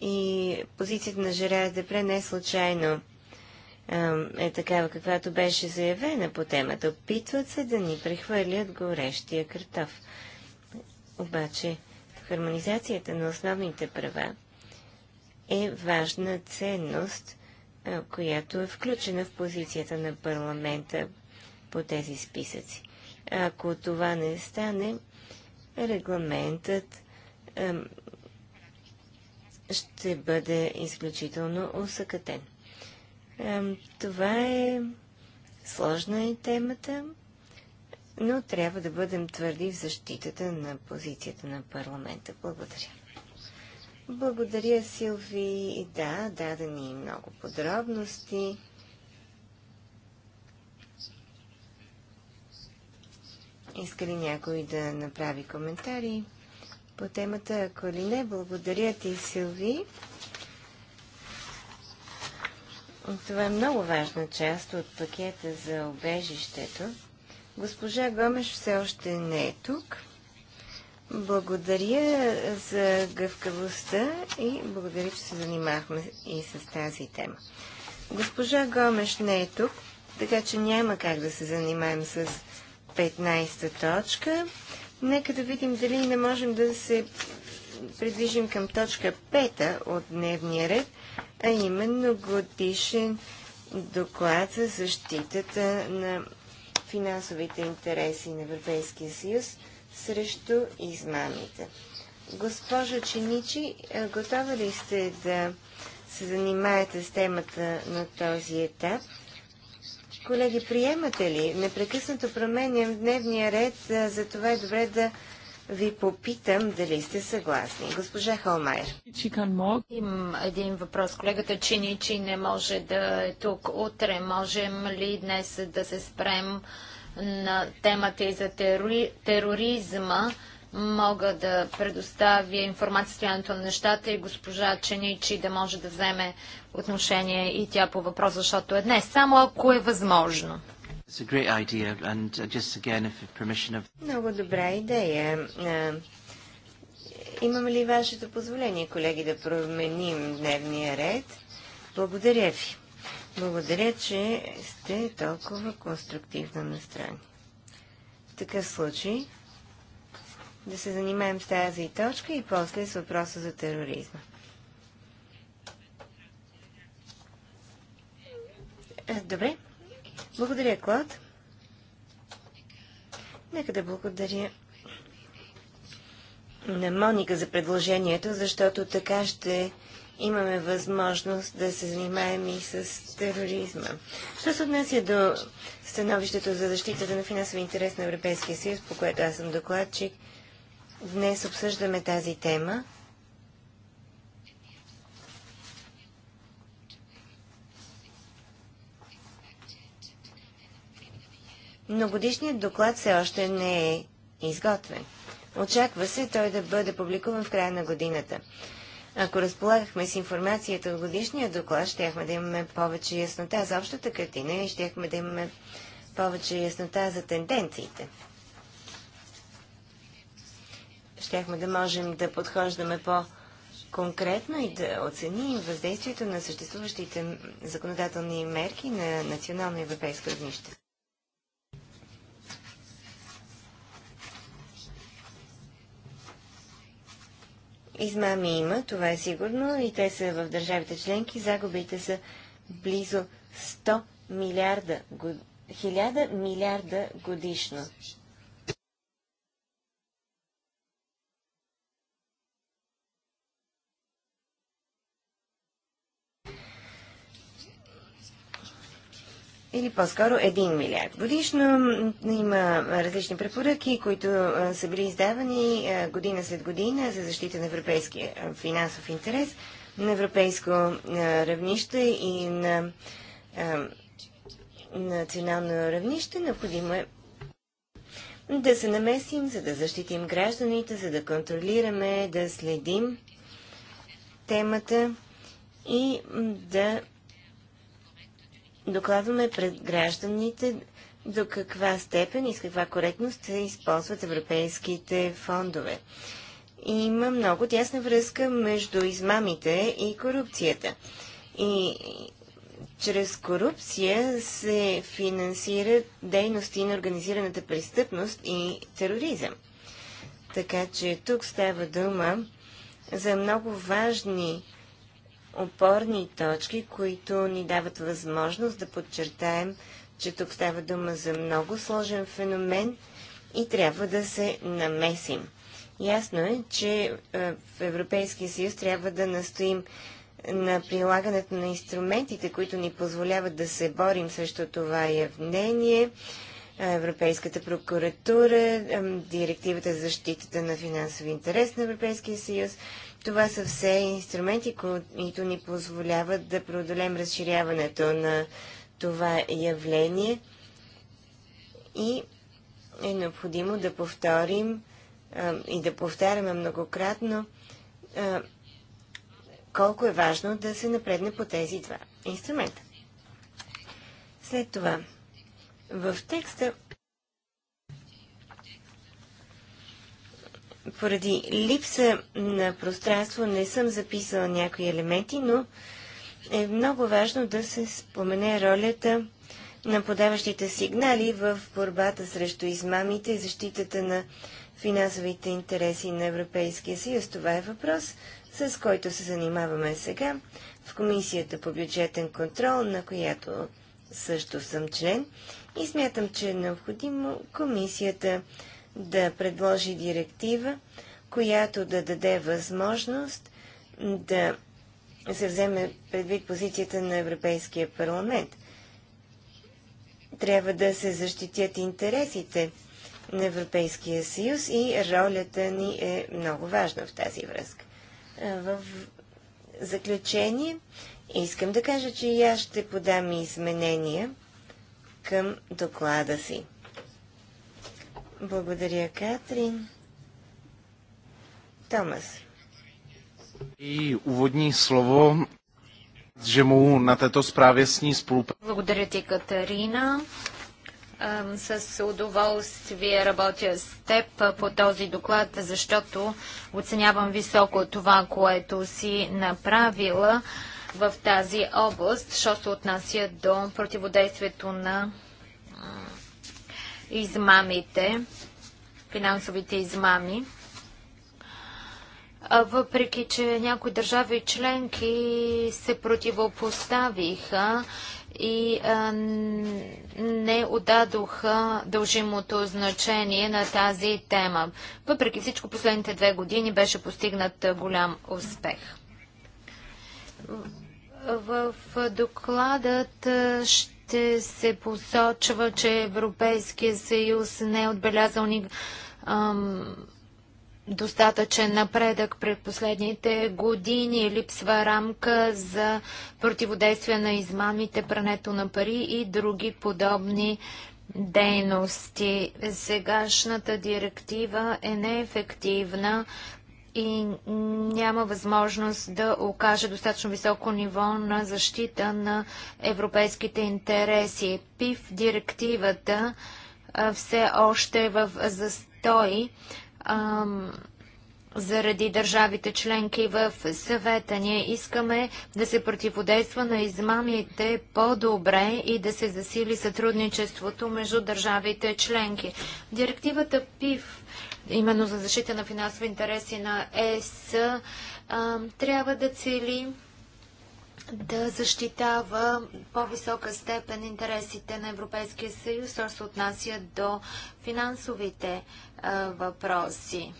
и позицията на Жерар Депре не е случайно е такава, каквато беше заявена по темата. Опитват се да ни прехвърлят горещия картоф. Обаче, в хармонизацията на основните права е важна ценност, която е включена в позицията на парламента по тези списъци. Ако това не стане, регламентът ще бъде изключително усъкътен. това е сложна и темата, но трябва да бъдем твърди в защитата на позицията на парламента. Благодаря. Благодаря, Силви. Да, даде ни много подробности. Иска ли някой да направи коментари по темата? Ако ли не, благодаря ти, Силви. Това е много важна част от пакета за обежището. Госпожа Гомеш все още не е тук. Благодаря за гъвкавостта и благодаря, че се занимахме и с тази тема. Госпожа Гомеш не е тук, така че няма как да се занимаем с 15-та точка. Нека да видим дали не можем да се придвижим към точка 5 от дневния ред, а именно годишен доклад за защитата на финансовите интереси на Европейския съюз – срещу измамите. Госпожо Ченичи, е, готова ли сте да се занимаете с темата на този етап? Колеги, приемате ли? Непрекъснато променям дневния ред, е, за това е добре да ви попитам дали сте съгласни. Госпожа Холмайер. Имам един въпрос. Колегата Чиничи не може да е тук утре. Можем ли днес да се спрем? на темата и за терори, тероризма, мога да предоставя информация състоянието на нещата и госпожа Ченичи да може да вземе отношение и тя по въпрос, защото е днес, само ако е възможно. Uh, Много добра идея. Имам ли вашето позволение, колеги, да променим дневния ред? Благодаря ви. Благодаря, че сте толкова конструктивно настроени. В такъв случай да се занимаем с тази точка и после с въпроса за тероризма. Е, добре. Благодаря, Клод. Нека да благодаря на Моника за предложението, защото така ще имаме възможност да се занимаем и с тероризма. Що се отнася до становището за защитата на финансови интерес на Европейския съюз, по което аз съм докладчик, днес обсъждаме тази тема. Многодишният доклад все още не е изготвен. Очаква се той да бъде публикуван в края на годината. Ако разполагахме с информацията от годишния доклад, щяхме да имаме повече яснота за общата картина и щяхме да имаме повече яснота за тенденциите. Щяхме да можем да подхождаме по- конкретно и да оценим въздействието на съществуващите законодателни мерки на национално европейско равнище. Измами има, това е сигурно, и те са в държавите членки. Загубите са близо 100 милиарда, 1000 милиарда годишно. или по-скоро 1 милиард. Годишно има различни препоръки, които са били издавани година след година за защита на европейския финансов интерес на европейско равнище и на национално равнище. Необходимо е да се намесим, за да защитим гражданите, за да контролираме, да следим темата и да докладваме пред гражданите до каква степен и с каква коректност се използват европейските фондове. Има много тясна връзка между измамите и корупцията. И чрез корупция се финансират дейности на организираната престъпност и тероризъм. Така че тук става дума за много важни опорни точки, които ни дават възможност да подчертаем, че тук става дума за много сложен феномен и трябва да се намесим. Ясно е, че е, в Европейския съюз трябва да настоим на прилагането на инструментите, които ни позволяват да се борим срещу това явнение, е, Европейската прокуратура, е, директивата за защитата на финансови интерес на Европейския съюз, това са все инструменти, които ни позволяват да преодолем разширяването на това явление и е необходимо да повторим и да повтаряме многократно колко е важно да се напредне по тези два инструмента. След това, в текста поради липса на пространство не съм записала някои елементи, но е много важно да се спомене ролята на подаващите сигнали в борбата срещу измамите и защитата на финансовите интереси на Европейския съюз. Това е въпрос, с който се занимаваме сега в Комисията по бюджетен контрол, на която също съм член и смятам, че е необходимо комисията да предложи директива, която да даде възможност да се вземе предвид позицията на Европейския парламент. Трябва да се защитят интересите на Европейския съюз и ролята ни е много важна в тази връзка. В заключение искам да кажа, че и аз ще подам изменения към доклада си. Благодаря, Катрин. Томас. И уводни слово, че му на тето справя с ни спрупа. Благодаря ти, Катерина. С удоволствие работя с теб по този доклад, защото оценявам високо това, което си направила в тази област, що се отнася до противодействието на измамите, финансовите измами. Въпреки, че някои държави членки се противопоставиха и не отдадоха дължимото значение на тази тема. Въпреки всичко, последните две години беше постигнат голям успех. в докладът ще се посочва, че Европейския съюз не е отбелязал ни ам, достатъчен напредък пред последните години. Липсва рамка за противодействие на измамите, прането на пари и други подобни дейности. Сегашната директива е неефективна и няма възможност да окаже достатъчно високо ниво на защита на европейските интереси. ПИВ директивата все още е в застой заради държавите членки в съвета. Ние искаме да се противодейства на измамите по-добре и да се засили сътрудничеството между държавите членки. Директивата ПИВ именно за защита на финансови интереси на ЕС, трябва да цели да защитава по-висока степен интересите на Европейския съюз, що се отнася до финансовите въпроси.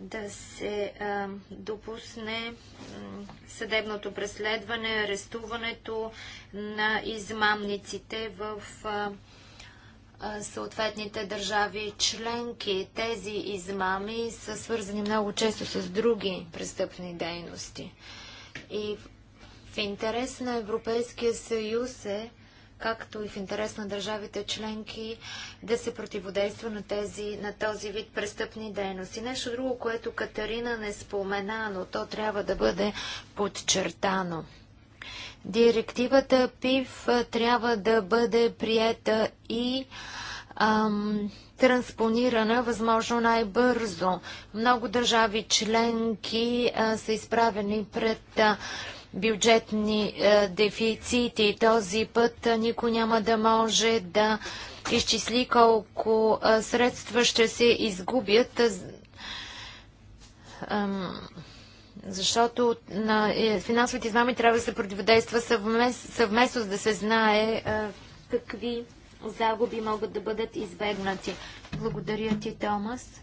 да се а, допусне съдебното преследване, арестуването на измамниците в а, съответните държави членки. Тези измами са свързани много често с други престъпни дейности. И в интерес на Европейския съюз е, както и в интерес на държавите членки, да се противодейства на, тези, на този вид престъпни дейности. Нещо друго, което Катерина не спомена, но то трябва да бъде подчертано – Директивата ПИВ трябва да бъде приета и ам, транспонирана възможно най-бързо. Много държави членки а, са изправени пред а, бюджетни а, дефицити. Този път а, никой няма да може да изчисли колко а, средства ще се изгубят. А, ам, защото на е, финансовите измами трябва да се противодейства съвместно, за да се знае а, е, какви загуби могат да бъдат избегнати. Благодаря ти, Томас.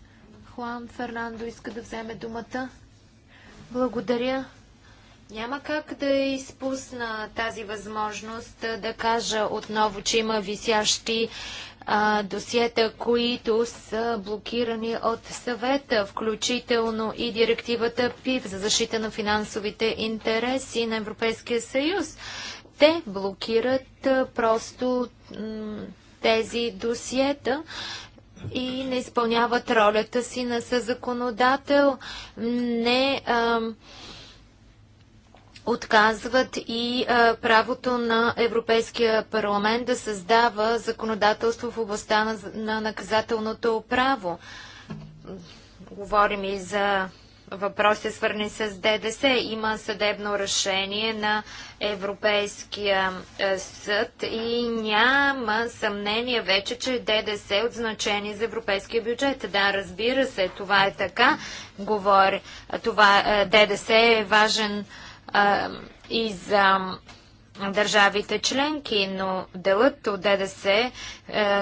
Хуан Фернандо иска да вземе думата. Благодаря. Няма как да изпусна тази възможност е, да кажа отново, че има висящи а, досиета, които са блокирани от съвета, включително и директивата ПИВ за защита на финансовите интереси на Европейския съюз. Те блокират а, просто тези досиета и не изпълняват ролята си на съзаконодател, не а, отказват и а, правото на Европейския парламент да създава законодателство в областта на, на наказателното право. Говорим и за въпроси свързани с ДДС. Има съдебно решение на Европейския е, съд и няма съмнение вече, че ДДС е от значение за европейския бюджет. Да, разбира се, това е така. Говори. Това, е, ДДС е важен и за държавите членки, но делът от ДДС, е,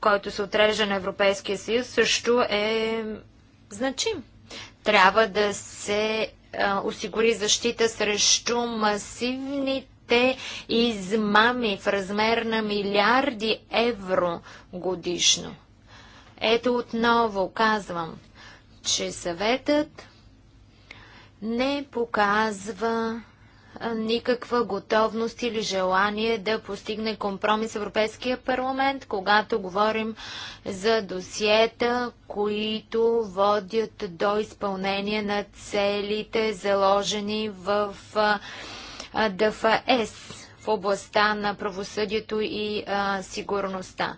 който се отрежда на Европейския съюз, също е значим. Трябва да се осигури защита срещу масивните измами в размер на милиарди евро годишно. Ето отново казвам, че съветът не показва никаква готовност или желание да постигне компромис Европейския парламент, когато говорим за досиета, които водят до изпълнение на целите, заложени в ДФС в областта на правосъдието и а, сигурността.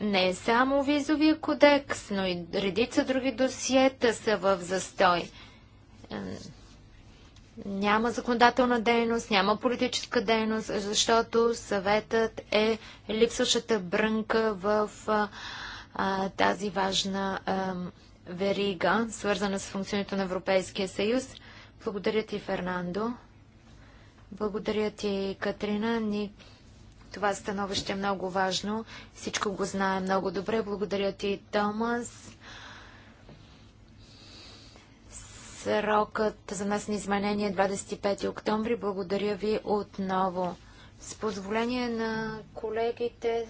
Не само визовия кодекс, но и редица други досиета са в застой. Няма законодателна дейност, няма политическа дейност, защото съветът е липсващата брънка в а, тази важна а, верига, свързана с функционирането на Европейския съюз. Благодаря ти, Фернандо. Благодаря ти, Катрина. Това становище е много важно. Всичко го знае много добре. Благодаря ти, Томас. Срокът за нас на е 25 октомври. Благодаря ви отново. С позволение на колегите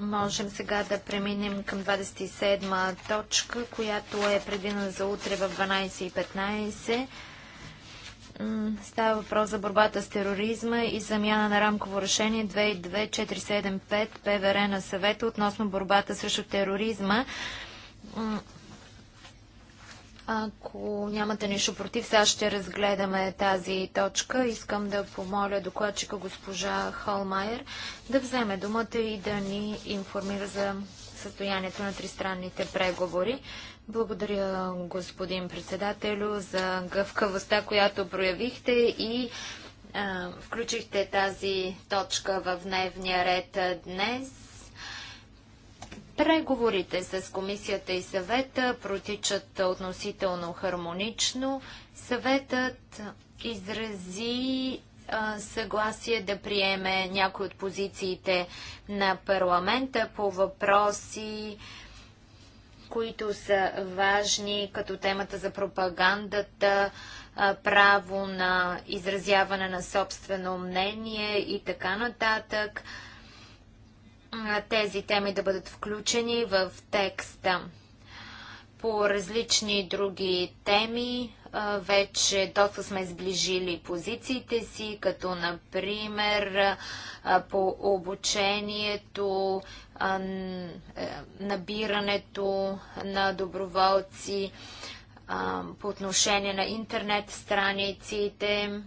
можем сега да преминем към 27 точка, която е предвидена за утре в 12.15. Става въпрос за борбата с тероризма и замяна на рамково решение 22475 ПВР на съвета относно борбата срещу тероризма. Ако нямате нищо против, сега ще разгледаме тази точка. Искам да помоля докладчика госпожа Холмайер да вземе думата и да ни информира за състоянието на тристранните преговори. Благодаря, господин председателю, за гъвкавостта, която проявихте и а, включихте тази точка в дневния ред днес. Преговорите с комисията и съвета протичат относително хармонично. Съветът изрази а, съгласие да приеме някои от позициите на парламента по въпроси, а, които са важни, като темата за пропагандата, право на изразяване на собствено мнение и така нататък. Тези теми да бъдат включени в текста. По различни други теми вече доста сме сближили позициите си, като например по обучението, е, набирането на доброволци, по отношение на интернет страниците.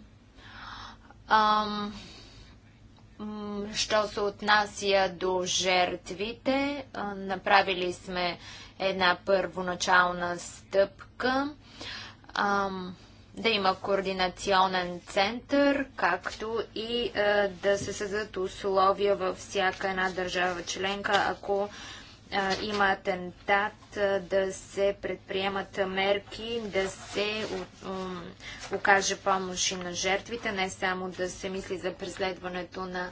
Що се отнася до жертвите, направили сме една първоначална стъпка ам, да има координационен център, както и а, е, да се създадат условия във всяка една държава членка, ако а, е, има атентат, а, е, да се предприемат мерки, да се окаже помощ и на жертвите, не само да се мисли за преследването на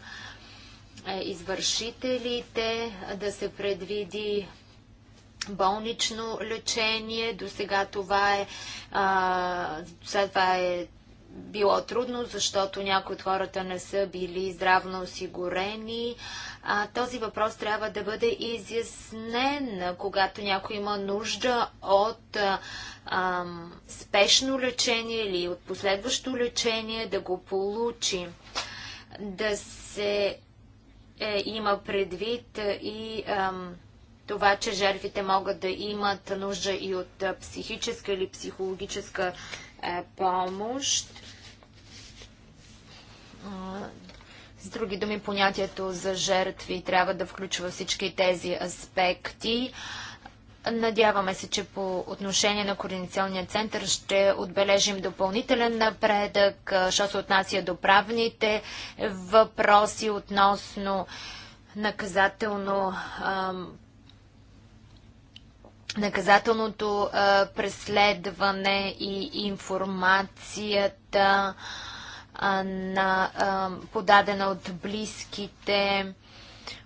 извършителите, да се предвиди болнично лечение. До сега това е, а, това е било трудно, защото някои от хората не са били здравно осигурени. А, този въпрос трябва да бъде изяснен, когато някой има нужда от а, спешно лечение или от последващо лечение, да го получи. Да се е, има предвид и. А, това, че жертвите могат да имат нужда и от психическа или психологическа помощ. С други думи, понятието за жертви трябва да включва всички тези аспекти. Надяваме се, че по отношение на Координационния център ще отбележим допълнителен напредък, що се отнася до правните въпроси относно наказателно наказателното а, преследване и информацията а, на, а, подадена от близките,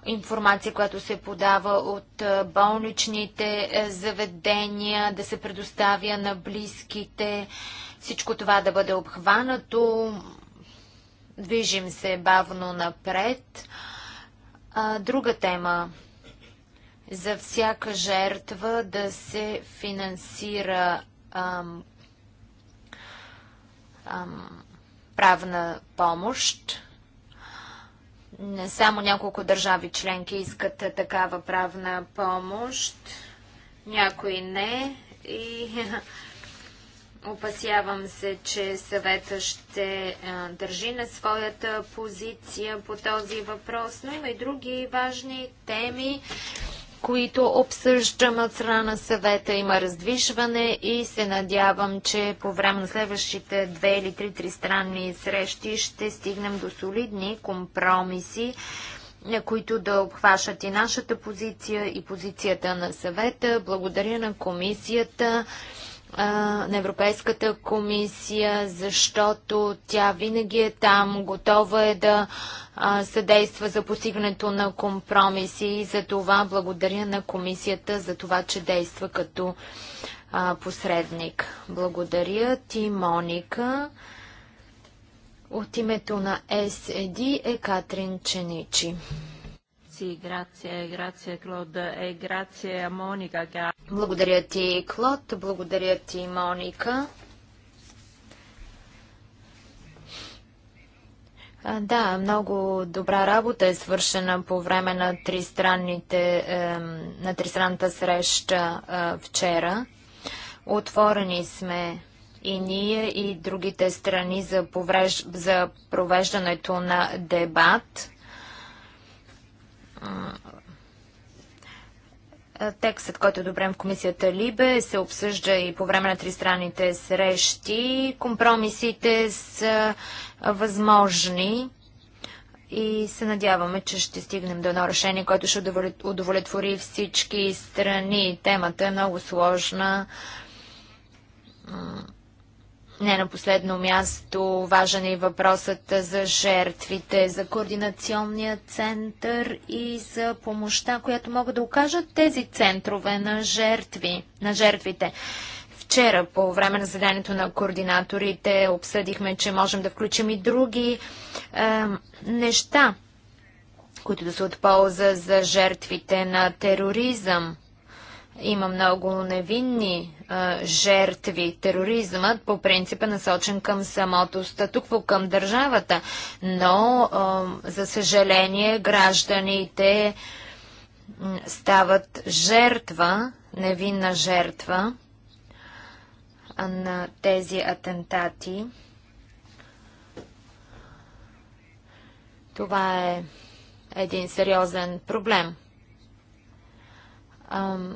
информация, която се подава от болничните заведения, да се предоставя на близките, всичко това да бъде обхванато. Движим се бавно напред. Друга тема, за всяка жертва да се финансира ам, ам, правна помощ. Не само няколко държави членки искат такава правна помощ, някои не. И [LAUGHS] опасявам се, че съвета ще а, държи на своята позиция по този въпрос, но има и други важни теми, които обсъждаме от страна на съвета. Има раздвижване и се надявам, че по време на следващите две или три тристранни срещи ще стигнем до солидни компромиси, които да обхващат и нашата позиция, и позицията на съвета. Благодаря на комисията на Европейската комисия, защото тя винаги е там, готова е да съдейства за постигането на компромиси и за това благодаря на комисията за това, че действа като посредник. Благодаря ти, Моника. От името на SED е Катрин Ченичи. Sì, grazie, grazie e grazie a Благодаря ти, Клод, благодаря ти, Моника. да, много добра работа е свършена по време на, тристранните, на тристранната среща вчера. Отворени сме и ние и другите страни за провеждането на дебат. Текстът, който е добрен в комисията Либе, се обсъжда и по време на тристранните срещи. Компромисите са възможни и се надяваме, че ще стигнем до едно решение, което ще удовлетвори всички страни. Темата е много сложна не на последно място важен е въпросът за жертвите, за координационния център и за помощта, която могат да окажат тези центрове на, жертви, на жертвите. Вчера по време на заданието на координаторите обсъдихме, че можем да включим и други е, неща, които да са от полза за жертвите на тероризъм има много невинни а, жертви. Тероризмът по принцип е насочен към самото статукво, към държавата. Но, а, за съжаление, гражданите стават жертва, невинна жертва на тези атентати. Това е един сериозен проблем. Ам...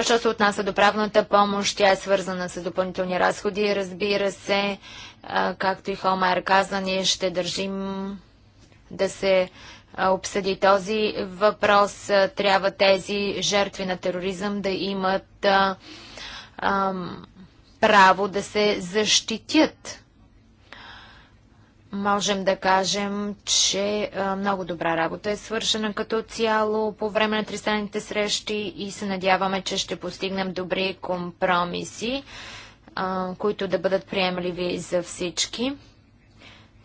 Що се отнася до правната помощ, тя е свързана с допълнителни разходи. Разбира се, както и Холмайер каза, ние ще държим да се обсъди този въпрос. Трябва тези жертви на тероризъм да имат право да се защитят можем да кажем, че много добра работа е свършена като цяло по време на тристранните срещи и се надяваме, че ще постигнем добри компромиси, които да бъдат приемливи за всички.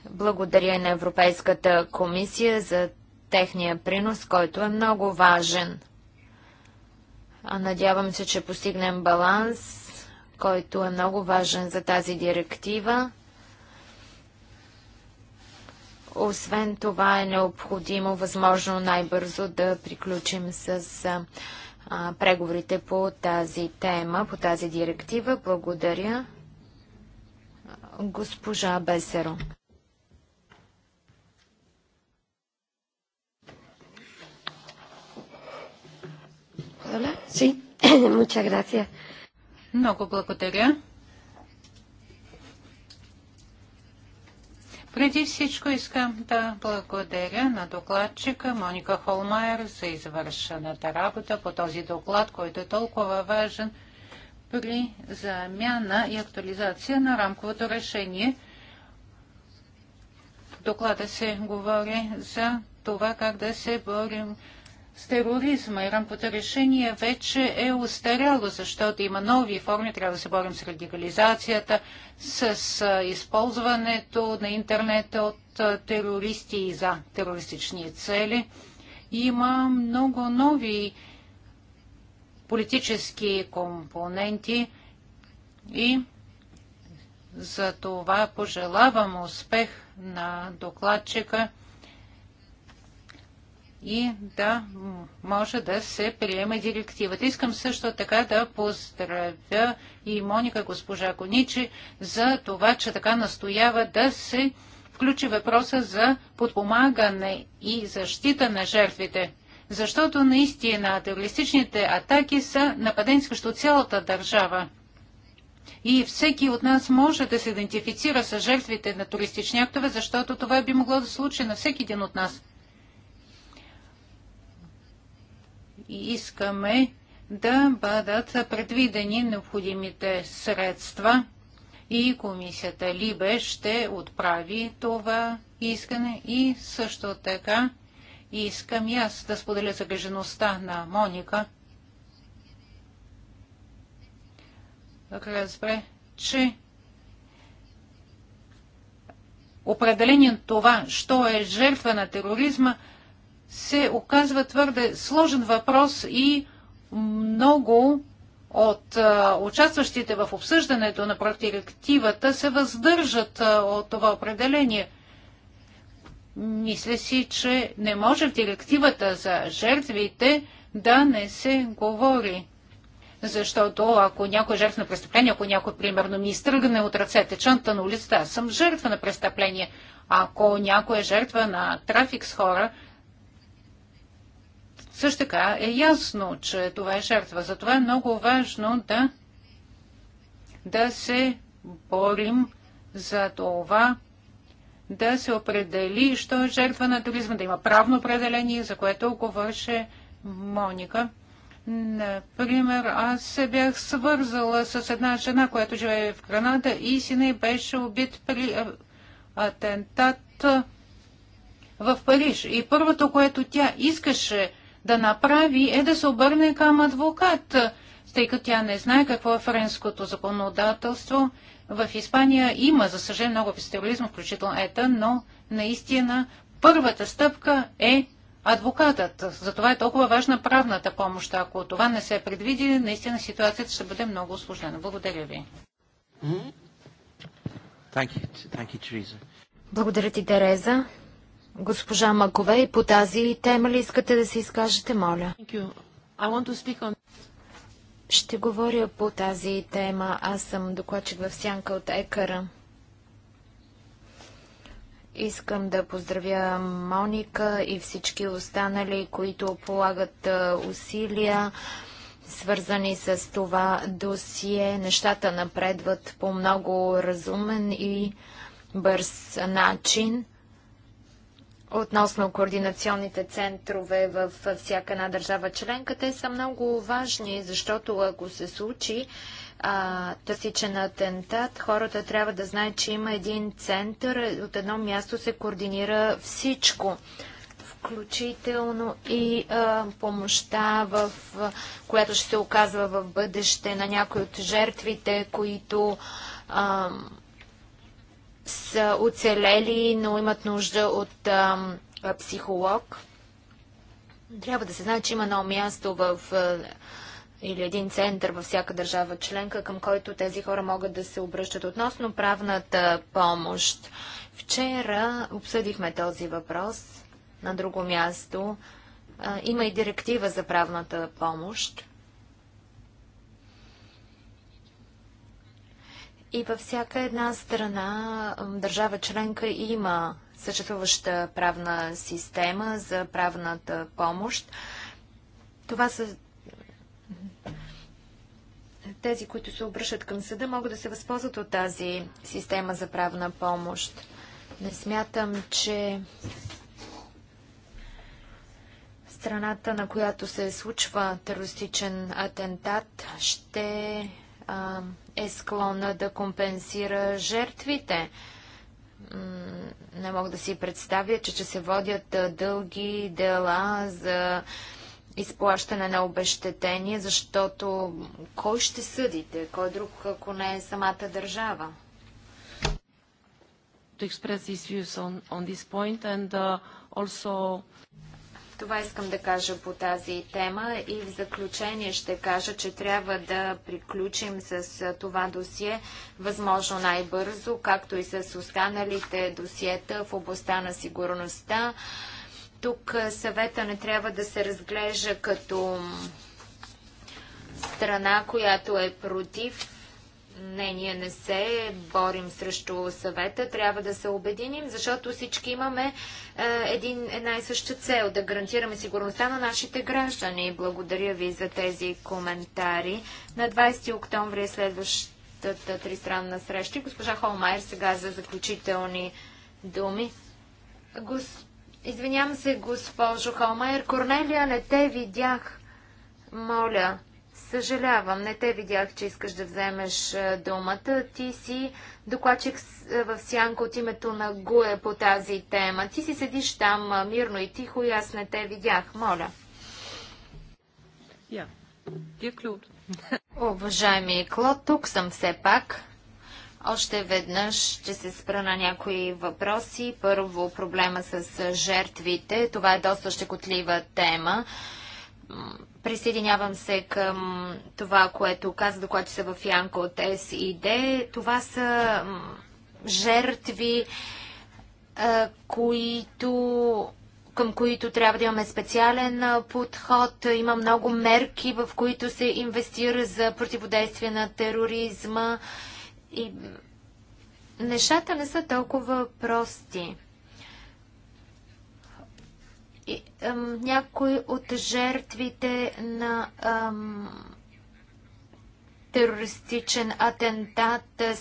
Благодаря на Европейската комисия за техния принос, който е много важен. Надявам се, че постигнем баланс, който е много важен за тази директива. Освен това е необходимо възможно най-бързо да приключим с а, преговорите по тази тема, по тази директива. Благодаря. Госпожа Бесеро. [CLEARS THROAT] Много благодаря. Преди всичко искам да благодаря на докладчика Моника Холмайер за извършената работа по този доклад, който е толкова важен при замяна и актуализация на рамковото решение. В доклада се говори за това как да се борим с тероризма и рамкото решение вече е устаряло, защото има нови форми, трябва да се борим с радикализацията, с използването на интернет от терористи и за терористични цели. Има много нови политически компоненти и за това пожелавам успех на докладчика – и да може да се приеме директивата. Искам също така да поздравя и Моника госпожа Коничи за това, че така настоява да се включи въпроса за подпомагане и защита на жертвите. Защото наистина терористичните атаки са нападени срещу цялата държава. И всеки от нас може да се идентифицира с жертвите на туристични актове, защото това би могло да случи на всеки един от нас. и искаме да бъдат предвидени необходимите средства и комисията Либе ще отправи това искане и също така искам и аз да споделя загрежеността на Моника. Разбре, че определение това, що е жертва на тероризма, се оказва твърде сложен въпрос и много от а, участващите в обсъждането на проектирективата се въздържат а, от това определение. Мисля си, че не може в директивата за жертвите да не се говори. Защото ако някой е жертва на престъпление, ако някой, примерно, ми изтръгне от ръцете чанта на улицата, аз съм жертва на престъпление. Ако някой е жертва на трафик с хора, също така е ясно, че това е жертва. Затова е много важно да, да се борим за това да се определи, що е жертва на туризма, да има правно определение, за което говореше Моника. Например, аз се бях свързала с една жена, която живее в Граната и сина й беше убит при атентат в Париж. И първото, което тя искаше да направи е да се обърне към адвокат, тъй като тя не знае какво е френското законодателство. В Испания има, за съжаление, много фестивализъм, включително ета, но наистина първата стъпка е адвокатът. Затова е толкова важна правната помощ. Ако това не се предвиди, наистина ситуацията ще бъде много осложнена. Благодаря ви. Благодаря ти, Тереза. Госпожа Макове, и по тази тема ли искате да се изкажете, моля? Ще говоря по тази тема. Аз съм докладчик в сянка от Екара. Искам да поздравя Моника и всички останали, които полагат усилия, свързани с това досие. Нещата напредват по много разумен и бърз начин. Относно координационните центрове в всяка една държава членка, те са много важни, защото ако се случи а, тъсичен атентат, хората трябва да знаят, че има един център, от едно място се координира всичко включително и а, помощта, в, която ще се оказва в бъдеще на някои от жертвите, които а, са оцелели, но имат нужда от а, психолог. Трябва да се знае, че има едно място в а, или един център във всяка държава членка, към който тези хора могат да се обръщат относно правната помощ. Вчера обсъдихме този въпрос на друго място. А, има и директива за правната помощ. И във всяка една страна, държава членка има съществуваща правна система за правната помощ. Това са тези, които се обръщат към съда, могат да се възползват от тази система за правна помощ. Не смятам, че страната, на която се случва терористичен атентат, ще а, е склонна да компенсира жертвите. Не мога да си представя, че, че се водят дълги дела за изплащане на обещетение, защото кой ще съдите? Кой друг, ако не е самата държава? To express his views on, on this point and uh, also това искам да кажа по тази тема и в заключение ще кажа, че трябва да приключим с това досие възможно най-бързо, както и с останалите досиета в областта на сигурността. Тук съвета не трябва да се разглежда като страна, която е против не, ние не се борим срещу съвета, трябва да се обединим, защото всички имаме е, един, една и съща цел да гарантираме сигурността на нашите граждани. Благодаря ви за тези коментари. На 20 октомври е следващата тристранна среща. Госпожа Холмайер сега за заключителни думи. Гос... Извинявам се, госпожо Холмайер. Корнелия, не те видях. Моля. Съжалявам, не те видях, че искаш да вземеш думата. Ти си докладчик в сянка от името на Гуе по тази тема. Ти си седиш там мирно и тихо и аз не те видях. Моля. Е клюд. Уважаеми Клод, тук съм все пак. Още веднъж ще се спра на някои въпроси. Първо, проблема с жертвите. Това е доста щекотлива тема. Присъединявам се към това, което каза са в Янко от СИД. Това са жертви, които, към които трябва да имаме специален подход. Има много мерки, в които се инвестира за противодействие на тероризма. И нещата не са толкова прости някои от жертвите на ам, терористичен атентат е,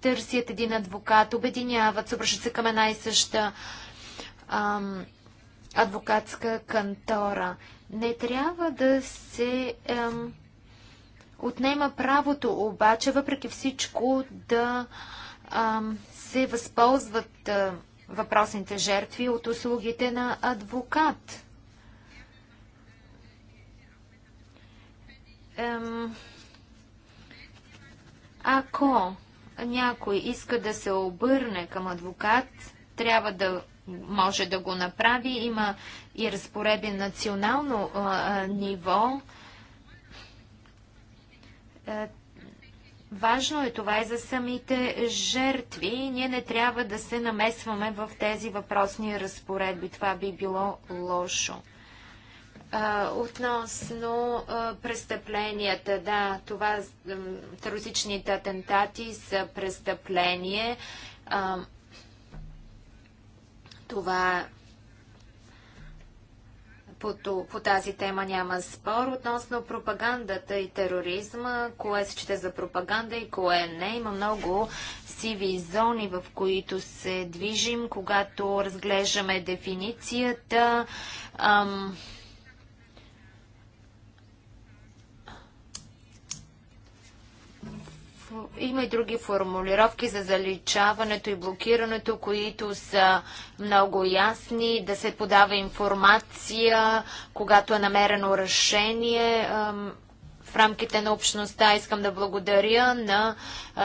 търсят един адвокат, обединяват, обръщат се към една и съща ам, адвокатска кантора. Не трябва да се ам, отнема правото, обаче, въпреки всичко, да ам, се възползват. Ам, въпросните жертви от услугите на адвокат. Ем, ако някой иска да се обърне към адвокат, трябва да може да го направи. Има и разпореди национално а, ниво. Е, Важно е това и за самите жертви. Ние не трябва да се намесваме в тези въпросни разпоредби. Това би било лошо. А, относно а, престъпленията, да, това терористичните атентати са престъпление. А, това по, по тази тема няма спор. Относно пропагандата и тероризма, кое се чете за пропаганда и кое не, има много сиви зони, в които се движим, когато разглеждаме дефиницията. Ам, има и други формулировки за заличаването и блокирането, които са много ясни, да се подава информация, когато е намерено решение в рамките на общността. Искам да благодаря на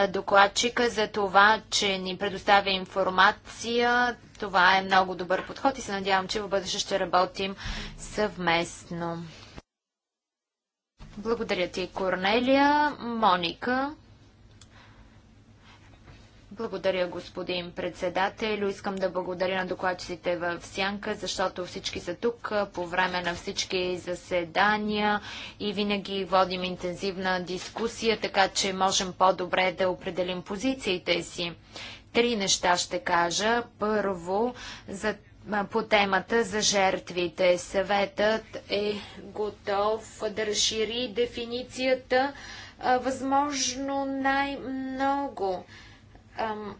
докладчика за това, че ни предоставя информация. Това е много добър подход и се надявам, че в бъдеще ще работим съвместно. Благодаря ти, Корнелия. Моника. Благодаря, господин председател. Искам да благодаря на докладчиците в Сянка, защото всички са тук по време на всички заседания и винаги водим интензивна дискусия, така че можем по-добре да определим позициите си. Три неща ще кажа. Първо, за по темата за жертвите. Съветът е готов да разшири дефиницията възможно най-много ам,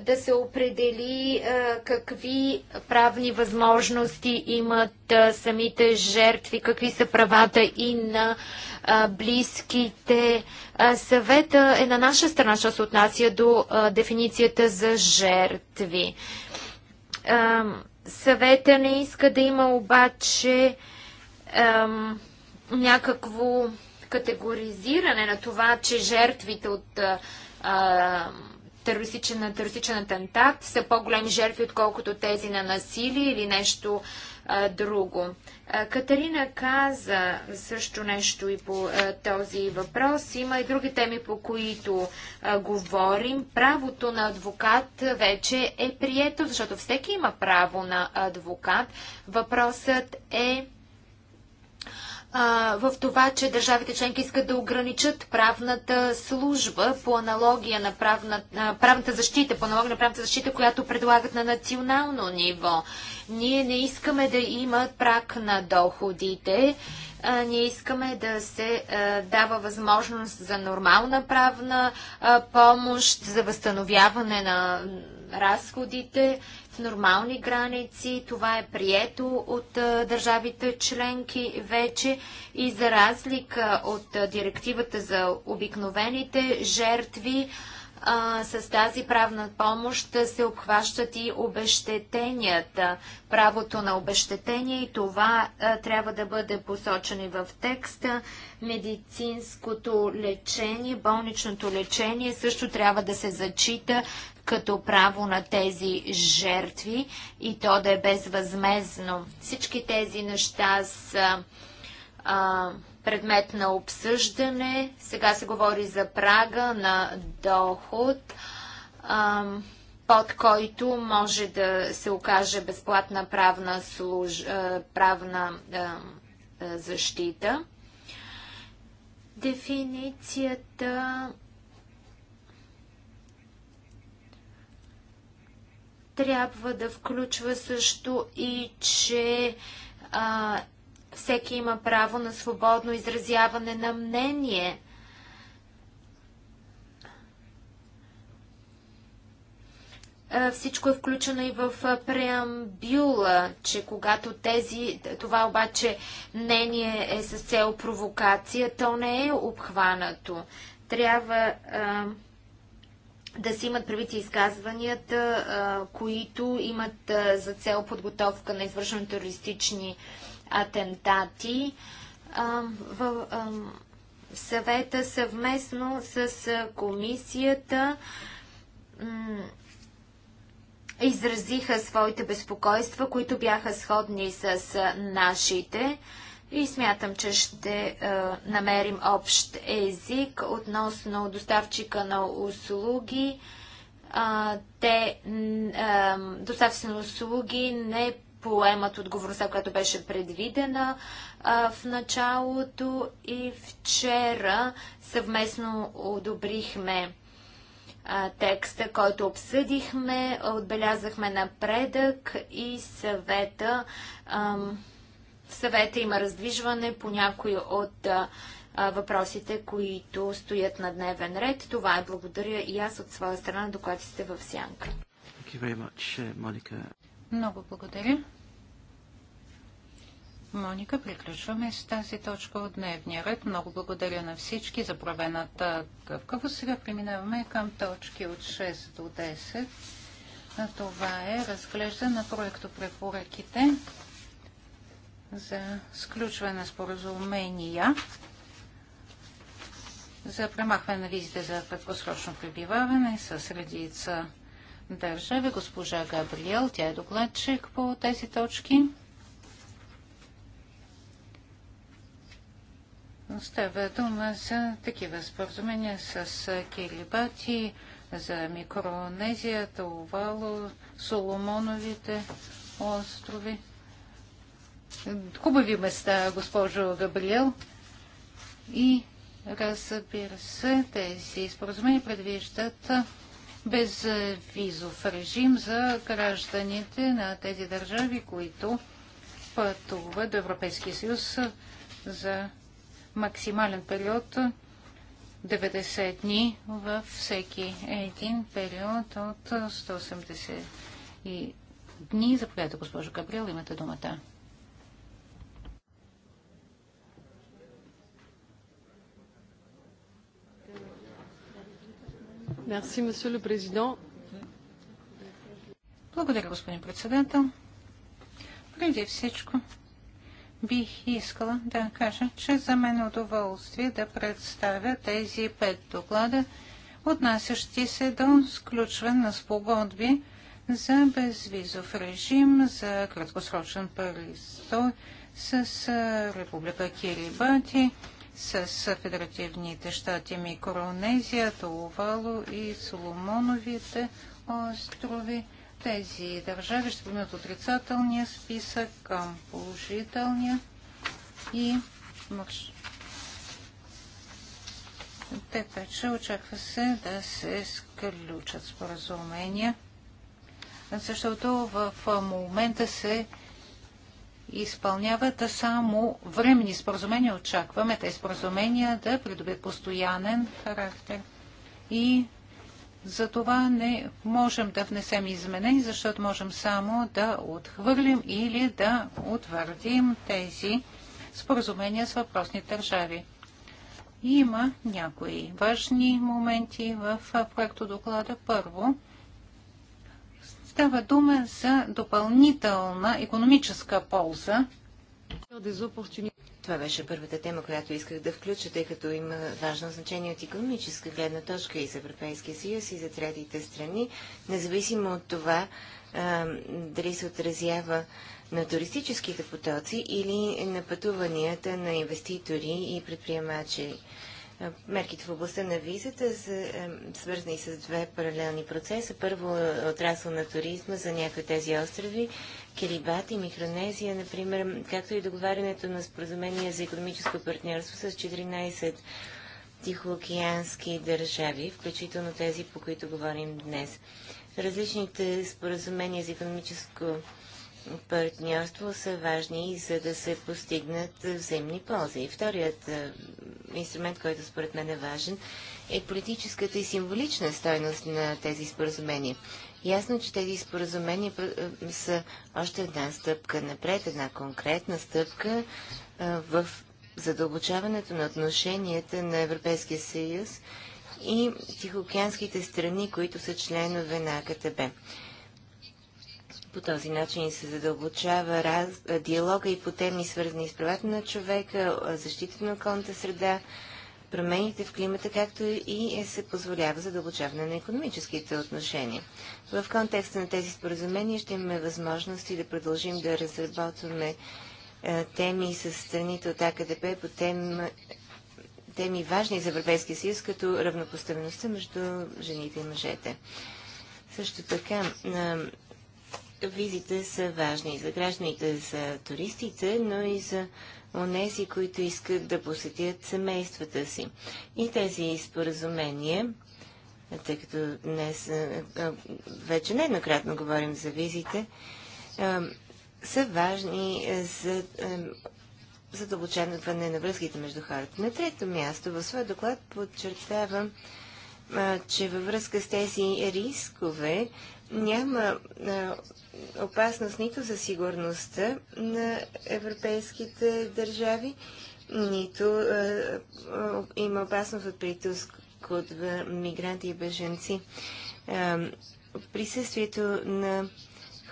да се определи а, какви правни възможности имат а, самите жертви, какви са правата и на а, близките. Съвета е на наша страна, що се отнася до дефиницията за жертви. Съвета не иска да има обаче някакво категоризиране на това, че жертвите от а, терористичен, терористичен атентат са по-големи жертви, отколкото тези на насилие или нещо а, друго. А, Катерина каза също нещо и по а, този въпрос. Има и други теми, по които а, говорим. Правото на адвокат вече е прието, защото всеки има право на адвокат. Въпросът е в това, че държавите членки искат да ограничат правната служба по аналогия на правна, правната защита, по аналогия на правната защита, която предлагат на национално ниво. Ние не искаме да има прак на доходите, ние искаме да се дава възможност за нормална правна помощ, за възстановяване на разходите, нормални граници. Това е прието от държавите членки вече и за разлика от директивата за обикновените жертви, с тази правна помощ се обхващат и обещетенията, правото на обещетение и това трябва да бъде посочено в текста. Медицинското лечение, болничното лечение също трябва да се зачита като право на тези жертви и то да е безвъзмезно. Всички тези неща са а, предмет на обсъждане. Сега се говори за прага на доход, а, под който може да се окаже безплатна правна, служ... правна а, защита. Дефиницията трябва да включва също и, че а, всеки има право на свободно изразяване на мнение. всичко е включено и в преамбюла, че когато тези, това обаче мнение е с цел провокация, то не е обхванато. Трябва а, да се имат правите изказванията, които имат за цел подготовка на извършване терористични атентати. В съвета съвместно с комисията изразиха своите безпокойства, които бяха сходни с нашите. И смятам, че ще е, намерим общ език относно доставчика на услуги. А, те, е, доставчици на услуги не поемат отговорността, която беше предвидена а, в началото и вчера съвместно одобрихме а, текста, който обсъдихме, отбелязахме напредък и съвета ам, съвета има раздвижване по някои от въпросите, които стоят на дневен ред. Това е благодаря и аз от своя страна, докато сте в сянка. Much, uh, Много благодаря. Моника, приключваме с тази точка от дневния ред. Много благодаря на всички за проявената гъвкавост. Сега преминаваме към точки от 6 до 10. Това е разглежда на проекто препоръките за сключване на споразумения за премахване на визите за краткосрочно пребиваване с редица държави. Госпожа Габриел, тя е докладчик по тези точки. Става дума за такива споразумения с Кирибати, за Микронезия, Тувало, Соломоновите острови хубави места, госпожо Габриел. И разбира се, тези споразумения предвиждат безвизов режим за гражданите на тези държави, които пътуват до Европейския съюз за максимален период 90 дни във всеки един период от 180 дни. Заповядайте, госпожо Габриел, имате думата. Благодаря, господин председател. Преди всичко бих искала да кажа, че за мен е удоволствие да представя тези пет доклада, отнасящи се до сключване на спогодби за безвизов режим, за краткосрочен престой с Република Кирибати, с федеративните щати Микронезия, Тувало и Соломоновите острови. Тези държави ще имат отрицателния списък към положителния и марш... Така че очаква се да се сключат споразумения, защото в момента се изпълняват само временни споразумения. Очакваме тези споразумения да придобият постоянен характер. И за това не можем да внесем изменения, защото можем само да отхвърлим или да утвърдим тези споразумения с въпросни държави. Има някои важни моменти в проекто доклада. Първо, Става дума за допълнителна економическа полза. Това беше първата тема, която исках да включа, тъй като има важно значение от економическа гледна точка и за Европейския съюз, и за третите страни, независимо от това дали се отразява на туристическите потоци или на пътуванията на инвеститори и предприемачи мерките в областта на визата са свързани с две паралелни процеса. Първо е, отрасъл на туризма за някои тези острови, Кирибати, Микронезия, например, както и договарянето на споразумение за економическо партньорство с 14 тихоокеански държави, включително тези, по които говорим днес. Различните споразумения за економическо партньорство партньорство са важни и за да се постигнат взаимни ползи. И вторият е, инструмент, който според мен е важен, е политическата и символична стойност на тези споразумения. Ясно, е, че тези споразумения е, са още една стъпка напред, една конкретна стъпка в задълбочаването на отношенията на Европейския съюз и тихоокеанските страни, които са членове на АКТБ. По този начин се задълбочава раз... диалога и по теми, свързани с правата на човека, защита на околната среда, промените в климата, както и е, се позволява задълбочаване на економическите отношения. В контекста на тези споразумения ще имаме възможности да продължим да разработваме теми с страните от АКДП по тем, теми важни за Европейския съюз, като равнопоставеността между жените и мъжете. Също така, визите са важни за гражданите, за туристите, но и за онези, които искат да посетят семействата си. И тези споразумения, тъй като днес вече нееднократно говорим за визите, са важни за задълбочаване на връзките между хората. На трето място в своя доклад подчертавам, че във връзка с тези рискове няма опасност нито за сигурността на европейските държави, нито има опасност от притиск от мигранти и беженци. Присъствието на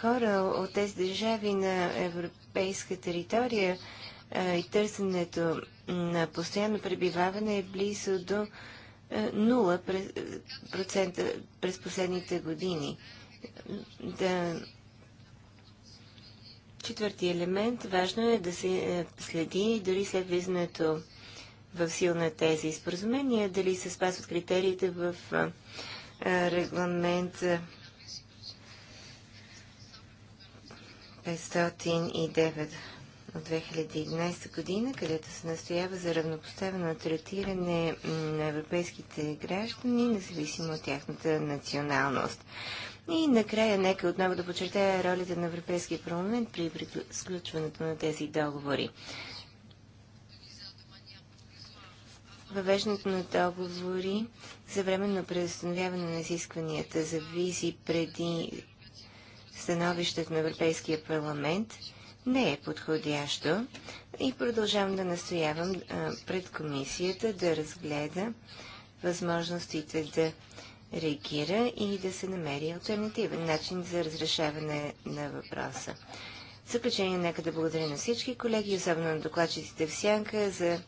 хора от тези държави на европейска територия и търсенето на постоянно пребиваване е близо до 0% през последните години да Четвърти елемент. Важно е да се е, следи дори след влизането в сил на тези споразумения, дали се спазват критериите в е, е, регламент 509 от 2011 година, където се настоява за равнопоставено третиране на европейските граждани, независимо от тяхната националност. И накрая нека отново да подчертая ролята на Европейския парламент при сключването на тези договори. Въвеждането на договори за временно предостановяване на изискванията за визи преди становището на Европейския парламент не е подходящо и продължавам да настоявам пред комисията да разгледа възможностите да реагира и да се намери альтернативен начин за разрешаване на въпроса. В заключение, нека да благодаря на всички колеги, особено на докладчиците в Сянка, за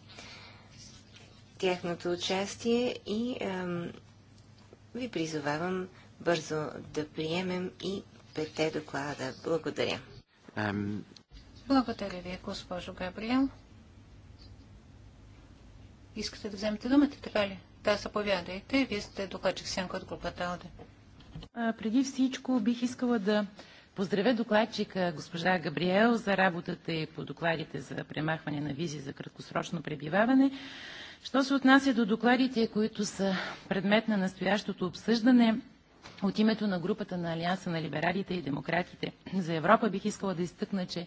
тяхното участие и ам, ви призовавам бързо да приемем и пете доклада. Благодаря. Ам... Благодаря ви, госпожо Габриел. Искате да вземете думата, така ли? Да, заповядайте. Вие сте докладчик сянка от групата АЛДЕ. Преди всичко бих искала да поздравя докладчика госпожа Габриел за работата и по докладите за премахване на визи за краткосрочно пребиваване. Що се отнася до докладите, които са предмет на настоящото обсъждане, от името на групата на Алианса на либералите и демократите за Европа бих искала да изтъкна, че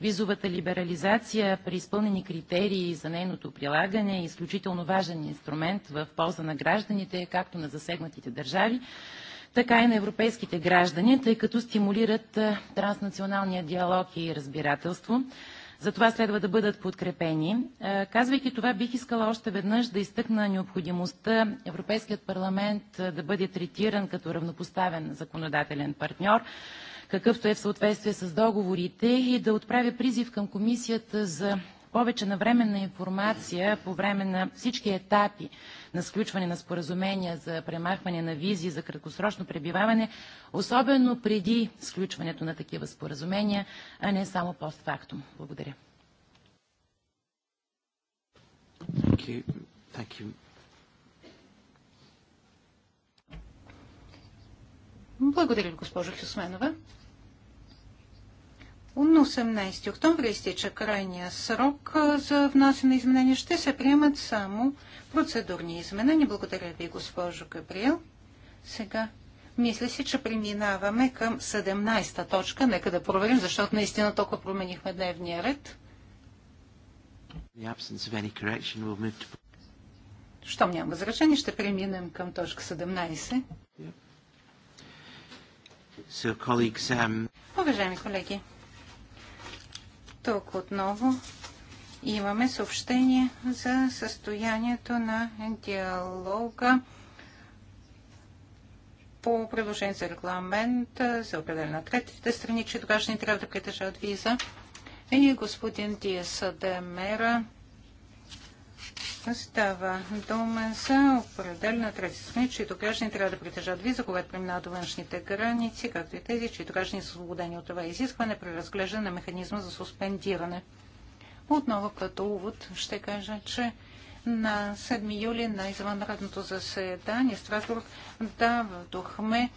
Визовата либерализация при изпълнени критерии за нейното прилагане е изключително важен инструмент в полза на гражданите, както на засегнатите държави, така и на европейските граждани, тъй като стимулират транснационалния диалог и разбирателство. Затова следва да бъдат подкрепени. Казвайки това, бих искала още веднъж да изтъкна необходимостта Европейският парламент да бъде третиран като равнопоставен законодателен партньор какъвто е в съответствие с договорите, и да отправя призив към Комисията за повече навременна информация по време на всички етапи на сключване на споразумения за премахване на визи за краткосрочно пребиваване, особено преди сключването на такива споразумения, а не само постфактум. Благодаря. Thank you. Thank you. Благодаря ви, госпожо Хюсменова. На 18 октомври изтича крайния срок за внасяне изменения. Ще се приемат само процедурни изменения. Благодаря ви, госпожо Габриел. Сега мисля си, че преминаваме към 17-та точка. Нека да проверим, защото наистина толкова променихме дневния ред. Щом няма възражение, ще преминем към точка 17. Um, Уважаеми колеги, тук отново имаме съобщение за състоянието на диалога по предложение за регламент за определена на третите страни, че тогава ще не трябва да притежават виза. И господин Диас Демера Става Дома за определена на чието граждани трябва да притежат виза, когато преминават до външните граници, както и тези, чието граждани са освободени от това изискване при разглеждане на механизма за суспендиране. Отново като увод ще кажа, че на 7 юли на извънредното заседание Страсбург дадохме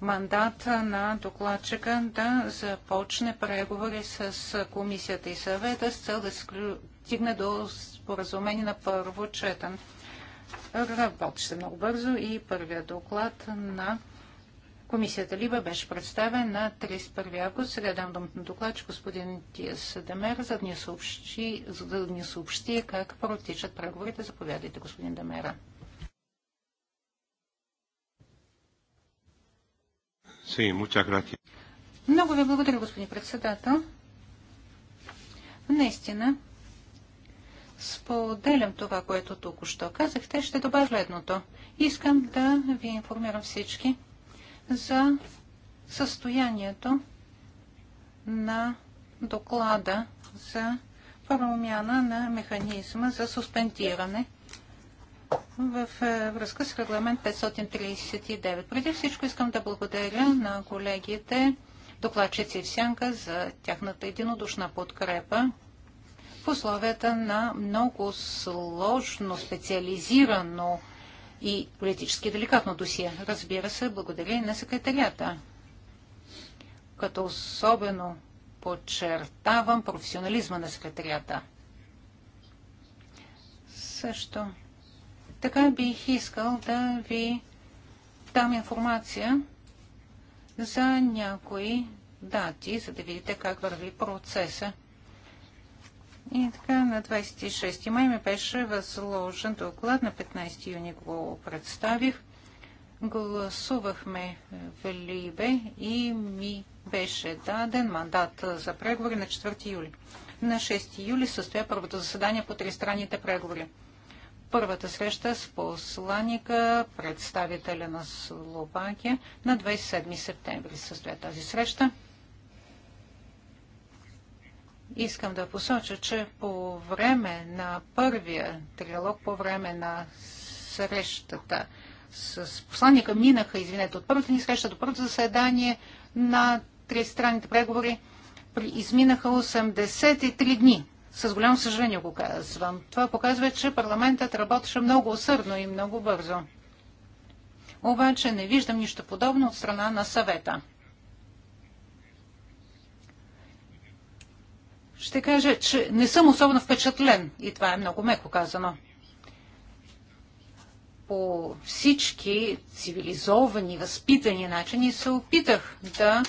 мандат на докладчика да започне преговори с комисията и съвета с цел да стигне до споразумение на първо четен. Работи се много бързо и първият доклад на комисията Либа беше представен на 31 август. Сега дам думата на докладчик господин Тиас Демер, за да ни съобщи, за да ни съобщи как протичат преговорите. Заповядайте, господин Демера. Sí, Много ви благодаря, господин председател. Наистина, споделям това, което току-що казахте. Ще добавя едното. Искам да ви информирам всички за състоянието на доклада за промяна на механизма за суспендиране в е, връзка с регламент 539. Преди всичко искам да благодаря на колегите докладчици в Сянка за тяхната единодушна подкрепа в условията на много сложно, специализирано и политически деликатно досие. Разбира се, благодаря и на секретарията. Като особено подчертавам професионализма на секретарията. Също така бих искал да ви дам информация за някои дати, за да видите как върви процеса. И така на 26 май ми беше възложен доклад, на 15 юни го представих. Гласувахме в Либе и ми беше даден мандат за преговори на 4 юли. На 6 юли състоя първото заседание по тристранните преговори първата среща с посланника, представителя на Словакия, на 27 септември състоя тази среща. Искам да посоча, че по време на първия триалог, по време на срещата с посланника, минаха, извинете, от първата ни среща до първото заседание на тристранните преговори, изминаха 83 дни. С голямо съжаление го казвам. Това показва, че парламентът работеше много усърдно и много бързо. Обаче не виждам нищо подобно от страна на съвета. Ще кажа, че не съм особено впечатлен и това е много меко казано. По всички цивилизовани, възпитани начини се опитах да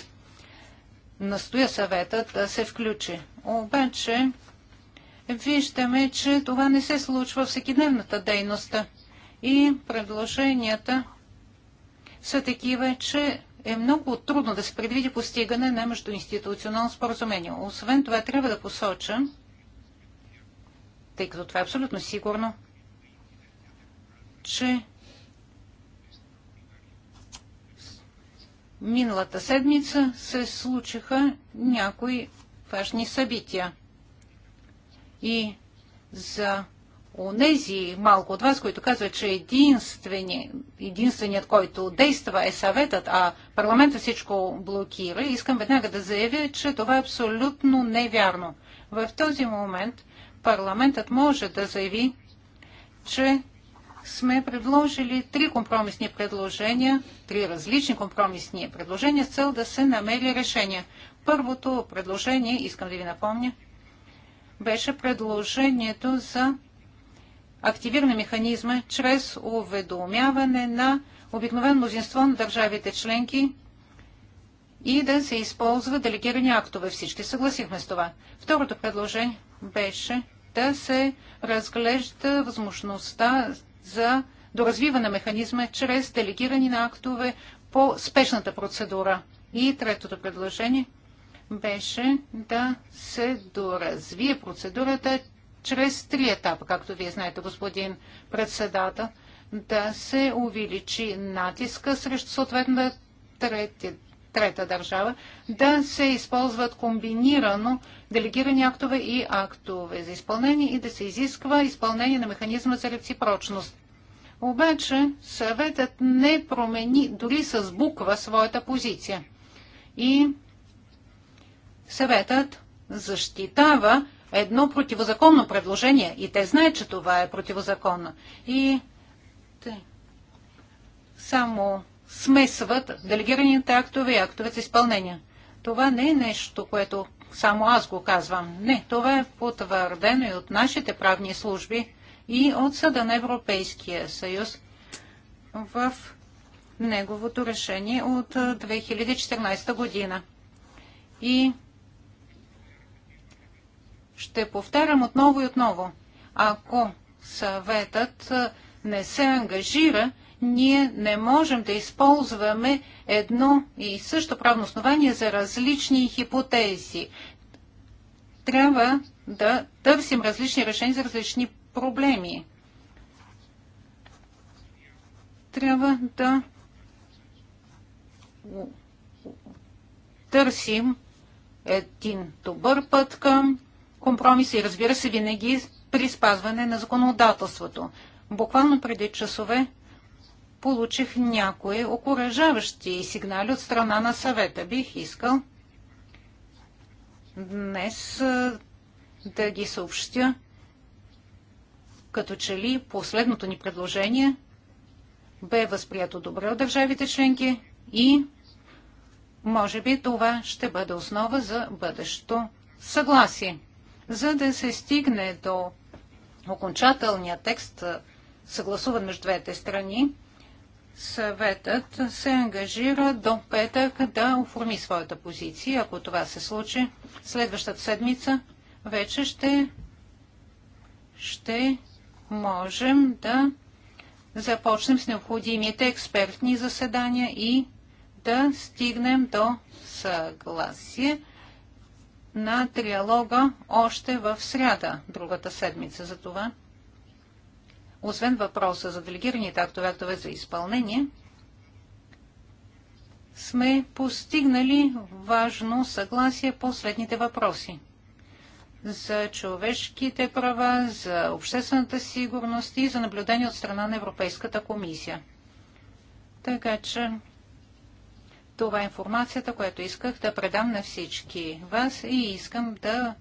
настоя съвета да се включи. Обаче виждаме, че това не се случва в всекидневната дейност. И предложенията са такива, че е много трудно да се предвиди постигане на междуинституционално споразумение. Освен това, трябва да посоча, тъй като това е абсолютно сигурно, че миналата седмица се случиха някои важни събития и за онези малко от вас, които казват, че единствени, единственият, който действа е съветът, а парламентът всичко блокира, искам веднага да заявя, че това е абсолютно невярно. В този момент парламентът може да заяви, че сме предложили три компромисни предложения, три различни компромисни предложения с цел да се намери решение. Първото предложение, искам да ви напомня, беше предложението за активиране механизма чрез уведомяване на обикновено мнозинство на държавите членки и да се използва делегирани актове. Всички съгласихме с това. Второто предложение беше да се разглежда възможността за доразвиване на механизма чрез делегирани на актове по спешната процедура. И третото предложение беше да се доразвие процедурата чрез три етапа, както вие знаете, господин председател, да се увеличи натиска срещу съответна трети, трета държава, да се използват комбинирано делегирани актове и актове за изпълнение и да се изисква изпълнение на механизма за реципрочност. Обаче съветът не промени дори с буква своята позиция. И съветът защитава едно противозаконно предложение и те знаят, че това е противозаконно. И те само смесват делегираните актове и актове за изпълнение. Това не е нещо, което само аз го казвам. Не, това е потвърдено и от нашите правни служби и от Съда на Европейския съюз в неговото решение от 2014 година. И ще повтарям отново и отново. Ако съветът не се ангажира, ние не можем да използваме едно и също правно основание за различни хипотези. Трябва да търсим различни решения за различни проблеми. Трябва да търсим един добър път към компромиси, разбира се, винаги при спазване на законодателството. Буквално преди часове получих някои окоръжаващи сигнали от страна на съвета. Бих искал днес да ги съобщя, като че ли последното ни предложение бе възприето добре от държавите членки и може би това ще бъде основа за бъдещо съгласие за да се стигне до окончателния текст, съгласуван между двете страни, съветът се ангажира до петък да оформи своята позиция. Ако това се случи, следващата седмица вече ще, ще можем да започнем с необходимите експертни заседания и да стигнем до съгласие на триалога още в сряда, другата седмица. За това, освен въпроса за делегираните актове, актове за изпълнение, сме постигнали важно съгласие по следните въпроси. За човешките права, за обществената сигурност и за наблюдение от страна на Европейската комисия. Така че това е информацията, която исках да предам на всички вас и искам да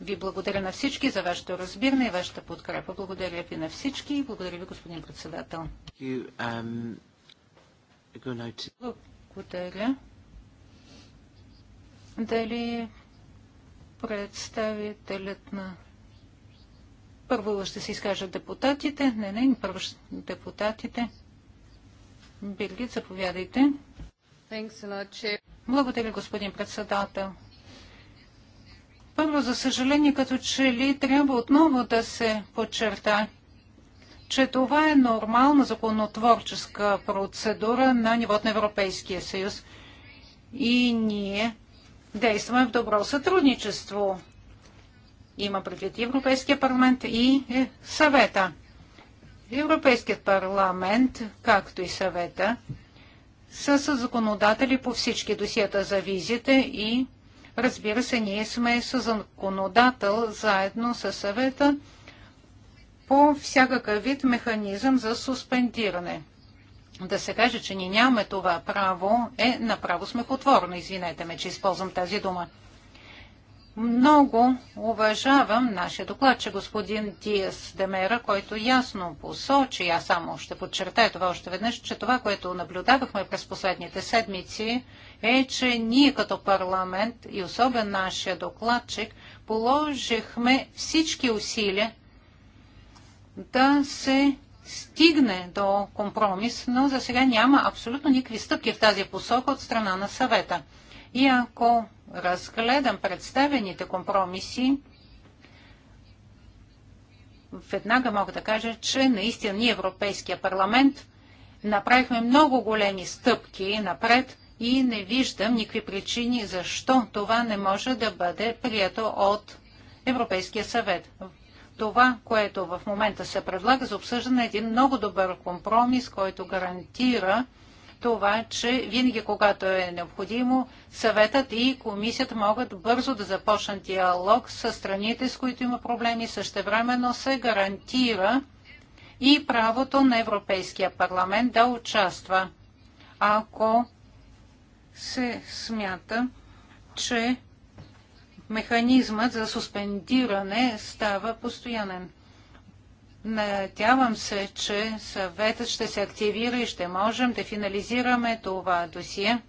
ви благодаря на всички за вашето разбиране и вашата подкрепа. Благодаря ви на всички и благодаря ви, господин председател. Um, благодаря. Дали представителят на... Първо ще се изкажат депутатите. Не, не, първо депутатите. Биргит, заповядайте. Благодаря, господин председател. Първо, за съжаление, като че ли трябва отново да се подчерта, че това е нормална законотворческа процедура на нивото на Европейския съюз. И ние действаме в добро сътрудничество. Има предвид Европейския парламент и е, съвета. Европейският парламент, както и съвета, са законодатели по всички досиета за визите и разбира се, ние сме с законодател заедно с съвета по всякакъв вид механизъм за суспендиране. Да се каже, че ние нямаме това право е направо смехотворно. Извинете ме, че използвам тази дума. Много уважавам нашия докладче господин Диас Демера, който ясно посочи, аз само ще подчертая това още веднъж, че това, което наблюдавахме през последните седмици, е, че ние като парламент и особено нашия докладчик положихме всички усилия да се стигне до компромис, но за сега няма абсолютно никакви стъпки в тази посока от страна на съвета. И ако разгледам представените компромиси, веднага мога да кажа, че наистина ние, Европейския парламент, направихме много големи стъпки напред и не виждам никакви причини защо това не може да бъде прието от Европейския съвет. Това, което в момента се предлага за обсъждане е един много добър компромис, който гарантира това, че винаги, когато е необходимо, съветът и комисията могат бързо да започнат диалог с страните, с които има проблеми. Същевременно се гарантира и правото на Европейския парламент да участва, ако се смята, че механизмът за суспендиране става постоянен. Надявам се, че съветът ще се активира и ще можем да финализираме това досие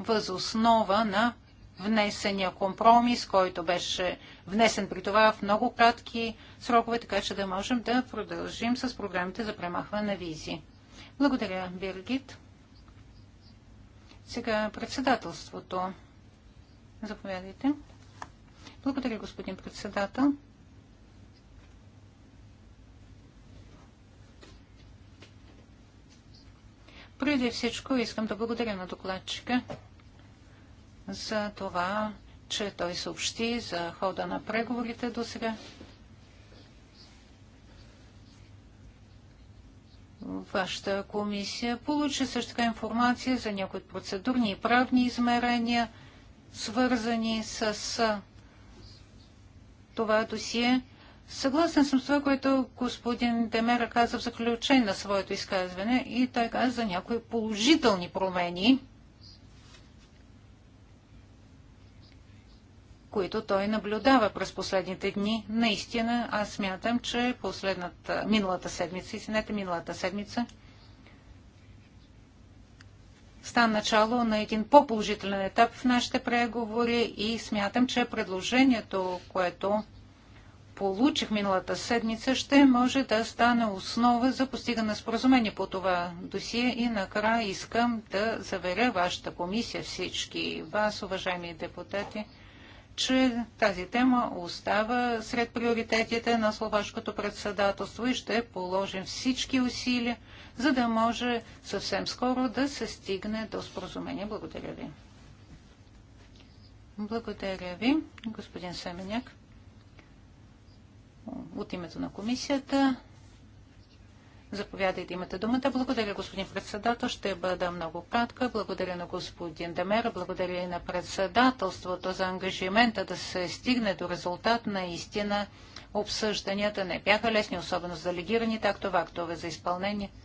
възоснова на внесения компромис, който беше внесен при това в много кратки срокове, така че да можем да продължим с програмите за премахване на визи. Благодаря, Биргит. Сега председателството. Заповядайте. Благодаря, господин председател. Преди всичко искам да благодаря на докладчика за това, че той съобщи за хода на преговорите до сега. Вашата комисия получи също така информация за някои процедурни и правни измерения, свързани с това досие. Съгласен съм с това, което господин Демера каза в заключение на своето изказване и той каза за някои положителни промени, които той наблюдава през последните дни. Наистина, аз смятам, че последната, миналата седмица, извинете, миналата седмица, стана начало на един по-положителен етап в нашите преговори и смятам, че предложението, което получих миналата седмица, ще може да стане основа за постигане на споразумение по това досие. И накрая искам да заверя вашата комисия, всички вас, уважаеми депутати, че тази тема остава сред приоритетите на словашкото председателство и ще положим всички усилия, за да може съвсем скоро да се стигне до споразумение. Благодаря ви. Благодаря ви, господин Семеняк от името на комисията. Заповядайте, имате думата. Благодаря, господин председател. Ще бъда много кратка. Благодаря на господин Демера. Благодаря и на председателството за ангажимента да се стигне до резултат на истина Обсъжданията не бяха лесни, особено за делегираните актове, актове за изпълнение –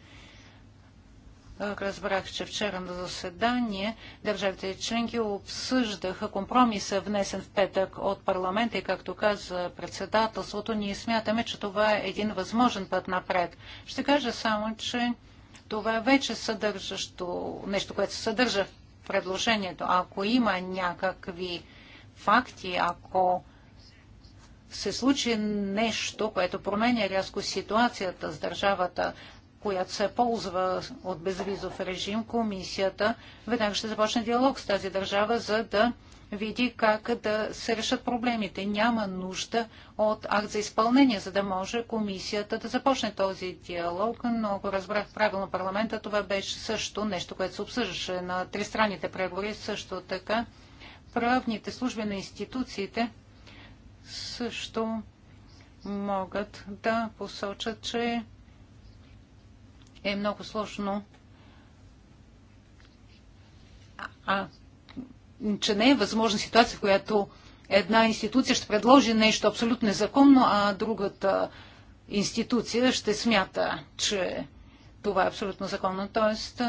разбрах, че вчера на заседание държавите членки обсъждаха компромиса, внесен в петък от парламента и, както каза председателството, ние смятаме, че това е един възможен път напред. Ще кажа само, че това вече съдържащо нещо, което се съдържа в предложението. Ако има някакви факти, ако се случи нещо, което променя рязко ситуацията с държавата която се ползва от безвизов режим, комисията веднага ще започне диалог с тази държава, за да види как да се решат проблемите. Няма нужда от акт за изпълнение, за да може комисията да започне този диалог, но ако разбрах правилно парламента, това беше също нещо, което се обсъждаше на тристранните преговори, също така правните служби на институциите също могат да посочат, че е много сложно. А, а, че не е възможна ситуация, в която една институция ще предложи нещо абсолютно незаконно, а другата институция ще смята, че това е абсолютно законно. Тоест,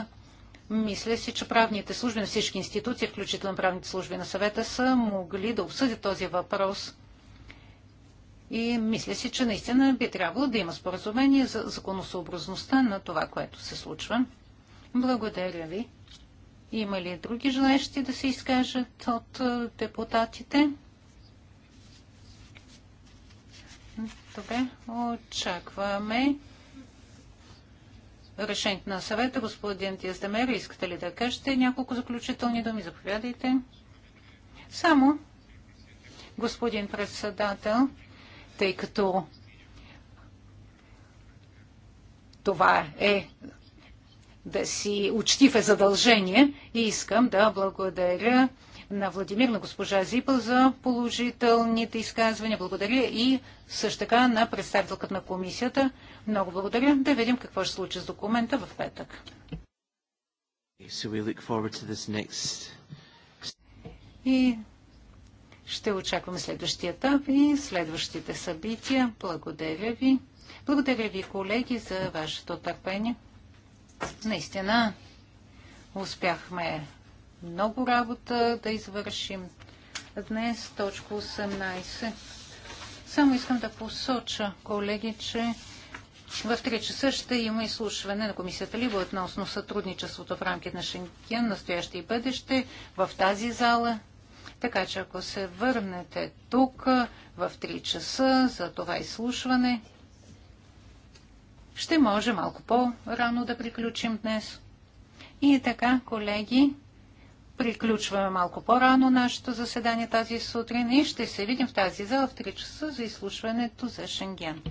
мисля си, че правните служби на всички институции, включително правните служби на съвета, са могли да обсъдят този въпрос и мисля си, че наистина би трябвало да има споразумение за законосъобразността на това, което се случва. Благодаря ви. Има ли други желаящи да се изкажат от е, депутатите? Добре, очакваме решението на съвета. Господин Тиездемер, искате ли да кажете няколко заключителни думи? Заповядайте. Само, господин председател, тъй като това е да си учтив е задължение и искам да благодаря на Владимир, на госпожа Зипа за положителните изказвания. Благодаря и също така на представителката на комисията. Много благодаря. Да видим какво ще случи с документа в петък. So и ще очакваме следващия етап и следващите събития. Благодаря ви. Благодаря ви, колеги, за вашето търпение. Наистина успяхме много работа да извършим. Днес точка 18. Само искам да посоча, колеги, че в 3 часа ще има изслушване на комисията Либо относно сътрудничеството в рамките на Шенген, настояще и бъдеще, в тази зала така че ако се върнете тук в 3 часа за това изслушване, ще може малко по-рано да приключим днес. И така, колеги, приключваме малко по-рано нашето заседание тази сутрин и ще се видим в тази зала в 3 часа за изслушването за Шенген.